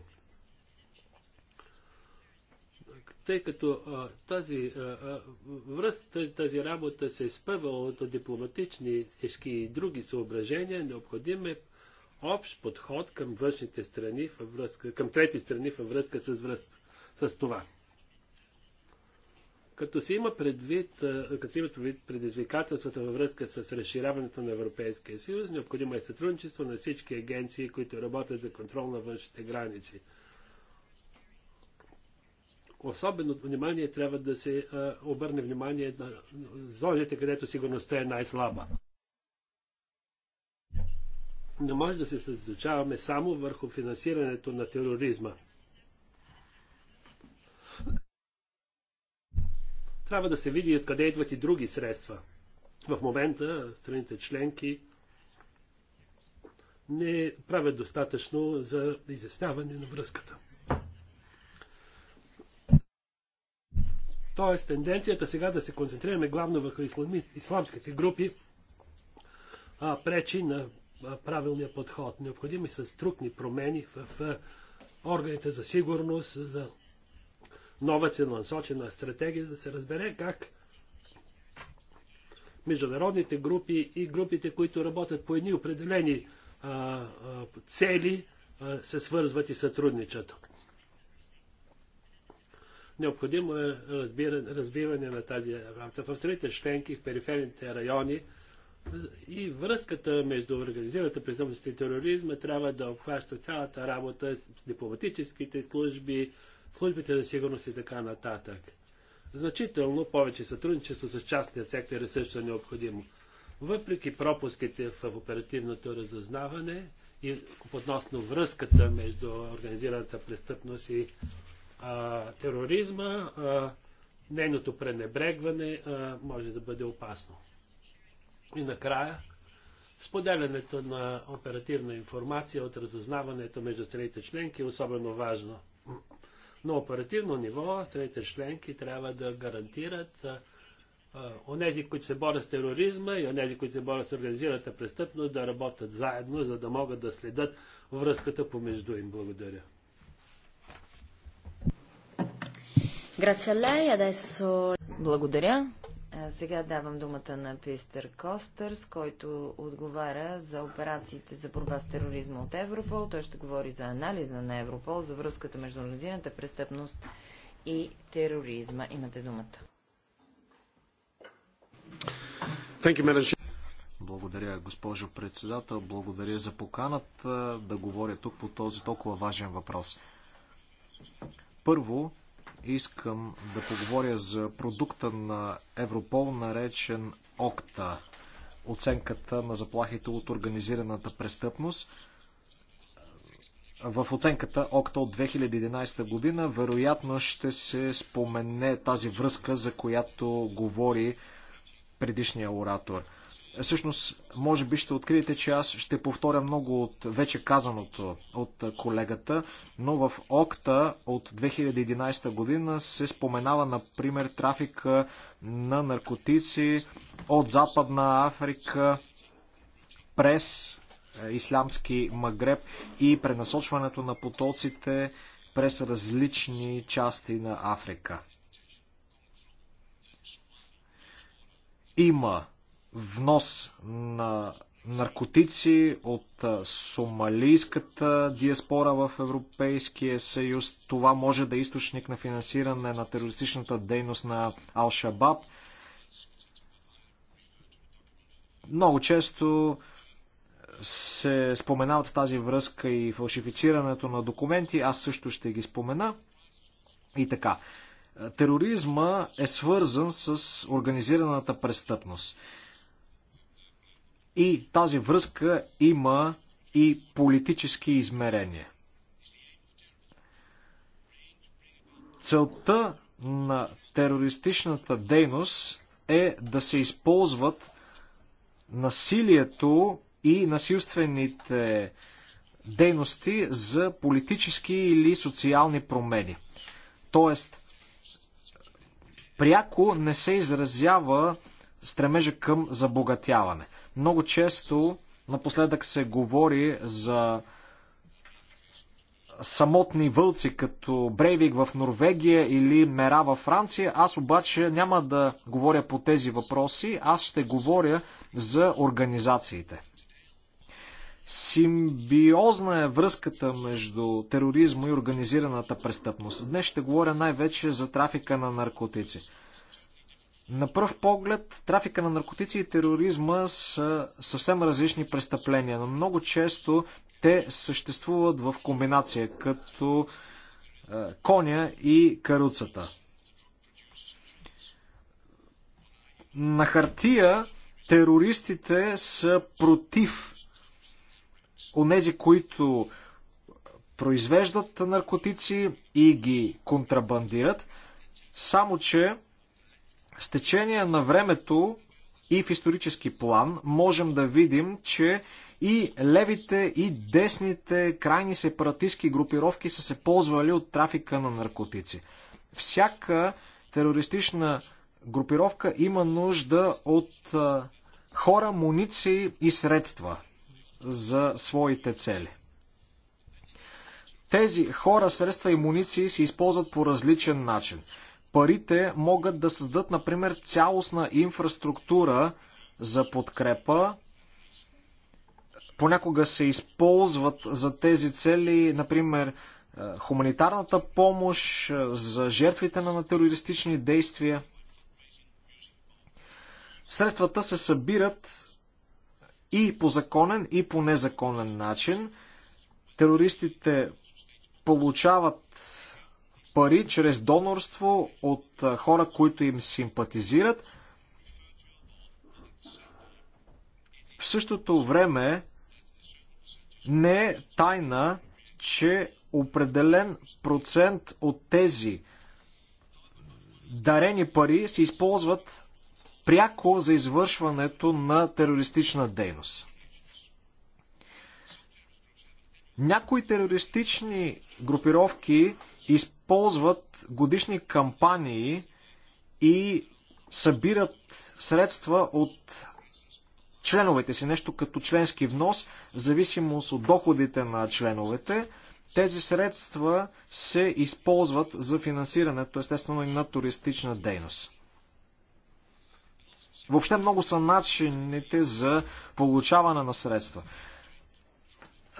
Тъй като а, тази връзка, тази работа се спъва от дипломатични всички и други съображения, необходим е общ подход към външните страни във връзка, към трети страни във връзка с, връзка, с това. Като се има предвид, като се има предвид предизвикателствата във връзка с разширяването на Европейския съюз, необходимо е сътрудничество на всички агенции, които работят за контрол на външните граници. Особено внимание трябва да се а, обърне внимание на зоните, където сигурността е най-слаба. Не може да се съсредоточаваме само върху финансирането на тероризма – Трябва да се види откъде идват и други средства. В момента страните членки не правят достатъчно за изясняване на връзката. Тоест, тенденцията сега да се концентрираме главно върху исламските групи а, пречи на правилния подход. Необходими са структни промени в, в органите за сигурност, за нова целенасочена стратегия, за да се разбере как международните групи и групите, които работят по едни определени а, а, цели, а, се свързват и сътрудничат. Необходимо е разбиване на тази рамка в страните членки, в периферните райони и връзката между организираната престъпност и тероризма трябва да обхваща цялата работа с дипломатическите служби, службите за сигурност и така нататък. Значително повече сътрудничество с частния сектор е също необходимо. Въпреки пропуските в оперативното разузнаване и относно връзката между организираната престъпност и а, тероризма, а, нейното пренебрегване а, може да бъде опасно. И накрая, споделянето на оперативна информация от разузнаването между страните членки е особено важно на оперативно ниво страните членки трябва да гарантират онези, които се борят с тероризма и онези, които се борят с организираната престъпност, да работят заедно, за да могат да следят връзката помежду им. Благодаря. Благодаря. Сега давам думата на Пистър Костърс, който отговаря за операциите за борба с тероризма от Европол. Той ще говори за анализа на Европол, за връзката между организираната престъпност и тероризма. Имате думата. Благодаря, госпожо председател. Благодаря за поканата да говоря тук по този толкова важен въпрос. Първо, искам да поговоря за продукта на Европол, наречен ОКТА, оценката на заплахите от организираната престъпност. В оценката ОКТА от 2011 година вероятно ще се спомене тази връзка, за която говори предишния оратор – Всъщност, може би ще откриете, че аз ще повторя много от вече казаното от колегата, но в ОКТА от 2011 година се споменава, например, трафика на наркотици от Западна Африка през е, Ислямски Магреб и пренасочването на потоците през различни части на Африка. Има внос на наркотици от сомалийската диаспора в Европейския съюз. Това може да е източник на финансиране на терористичната дейност на Ал-Шабаб. Много често се споменават в тази връзка и фалшифицирането на документи. Аз също ще ги спомена. И така. Тероризма е свързан с организираната престъпност. И тази връзка има и политически измерения. Целта на терористичната дейност е да се използват насилието и насилствените дейности за политически или социални промени. Тоест, пряко не се изразява стремежа към забогатяване. Много често напоследък се говори за самотни вълци, като Брейвик в Норвегия или Мера във Франция. Аз обаче няма да говоря по тези въпроси, аз ще говоря за организациите. Симбиозна е връзката между тероризма и организираната престъпност. Днес ще говоря най-вече за трафика на наркотици. На пръв поглед, трафика на наркотици и тероризма са съвсем различни престъпления, но много често те съществуват в комбинация, като е, коня и каруцата. На хартия терористите са против онези, които произвеждат наркотици и ги контрабандират, само че с течение на времето и в исторически план можем да видим, че и левите, и десните крайни сепаратистски групировки са се ползвали от трафика на наркотици. Всяка терористична групировка има нужда от хора, муниции и средства за своите цели. Тези хора, средства и муниции се използват по различен начин парите могат да създадат, например, цялостна инфраструктура за подкрепа. Понякога се използват за тези цели, например, е, хуманитарната помощ е, за жертвите на терористични действия. Средствата се събират и по законен, и по незаконен начин. Терористите получават пари чрез донорство от хора, които им симпатизират. В същото време не е тайна, че определен процент от тези дарени пари се използват пряко за извършването на терористична дейност. Някои терористични групировки използват годишни кампании и събират средства от членовете си, нещо като членски внос, в зависимост от доходите на членовете. Тези средства се използват за финансирането, естествено, и на туристична дейност. Въобще много са начините за получаване на средства.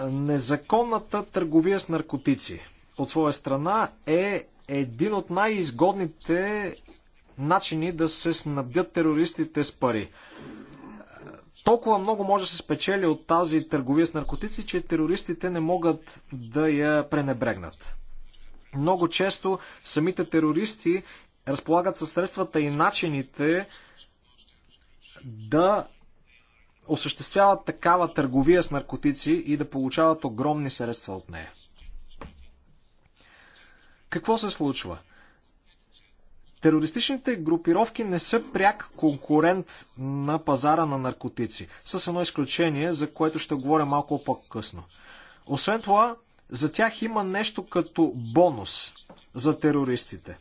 Незаконната търговия с наркотици – от своя страна е един от най-изгодните начини да се снабдят терористите с пари. Толкова много може да се спечели от тази търговия с наркотици, че терористите не могат да я пренебрегнат. Много често самите терористи разполагат със средствата и начините да осъществяват такава търговия с наркотици и да получават огромни средства от нея. Какво се случва? Терористичните групировки не са пряк конкурент на пазара на наркотици, с едно изключение, за което ще говоря малко по-късно. Освен това, за тях има нещо като бонус за терористите.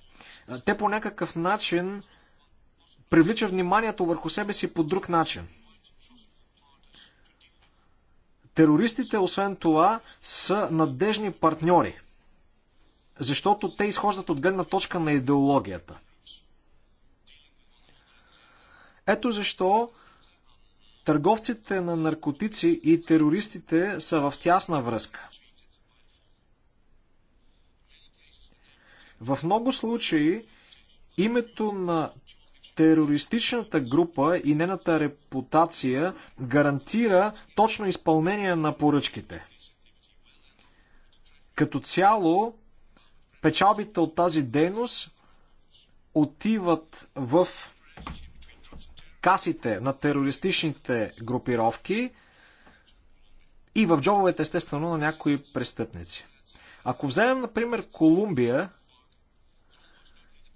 Те по някакъв начин привличат вниманието върху себе си по друг начин. Терористите, освен това, са надежни партньори защото те изхождат от гледна точка на идеологията. Ето защо търговците на наркотици и терористите са в тясна връзка. В много случаи името на терористичната група и нената репутация гарантира точно изпълнение на поръчките. Като цяло, Печалбите от тази дейност отиват в касите на терористичните групировки и в джобовете, естествено, на някои престъпници. Ако вземем, например, Колумбия,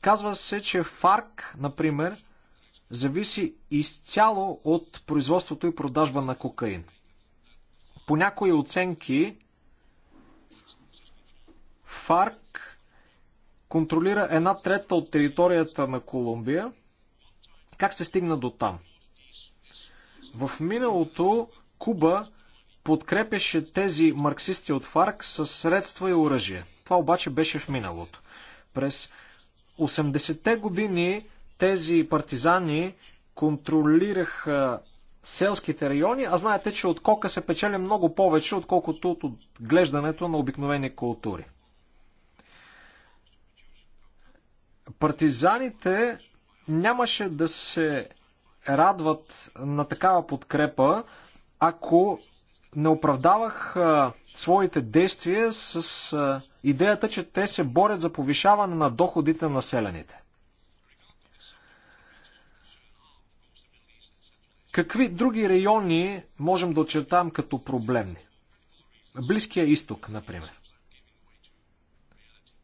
казва се, че ФАРК, например, зависи изцяло от производството и продажба на кокаин. По някои оценки, ФАРК контролира една трета от територията на Колумбия. Как се стигна до там? В миналото Куба подкрепяше тези марксисти от ФАРК с средства и оръжие. Това обаче беше в миналото. През 80-те години тези партизани контролираха селските райони, а знаете, че от кока се печели много повече, отколкото от отглеждането на обикновени култури. партизаните нямаше да се радват на такава подкрепа, ако не оправдавах а, своите действия с а, идеята, че те се борят за повишаване на доходите на населените. Какви други райони можем да отчетам като проблемни? Близкия изток, например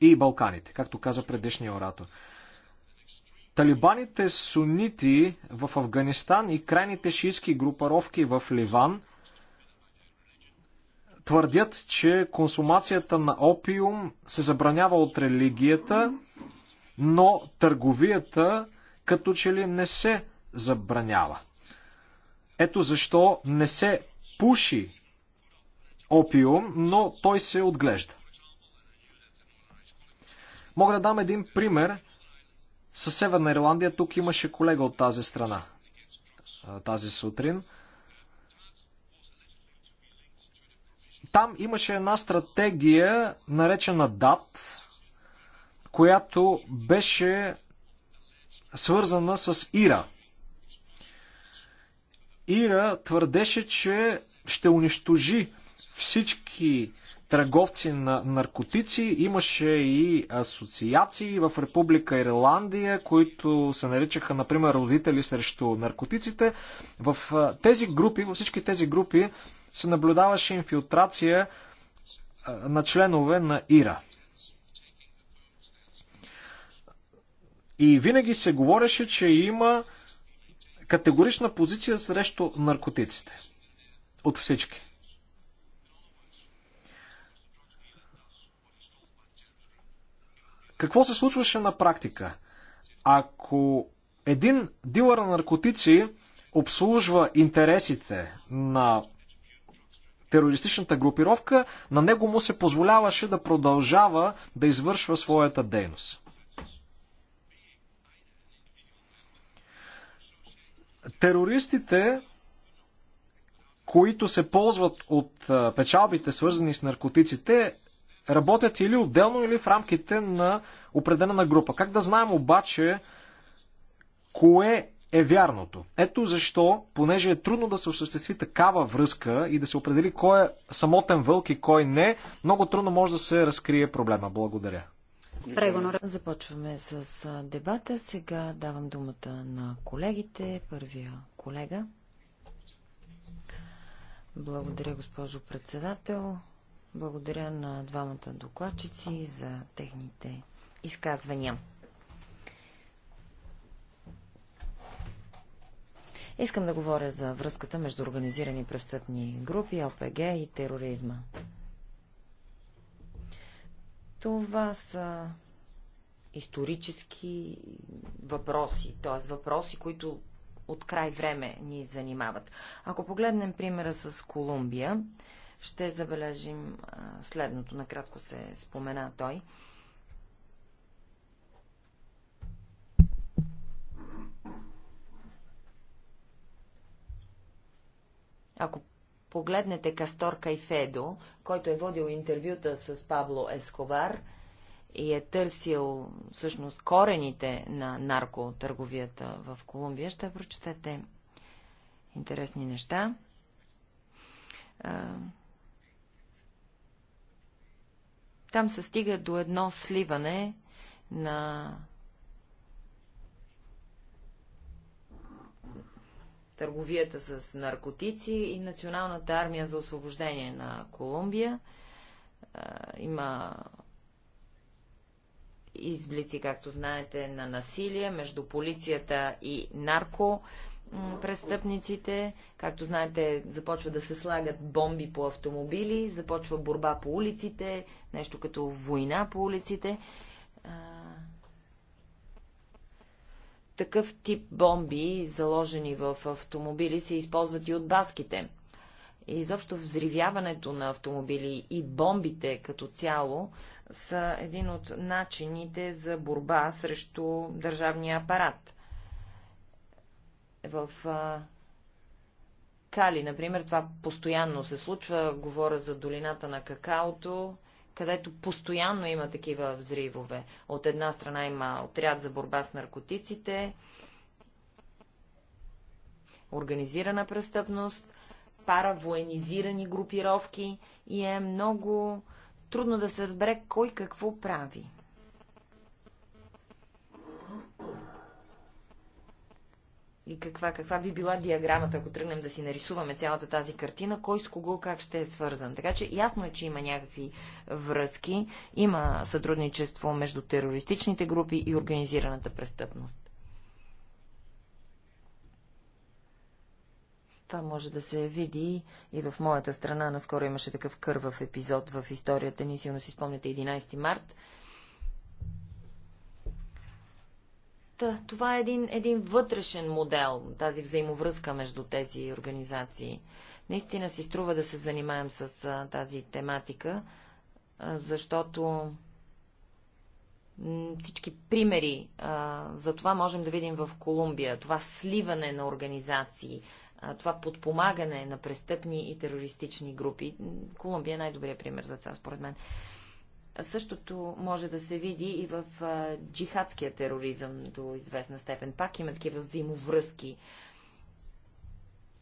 и Балканите, както каза предишния оратор. Талибаните сунити в Афганистан и крайните шиитски групаровки в Ливан твърдят, че консумацията на опиум се забранява от религията, но търговията като че ли не се забранява. Ето защо не се пуши опиум, но той се отглежда. Мога да дам един пример. Със Северна Ирландия тук имаше колега от тази страна тази сутрин. Там имаше една стратегия, наречена ДАТ, която беше свързана с Ира. Ира твърдеше, че ще унищожи всички търговци на наркотици. Имаше и асоциации в Република Ирландия, които се наричаха, например, родители срещу наркотиците. В тези групи, във всички тези групи се наблюдаваше инфилтрация на членове на ИРА. И винаги се говореше, че има категорична позиция срещу наркотиците. От всички. Какво се случваше на практика? Ако един дилър на наркотици обслужва интересите на терористичната групировка, на него му се позволяваше да продължава да извършва своята дейност. Терористите, които се ползват от печалбите, свързани с наркотиците, работят или отделно, или в рамките на определена група. Как да знаем обаче кое е вярното? Ето защо, понеже е трудно да се осъществи такава връзка и да се определи кой е самотен вълк и кой не, много трудно може да се разкрие проблема. Благодаря. Прегонора. Започваме с дебата. Сега давам думата на колегите. Първия колега. Благодаря, госпожо председател. Благодаря на двамата докладчици за техните изказвания. Искам да говоря за връзката между организирани престъпни групи, ОПГ и тероризма. Това са исторически въпроси, т.е. въпроси, които от край време ни занимават. Ако погледнем примера с Колумбия, ще забележим следното. Накратко се спомена той. Ако погледнете Кастор Кайфедо, който е водил интервюта с Пабло Ескобар и е търсил всъщност корените на наркотърговията в Колумбия, ще прочетете интересни неща. Там се стига до едно сливане на търговията с наркотици и Националната армия за освобождение на Колумбия. Има изблици, както знаете, на насилие между полицията и нарко престъпниците. Както знаете, започва да се слагат бомби по автомобили, започва борба по улиците, нещо като война по улиците. Такъв тип бомби, заложени в автомобили, се използват и от баските. И изобщо взривяването на автомобили и бомбите като цяло са един от начините за борба срещу държавния апарат – в а, Кали, например, това постоянно се случва. Говоря за долината на какаото, където постоянно има такива взривове. От една страна има отряд за борба с наркотиците, организирана престъпност, паравоенизирани групировки и е много трудно да се разбере кой какво прави и каква, каква би била диаграмата, ако тръгнем да си нарисуваме цялата тази картина, кой с кого как ще е свързан. Така че ясно е, че има някакви връзки, има сътрудничество между терористичните групи и организираната престъпност. Това може да се види и в моята страна. Наскоро имаше такъв кървав епизод в историята ни. Силно си спомняте 11 март. Та, това е един, един вътрешен модел, тази взаимовръзка между тези организации. Наистина си струва да се занимаем с а, тази тематика, а, защото всички примери а, за това можем да видим в Колумбия. Това сливане на организации, а, това подпомагане на престъпни и терористични групи. Колумбия е най-добрият пример за това, според мен. Същото може да се види и в джихадския тероризъм до известна степен. Пак има такива взаимовръзки.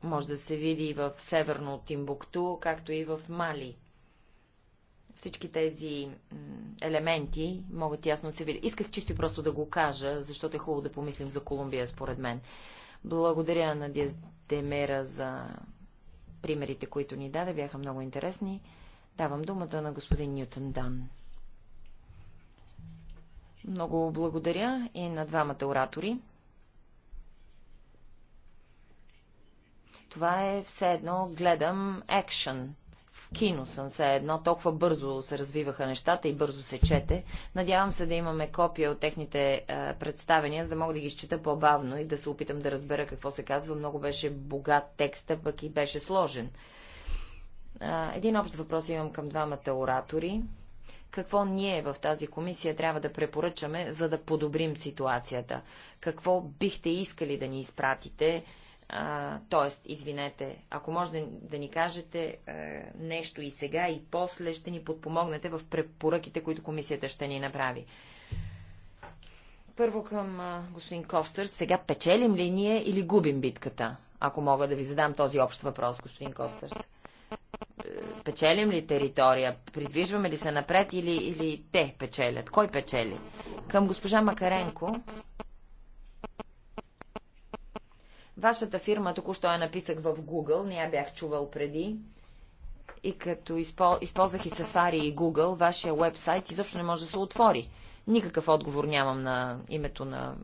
Може да се види и в северно Тимбукту, както и в Мали. Всички тези елементи могат ясно да се видят. Исках чисто и просто да го кажа, защото е хубаво да помислим за Колумбия, според мен. Благодаря на Диаз Демера за примерите, които ни даде, бяха много интересни. Давам думата на господин Нютон Дан. Много благодаря и на двамата оратори. Това е все едно гледам екшен. В кино съм все едно. Толкова бързо се развиваха нещата и бързо се чете. Надявам се да имаме копия от техните е, представения, за да мога да ги изчита по-бавно и да се опитам да разбера какво се казва. Много беше богат текста, пък и беше сложен. Е, един общ въпрос имам към двамата оратори какво ние в тази комисия трябва да препоръчаме, за да подобрим ситуацията? Какво бихте искали да ни изпратите? Тоест, извинете, ако може да, да ни кажете а, е, нещо и сега, и после, ще ни подпомогнете в препоръките, които комисията ще ни направи. Първо към а, господин Костър. Сега печелим ли ние или губим битката? Ако мога да ви задам този общ въпрос, господин Костърс печелим ли територия, придвижваме ли се напред или, или те печелят? Кой печели? Към госпожа Макаренко. Вашата фирма току-що я написах в Google, не я бях чувал преди. И като използвах и Safari и Google, вашия вебсайт изобщо не може да се отвори. Никакъв отговор нямам на името на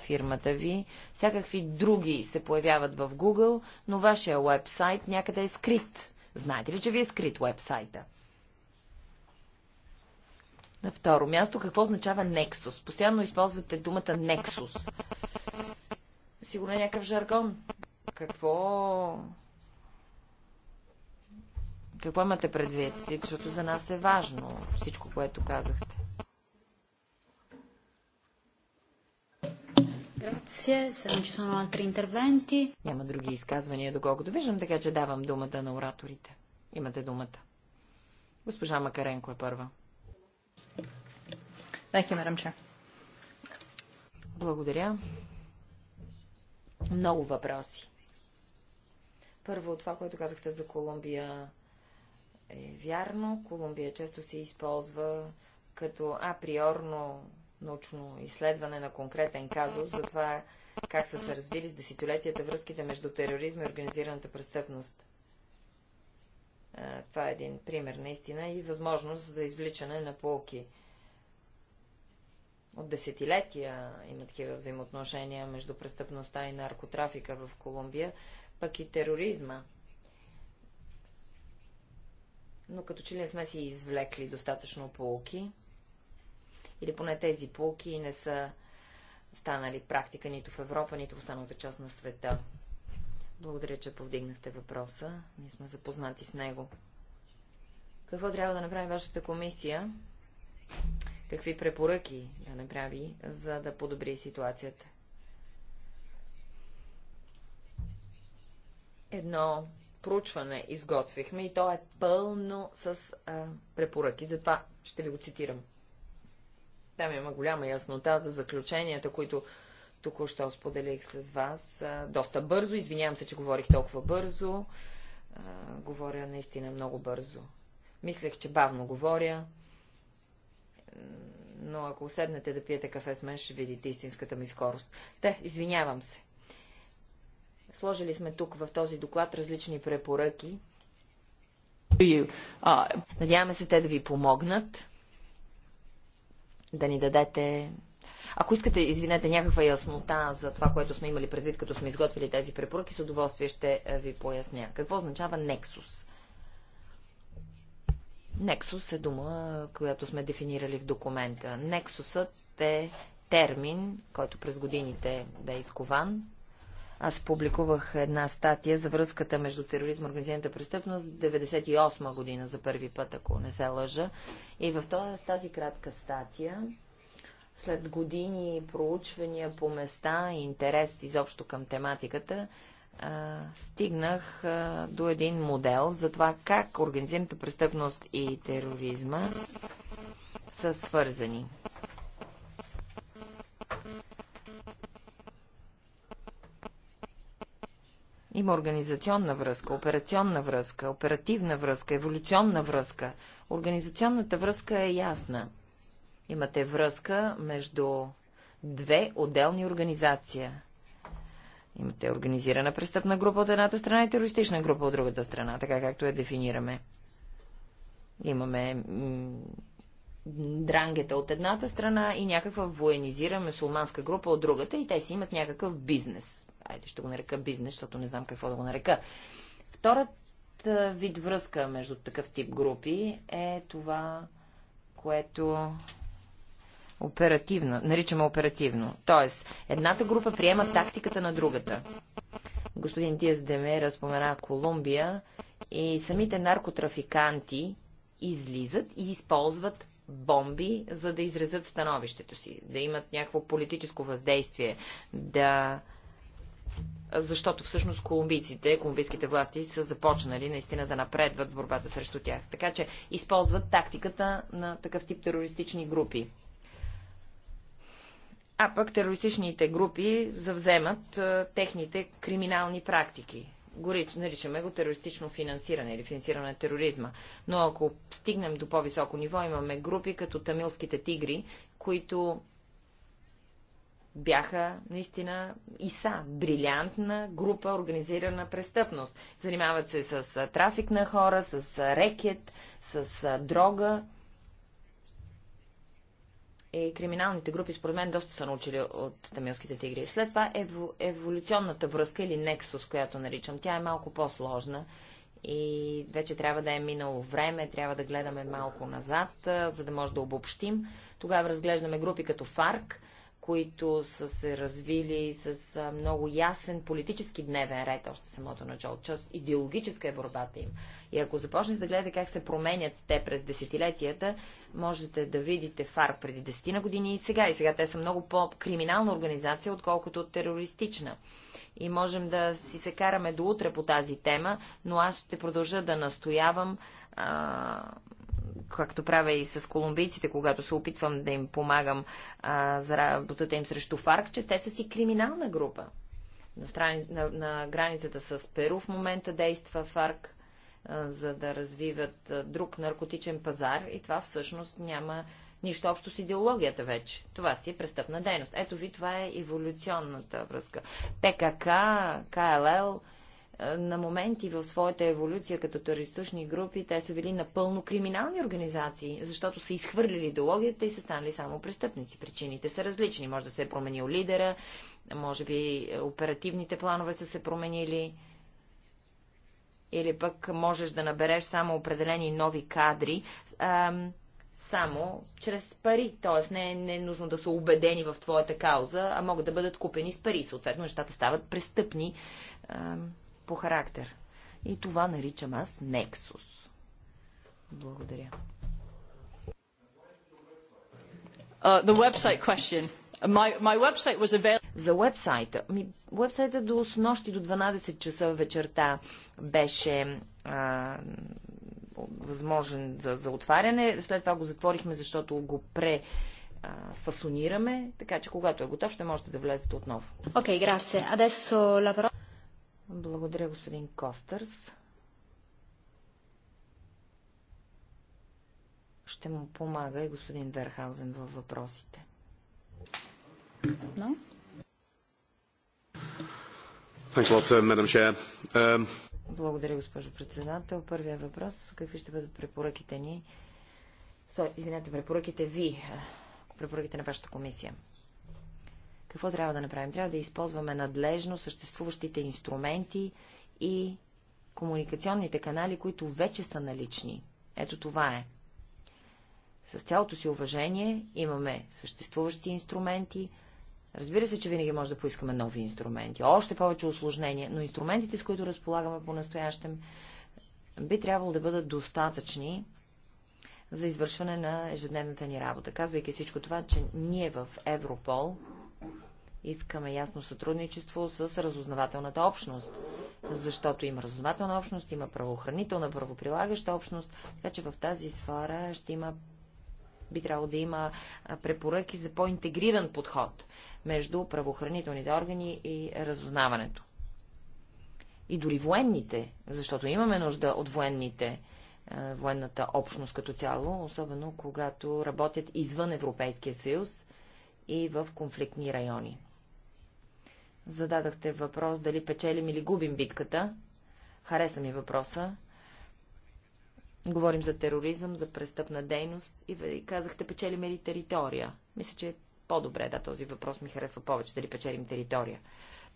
фирмата ви. Всякакви други се появяват в Google, но вашия вебсайт някъде е скрит. Знаете ли, че ви е скрит вебсайта? На второ място, какво означава Nexus? Постоянно използвате думата Nexus. Сигурно е някакъв жаргон. Какво... Какво имате предвид? Защото за нас е важно всичко, което казахте. Грация, съм че съм интервенти. Няма други изказвания, доколкото виждам, така че давам думата на ораторите. Имате думата. Госпожа Макаренко е първа. Thank you, Благодаря. Много въпроси. Първо, това, което казахте за Колумбия е вярно. Колумбия често се използва като априорно научно изследване на конкретен казус за това как са се развили с десетилетията връзките между тероризма и организираната престъпност. Е, това е един пример наистина и възможност за извличане на полки. От десетилетия има такива взаимоотношения между престъпността и наркотрафика в Колумбия, пък и тероризма. Но като че ли не сме си извлекли достатъчно полки, или поне тези полки не са станали практика нито в Европа, нито в останалата част на света. Благодаря, че повдигнахте въпроса. Ние сме запознати с него. Какво трябва да направи вашата комисия? Какви препоръки да направи, за да подобри ситуацията? Едно проучване изготвихме и то е пълно с а, препоръки. Затова ще ви го цитирам. Там има голяма яснота за заключенията, които току-що споделих с вас. Доста бързо. Извинявам се, че говорих толкова бързо. Говоря наистина много бързо. Мислех, че бавно говоря. Но ако седнете да пиете кафе с мен, ще видите истинската ми скорост. Те, извинявам се. Сложили сме тук в този доклад различни препоръки. Надяваме се те да ви помогнат да ни дадете ако искате, извинете, някаква яснота за това, което сме имали предвид, като сме изготвили тези препоръки, с удоволствие ще е, ви поясня. Какво означава Нексус? Нексус е дума, която сме дефинирали в документа. Нексусът е термин, който през годините бе изкован аз публикувах една статия за връзката между тероризма и организираната престъпност 98 година за първи път, ако не се лъжа. И в тази кратка статия след години проучвания по места и интерес изобщо към тематиката, стигнах до един модел за това как организираната престъпност и тероризма са свързани. Има организационна връзка, операционна връзка, оперативна връзка, еволюционна връзка. Организационната връзка е ясна. Имате връзка между две отделни организации. Имате организирана престъпна група от едната страна и терористична група от другата страна, така както я дефинираме. Имаме дрангета от едната страна и някаква военизирана мусулманска група от другата и те си имат някакъв бизнес айде ще го нарека бизнес, защото не знам какво да го нарека. Втората вид връзка между такъв тип групи е това, което оперативно, наричаме оперативно. Тоест, едната група приема тактиката на другата. Господин Диас Демера спомена Колумбия и самите наркотрафиканти излизат и използват бомби, за да изрезат становището си, да имат някакво политическо въздействие, да защото всъщност колумбийците, колумбийските власти са започнали наистина да напредват в борбата срещу тях. Така че използват тактиката на такъв тип терористични групи. А пък терористичните групи завземат а, техните криминални практики. Горич, наричаме го терористично финансиране или финансиране на тероризма. Но ако стигнем до по-високо ниво, имаме групи като тамилските тигри, които бяха наистина и са брилянтна група организирана престъпност. Занимават се с трафик на хора, с рекет, с дрога. И е, криминалните групи, според мен, доста са научили от тамилските тигри. След това ево, еволюционната връзка или нексус, която наричам, тя е малко по-сложна. И вече трябва да е минало време, трябва да гледаме малко назад, за да може да обобщим. Тогава разглеждаме групи като ФАРК, които са се развили с много ясен политически дневен ред още самото начало. Част идеологическа е борбата им. И ако започнете да гледате как се променят те през десетилетията, можете да видите ФАР преди десетина години и сега. И сега те са много по-криминална организация, отколкото терористична. И можем да си се караме до утре по тази тема, но аз ще продължа да настоявам а, както правя и с колумбийците, когато се опитвам да им помагам а, за работата им срещу ФАРК, че те са си криминална група. На, страни, на, на границата с Перу в момента действа ФАРК, а, за да развиват а, друг наркотичен пазар и това всъщност няма нищо общо с идеологията вече. Това си е престъпна дейност. Ето ви, това е еволюционната връзка. ПКК, КЛЛ е, на моменти в своята еволюция като терористични групи, те са били напълно криминални организации, защото са изхвърлили идеологията и са станали само престъпници. Причините са различни. Може да се е променил лидера, може би е, оперативните планове са се променили, или пък можеш да набереш само определени нови кадри, ам, само чрез пари. Тоест не, е, не е нужно да са убедени в твоята кауза, а могат да бъдат купени с пари. Съответно, нещата стават престъпни. Ам, по характер. И това наричам аз Нексус. Благодаря. Uh, the website question. My, my website was available... За вебсайта. Ми, вебсайта до нощи до 12 часа вечерта беше а, възможен за, за отваряне. След това го затворихме, защото го пре фасонираме, така че когато е готов, ще можете да влезете отново. Окей, okay, грация. Адесо, лаборатор. Благодаря, господин Костърс. Ще му помага и господин Верхаузен във въпросите. Но? Uh, um, Благодаря, госпожо председател. Първия въпрос. Какви ще бъдат препоръките ни? Извинете, препоръките ви, uh, препоръките на вашата комисия. Какво трябва да направим? Трябва да използваме надлежно съществуващите инструменти и комуникационните канали, които вече са налични. Ето това е. С цялото си уважение имаме съществуващи инструменти. Разбира се, че винаги може да поискаме нови инструменти, още повече осложнения, но инструментите, с които разполагаме по-настоящем, би трябвало да бъдат достатъчни за извършване на ежедневната ни работа. Казвайки всичко това, че ние в Европол Искаме ясно сътрудничество с разузнавателната общност, защото има разузнавателна общност, има правоохранителна, правоприлагаща общност, така че в тази сфера ще има би трябвало да има препоръки за по-интегриран подход между правоохранителните органи и разузнаването. И дори военните, защото имаме нужда от военните, военната общност като цяло, особено когато работят извън Европейския съюз и в конфликтни райони. Зададахте въпрос дали печелим или губим битката. Хареса ми въпроса. Говорим за тероризъм, за престъпна дейност и казахте печелим ли територия. Мисля, че е по-добре, да, този въпрос ми харесва повече, дали печелим територия.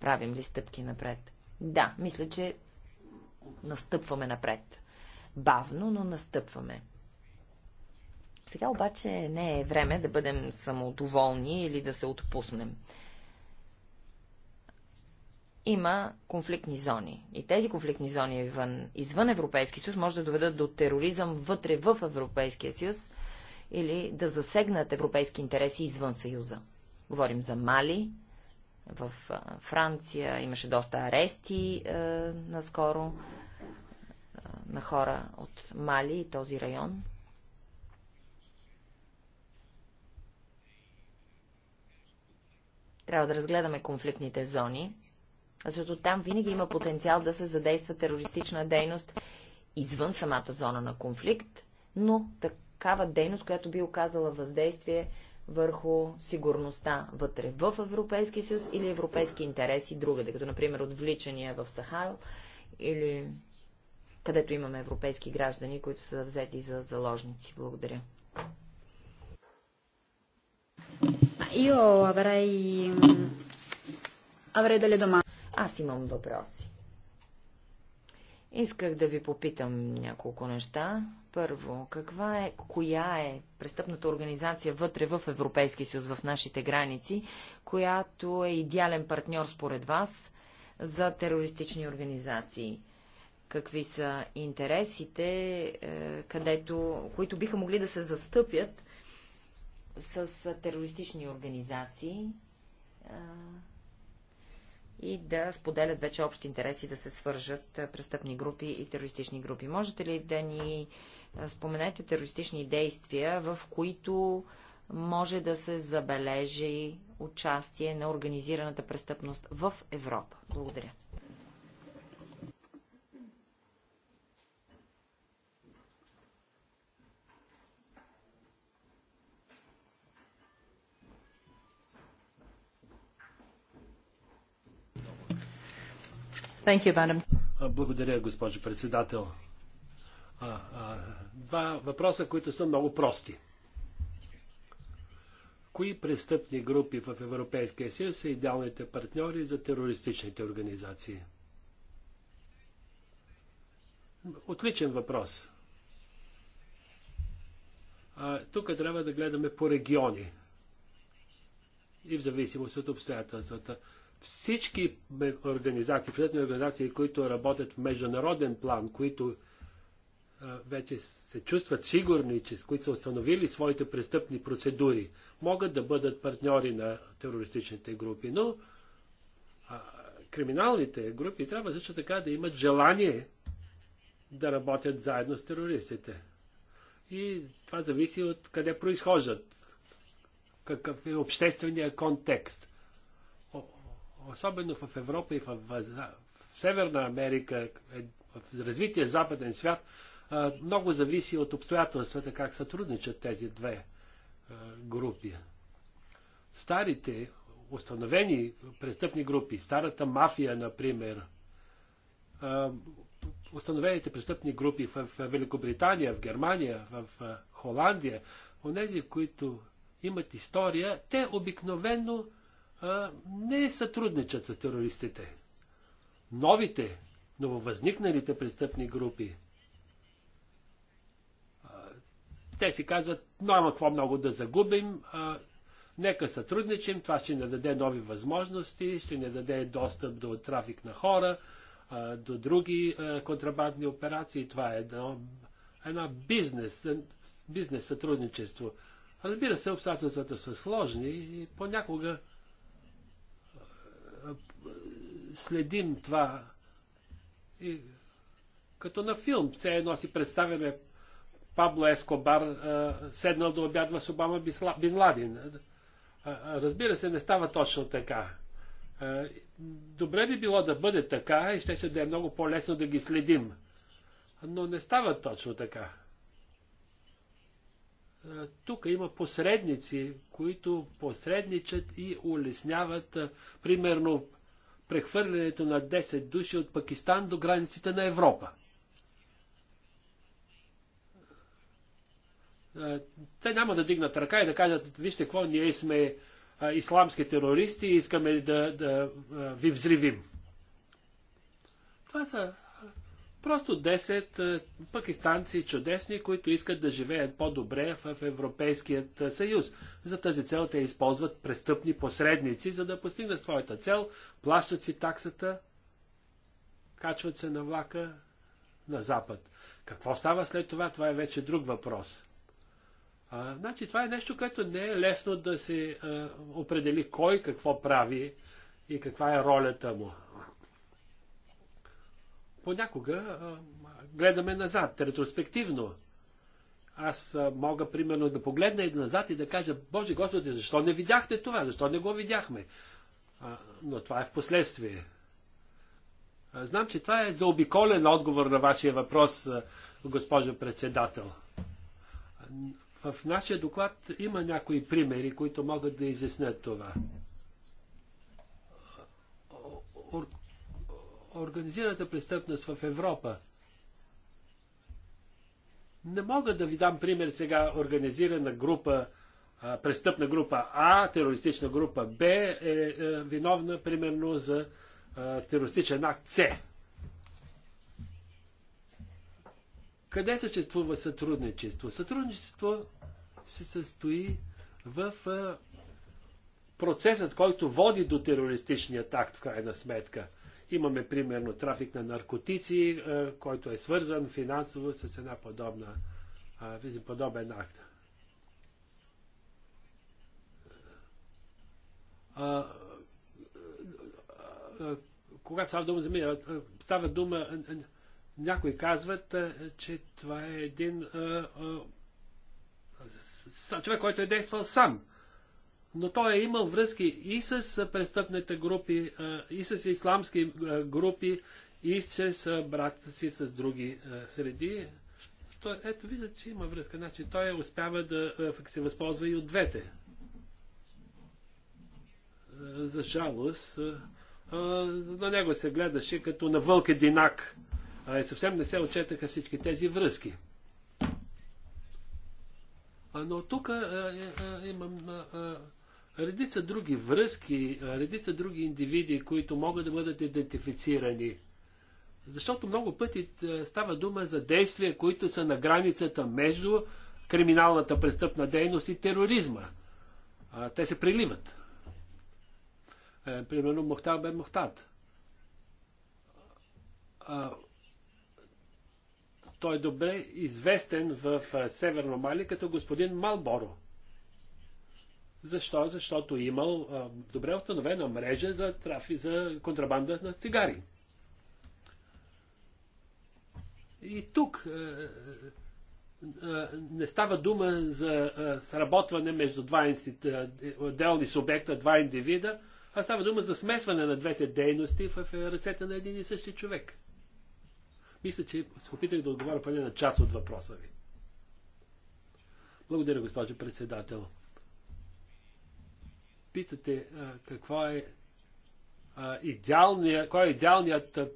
Правим ли стъпки напред? Да, мисля, че настъпваме напред. Бавно, но настъпваме. Сега обаче не е време да бъдем самодоволни или да се отпуснем има конфликтни зони. И тези конфликтни зони извън, извън Европейския съюз може да доведат до тероризъм вътре в Европейския съюз или да засегнат европейски интереси извън съюза. Говорим за Мали, в Франция имаше доста арести е, наскоро е, на хора от Мали и този район. Трябва да разгледаме конфликтните зони защото там винаги има потенциал да се задейства терористична дейност извън самата зона на конфликт, но такава дейност, която би оказала въздействие върху сигурността вътре в Европейски съюз или европейски интереси другаде, като например отвличания в Сахал или където имаме европейски граждани, които са взети за заложници. Благодаря. Io avrei, avrei delle domande. Аз имам въпроси. Исках да ви попитам няколко неща. Първо, каква е, коя е престъпната организация вътре в Европейски съюз, в нашите граници, която е идеален партньор според вас за терористични организации? Какви са интересите, е, където, които биха могли да се застъпят с терористични организации? и да споделят вече общи интереси, да се свържат престъпни групи и терористични групи. Можете ли да ни споменете терористични действия, в които може да се забележи участие на организираната престъпност в Европа? Благодаря. Thank you, madam. Благодаря, госпожо председател. А, а, два въпроса, които са много прости. Кои престъпни групи в Европейския съюз са идеалните партньори за терористичните организации? Отличен въпрос. А, тук трябва да гледаме по региони и в зависимост от обстоятелствата. Всички организации, предни организации, които работят в международен план, които вече се чувстват сигурни, че, които са установили своите престъпни процедури, могат да бъдат партньори на терористичните групи. Но а, криминалните групи трябва също така да имат желание да работят заедно с терористите. И това зависи от къде произхождат, какъв е обществения контекст особено в Европа и в, в, в Северна Америка, е, в развития западен свят, много зависи от обстоятелствата, как сътрудничат тези две групи. Старите установени престъпни групи, старата мафия, например, установените престъпни групи в Великобритания, в Германия, в Холандия, онези, които имат история, те обикновено не сътрудничат с терористите. Новите, нововъзникналите престъпни групи, те си казват, няма какво много да загубим, а, нека сътрудничим, това ще ни даде нови възможности, ще ни даде достъп до трафик на хора, а, до други а, контрабандни операции. Това е едно, едно бизнес, бизнес сътрудничество. Разбира се, обстоятелствата са сложни и понякога следим това и, като на филм. Все едно си представяме Пабло Ескобар седнал да обядва с Обама Бин Ладин. разбира се, не става точно така. добре би било да бъде така и ще, ще да е много по-лесно да ги следим. Но не става точно така. Тук има посредници, които посредничат и улесняват, примерно, прехвърлянето на 10 души от Пакистан до границите на Европа. Те няма да дигнат ръка и да кажат, вижте какво, ние сме исламски терористи и искаме да, да ви взривим. Това са Просто 10 пакистанци чудесни, които искат да живеят по-добре в Европейският съюз. За тази цел те използват престъпни посредници, за да постигнат своята цел, плащат си таксата, качват се на влака на запад. Какво става след това, това е вече друг въпрос. А, значи това е нещо, което не е лесно да се а, определи кой какво прави и каква е ролята му понякога а, гледаме назад, ретроспективно. Аз а, мога, примерно, да погледна и назад и да кажа, Боже Господи, защо не видяхте това? Защо не го видяхме? А, но това е в последствие. А, знам, че това е заобиколен отговор на вашия въпрос, а, госпожо председател. в нашия доклад има някои примери, които могат да изяснят това организираната престъпност в Европа. Не мога да ви дам пример сега организирана група, а, престъпна група А, терористична група Б е, е виновна примерно за а, терористичен акт С. Къде съществува сътрудничество? Сътрудничество се състои в а, процесът, който води до терористичният акт в крайна сметка – Имаме примерно трафик на наркотици, е, който е свързан финансово с една подобна, е, подобен акт. Е, когато става дума за мен, става дума, някои казват, че това е един човек, който е действал сам но той е имал връзки и с престъпните групи, и с исламски групи, и с брата си, с други среди. Той, ето, виждате, че има връзка. Значи той е успява да се възползва и от двете. За жалост, на него се гледаше като на вълк единак. Съвсем не се отчетаха всички тези връзки. Но тук е, имам редица други връзки, редица други индивиди, които могат да бъдат идентифицирани. Защото много пъти става дума за действия, които са на границата между криминалната престъпна дейност и тероризма. Те се приливат. Е, примерно Мохтар бе Мохтат. Той е добре известен в Северно Мали като господин Малборо. Защо? Защото имал а, добре установена мрежа за, трафи, за контрабанда на цигари. И тук а, а, не става дума за а, сработване между два инстит... отделни субекта, два индивида, а става дума за смесване на двете дейности в ръцете на един и същи човек. Мисля, че се опитах да отговоря поне на част от въпроса ви. Благодаря, госпожо председател питате а, какво е а, идеалния, кой е идеалният а,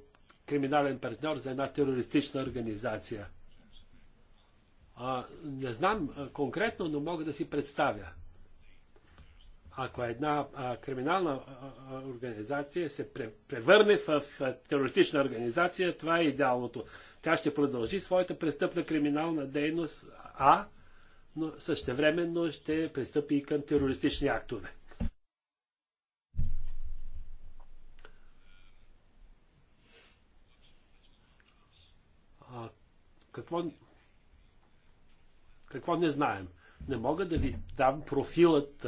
криминален партньор за една терористична организация. А, не знам а, конкретно, но мога да си представя. Ако една а, криминална а, а, организация се превърне в а, терористична организация, това е идеалното. Тя ще продължи своята престъпна криминална дейност, а, но същевременно ще пристъпи и към терористични актове. Какво, какво не знаем? Не мога да ви дам профилът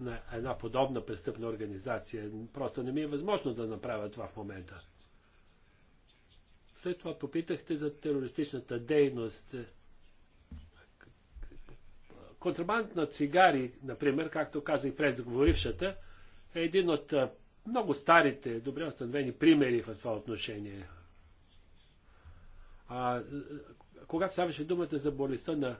на една подобна престъпна организация. Просто не ми е възможно да направя това в момента. След това попитахте за терористичната дейност. Контрабанд на цигари, например, както казах и предговорившата, е един от много старите, добре установени примери в това отношение. А, когато ставаше думата за болестта на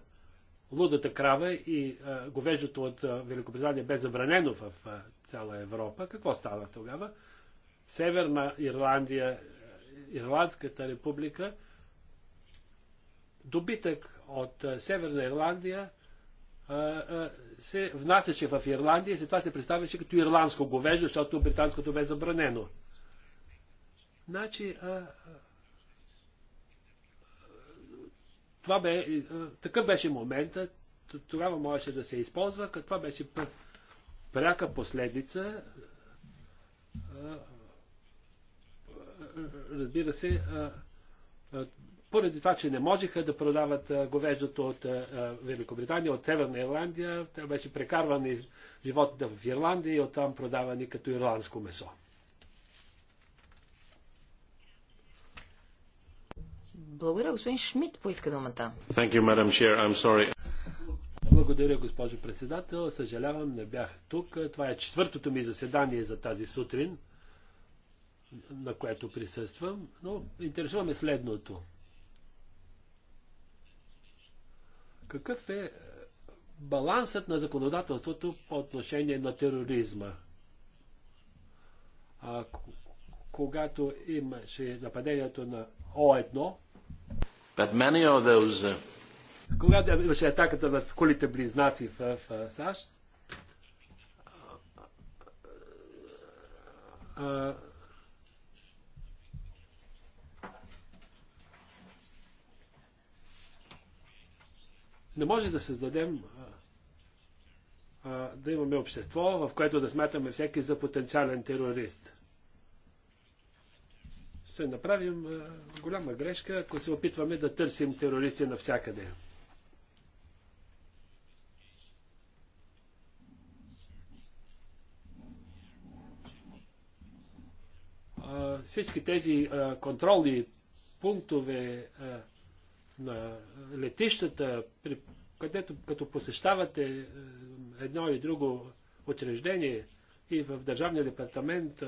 лудата крава и а, говеждото от а, Великобритания бе забранено в а, цяла Европа, какво става тогава? Северна Ирландия, Ирландската република, добитък от а, Северна Ирландия а, а, се внасяше в Ирландия и след това се представяше като ирландско говеждо, защото британското бе забранено. Значи, а, Това бе, е, е, такъв беше моментът, тогава можеше да се използва, като това беше пряка последица. Разбира се, поради това, че не можеха да продават говеждото от Великобритания, от Северна Ирландия, тя беше прекарвани животните в Ирландия и оттам продавани като ирландско месо. Благодаря, господин Шмидт поиска думата. Thank you, Madam Chair. I'm sorry. Благодаря, госпожо председател. Съжалявам, не бях тук. Това е четвъртото ми заседание за тази сутрин, на което присъствам, но интересуваме следното. Какъв е балансът на законодателството по отношение на тероризма? А, когато имаше нападението на О1, But many of those, uh... Когато имаше атаката над кулите близнаци в, САЩ, не може да създадем а, да имаме общество, в което да смятаме всеки за потенциален терорист ще направим голяма грешка, ако се опитваме да търсим терористи навсякъде. всички тези контролни пунктове на летищата, където като посещавате едно или друго учреждение и в Държавния департамент,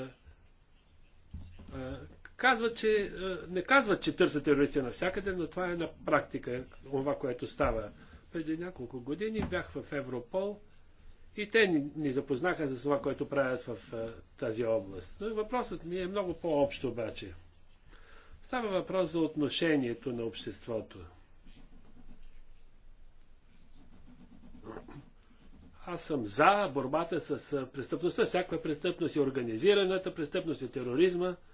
Казва, че, не казва, че търсят терористи навсякъде, но това е на практика това, което става. Преди няколко години бях в Европол и те ни, ни запознаха за това, което правят в тази област. Но въпросът ми е много по-общ обаче. Става въпрос за отношението на обществото. Аз съм за борбата с престъпността, всяка престъпност и е организираната престъпност и е тероризма –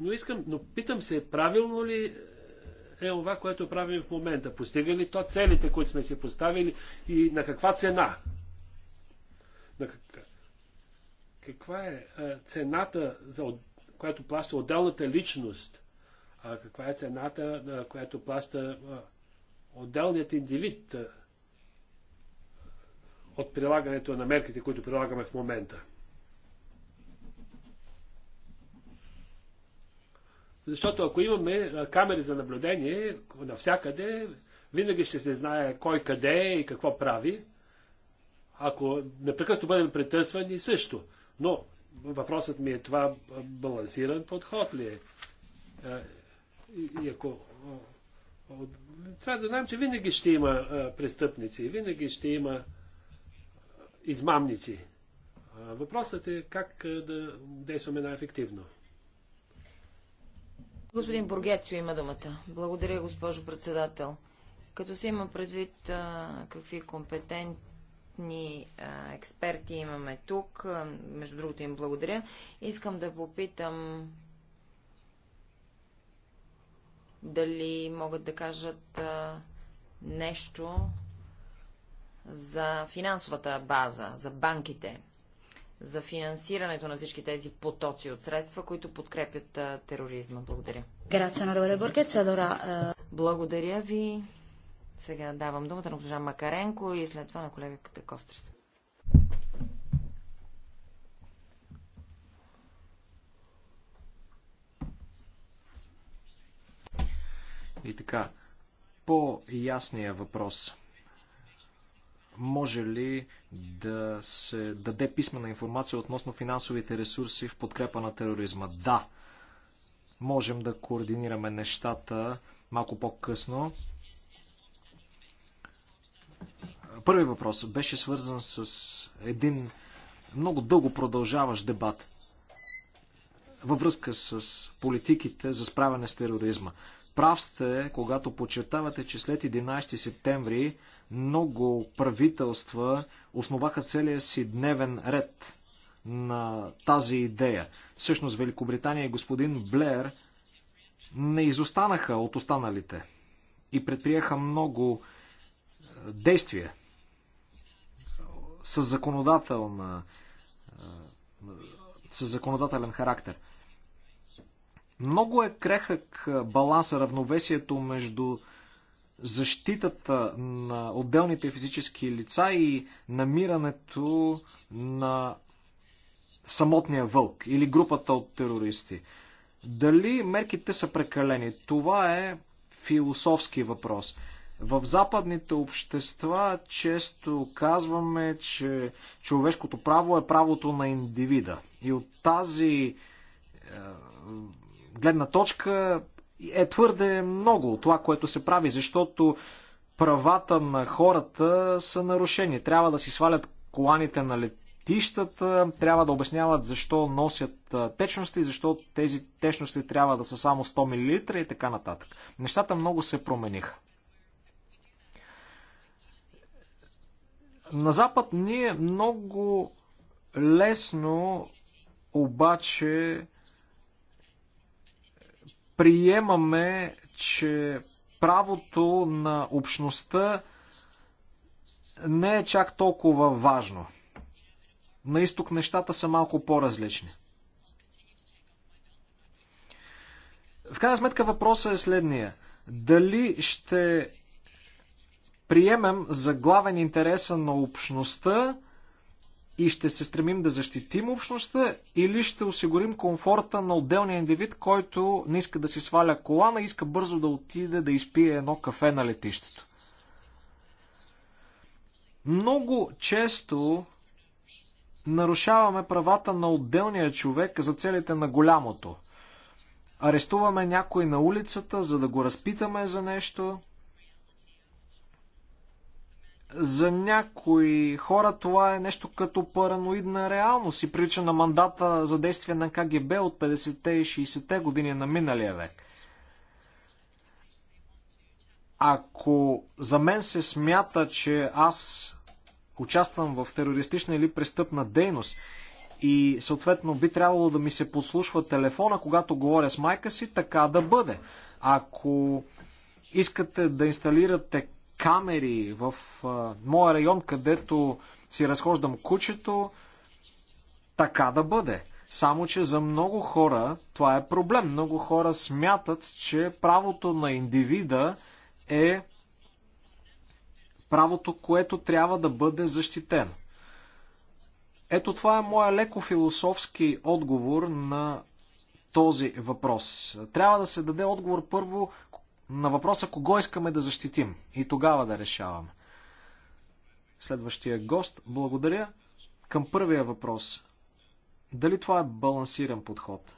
Но искам, но питам се, правилно ли е това, е което правим в момента? Постига ли то целите, които сме си поставили и на каква цена? На как... Каква е, е цената, за, която плаща отделната личност? А каква е цената, на е, която плаща отделният индивид от прилагането на мерките, които прилагаме в момента? Защото ако имаме камери за наблюдение навсякъде, винаги ще се знае кой къде е и какво прави. Ако непрекъснато бъдем претърсвани, също. Но въпросът ми е това балансиран подход ли е? И ако трябва да знаем, че винаги ще има престъпници, винаги ще има измамници. въпросът е как да действаме най-ефективно. Господин Бургецио има думата. Благодаря, госпожо председател. Като се има предвид какви компетентни експерти имаме тук, между другото им благодаря, искам да попитам дали могат да кажат нещо за финансовата база, за банките за финансирането на всички тези потоци от средства, които подкрепят тероризма. Благодаря. Благодаря ви. Сега давам думата на госпожа Макаренко и след това на колегата Костерс. И така, по-ясния въпрос – може ли да се даде писмена информация относно финансовите ресурси в подкрепа на тероризма? Да, можем да координираме нещата малко по-късно. Първи въпрос беше свързан с един много дълго продължаващ дебат във връзка с политиките за справяне с тероризма. Прав сте, когато подчертавате, че след 11 септември много правителства основаха целия си дневен ред на тази идея. Всъщност Великобритания и господин Блер не изостанаха от останалите и предприеха много е, действия с законодателна е, с законодателен характер. Много е крехък е, баланса, равновесието между защитата на отделните физически лица и намирането на самотния вълк или групата от терористи. Дали мерките са прекалени? Това е философски въпрос. В западните общества често казваме, че човешкото право е правото на индивида. И от тази е, гледна точка е твърде много това, което се прави, защото правата на хората са нарушени. Трябва да си свалят коланите на летищата, трябва да обясняват защо носят течности, защо тези течности трябва да са само 100 мл и така нататък. Нещата много се промениха. На Запад ние много лесно обаче приемаме, че правото на общността не е чак толкова важно. На изток нещата са малко по-различни. В крайна сметка въпросът е следния. Дали ще приемем за главен интереса на общността и ще се стремим да защитим общността или ще осигурим комфорта на отделния индивид, който не иска да си сваля колана, иска бързо да отиде да изпие едно кафе на летището. Много често нарушаваме правата на отделния човек за целите на голямото. Арестуваме някой на улицата, за да го разпитаме за нещо – за някои хора това е нещо като параноидна реалност и прилича на мандата за действие на КГБ от 50-те и 60-те години на миналия век. Ако за мен се смята, че аз участвам в терористична или престъпна дейност и съответно би трябвало да ми се подслушва телефона, когато говоря с майка си, така да бъде. Ако искате да инсталирате камери в а, моя район, където си разхождам кучето, така да бъде. Само, че за много хора това е проблем. Много хора смятат, че правото на индивида е правото, което трябва да бъде защитено. Ето това е моя леко философски отговор на този въпрос. Трябва да се даде отговор първо на въпроса кого искаме да защитим и тогава да решаваме. Следващия гост, благодаря. Към първия въпрос. Дали това е балансиран подход?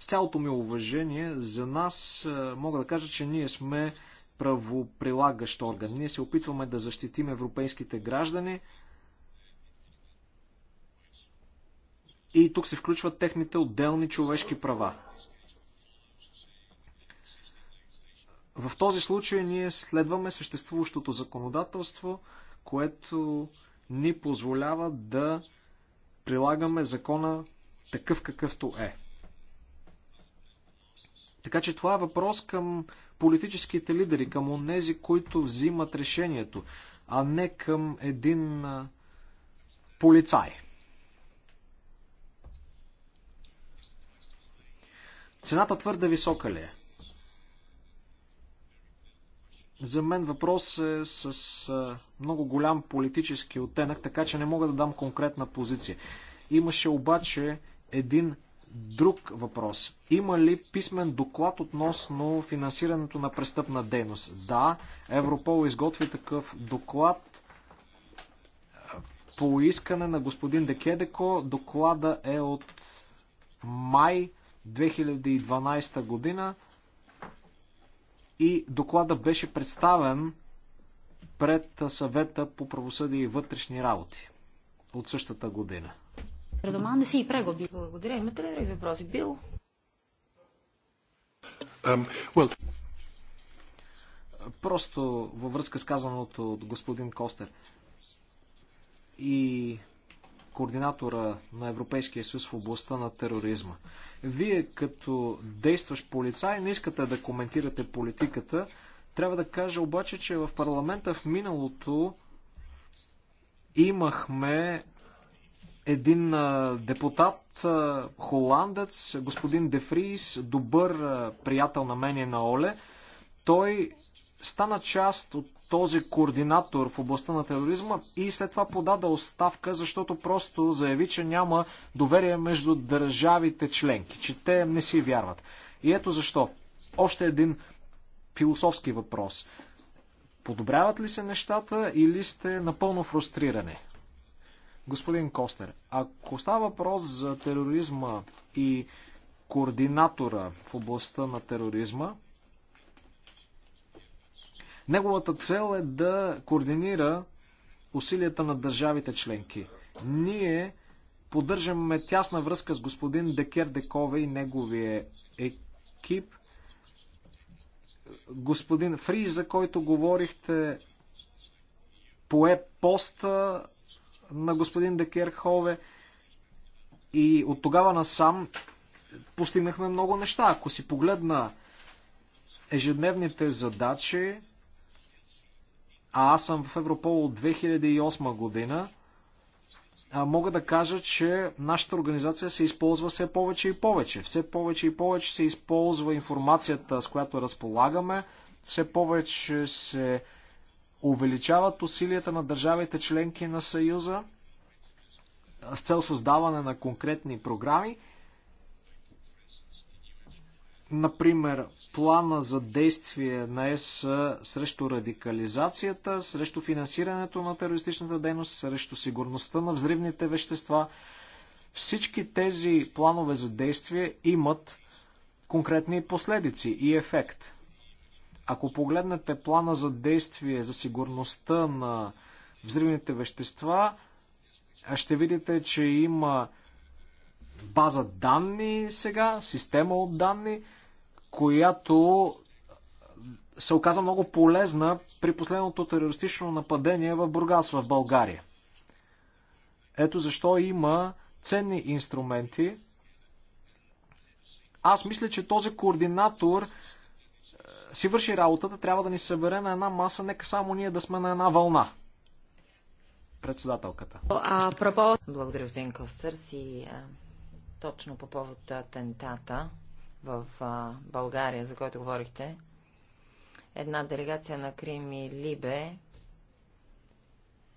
С цялото ми уважение, за нас е, мога да кажа, че ние сме правоприлагащ орган. Ние се опитваме да защитим европейските граждани, и тук се включват техните отделни човешки права. В този случай ние следваме съществуващото законодателство, което ни позволява да прилагаме закона такъв какъвто е. Така че това е въпрос към политическите лидери, към онези, които взимат решението, а не към един полицай. Цената твърде висока ли е? За мен въпрос е с много голям политически оттенък, така че не мога да дам конкретна позиция. Имаше обаче един друг въпрос. Има ли писмен доклад относно финансирането на престъпна дейност? Да, Европол изготви такъв доклад по искане на господин Декедеко. Доклада е от май 2012 година и доклада беше представен пред съвета по правосъдие и вътрешни работи от същата година. Редоман не си и преглъби. Благодаря. Имате ли други въпроси? Бил? Um, well... Просто във връзка с казаното от господин Костер. И координатора на Европейския съюз в областта на тероризма. Вие като действащ полицай не искате да коментирате политиката. Трябва да кажа обаче, че в парламента в миналото имахме един депутат, холандец, господин Дефрис, добър приятел на мен и на Оле. Той стана част от този координатор в областта на тероризма и след това подаде оставка, защото просто заяви, че няма доверие между държавите членки, че те не си вярват. И ето защо. Още един философски въпрос. Подобряват ли се нещата или сте напълно фрустрирани? Господин Костер, ако става въпрос за тероризма и координатора в областта на тероризма, Неговата цел е да координира усилията на държавите членки. Ние поддържаме тясна връзка с господин Декер Декове и неговия екип. Господин Фриз, за който говорихте, пое поста на господин Декер Хове, и от тогава насам постигнахме много неща. Ако си погледна ежедневните задачи, а аз съм в Европол от 2008 година, мога да кажа, че нашата организация се използва все повече и повече. Все повече и повече се използва информацията, с която разполагаме, все повече се увеличават усилията на държавите членки на Съюза с цел създаване на конкретни програми. Например, плана за действие на ЕС срещу радикализацията, срещу финансирането на терористичната дейност, срещу сигурността на взривните вещества. Всички тези планове за действие имат конкретни последици и ефект. Ако погледнете плана за действие за сигурността на взривните вещества, ще видите, че има база данни сега, система от данни, която се оказа много полезна при последното терористично нападение в Бургас в България. Ето защо има ценни инструменти. Аз мисля, че този координатор е, си върши работата, трябва да ни събере на една маса, нека само ние да сме на една вълна. Председателката. Благодаря, господин Костърс и точно по повод атентата в а, България, за който говорихте. Една делегация на Крим и Либе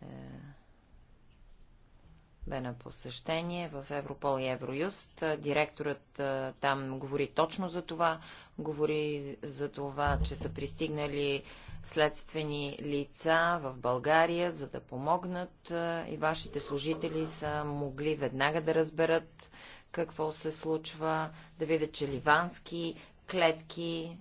е, бе на посещение в Европол и Евроюст. Директорът а, там говори точно за това. Говори за това, че са пристигнали следствени лица в България, за да помогнат а, и вашите служители са могли веднага да разберат какво се случва, да видят, че ливански клетки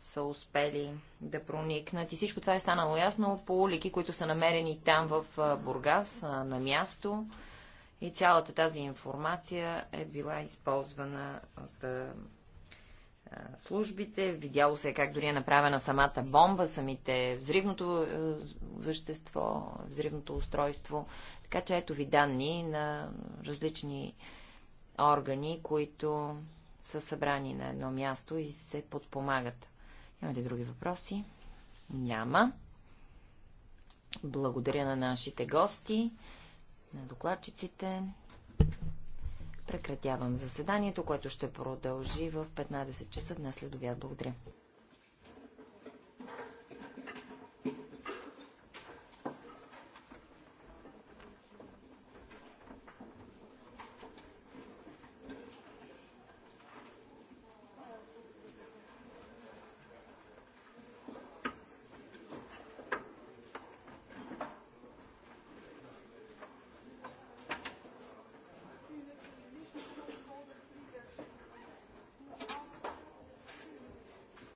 са успели да проникнат. И всичко това е станало ясно по улики, които са намерени там в Бургас, на място. И цялата тази информация е била използвана от службите. Видяло се е как дори е направена самата бомба, самите взривното вещество, взривното устройство. Така че ето ви данни на различни органи, които са събрани на едно място и се подпомагат. Има ли други въпроси? Няма. Благодаря на нашите гости, на докладчиците. Прекратявам заседанието, което ще продължи в 15 часа днес след обяд. Благодаря.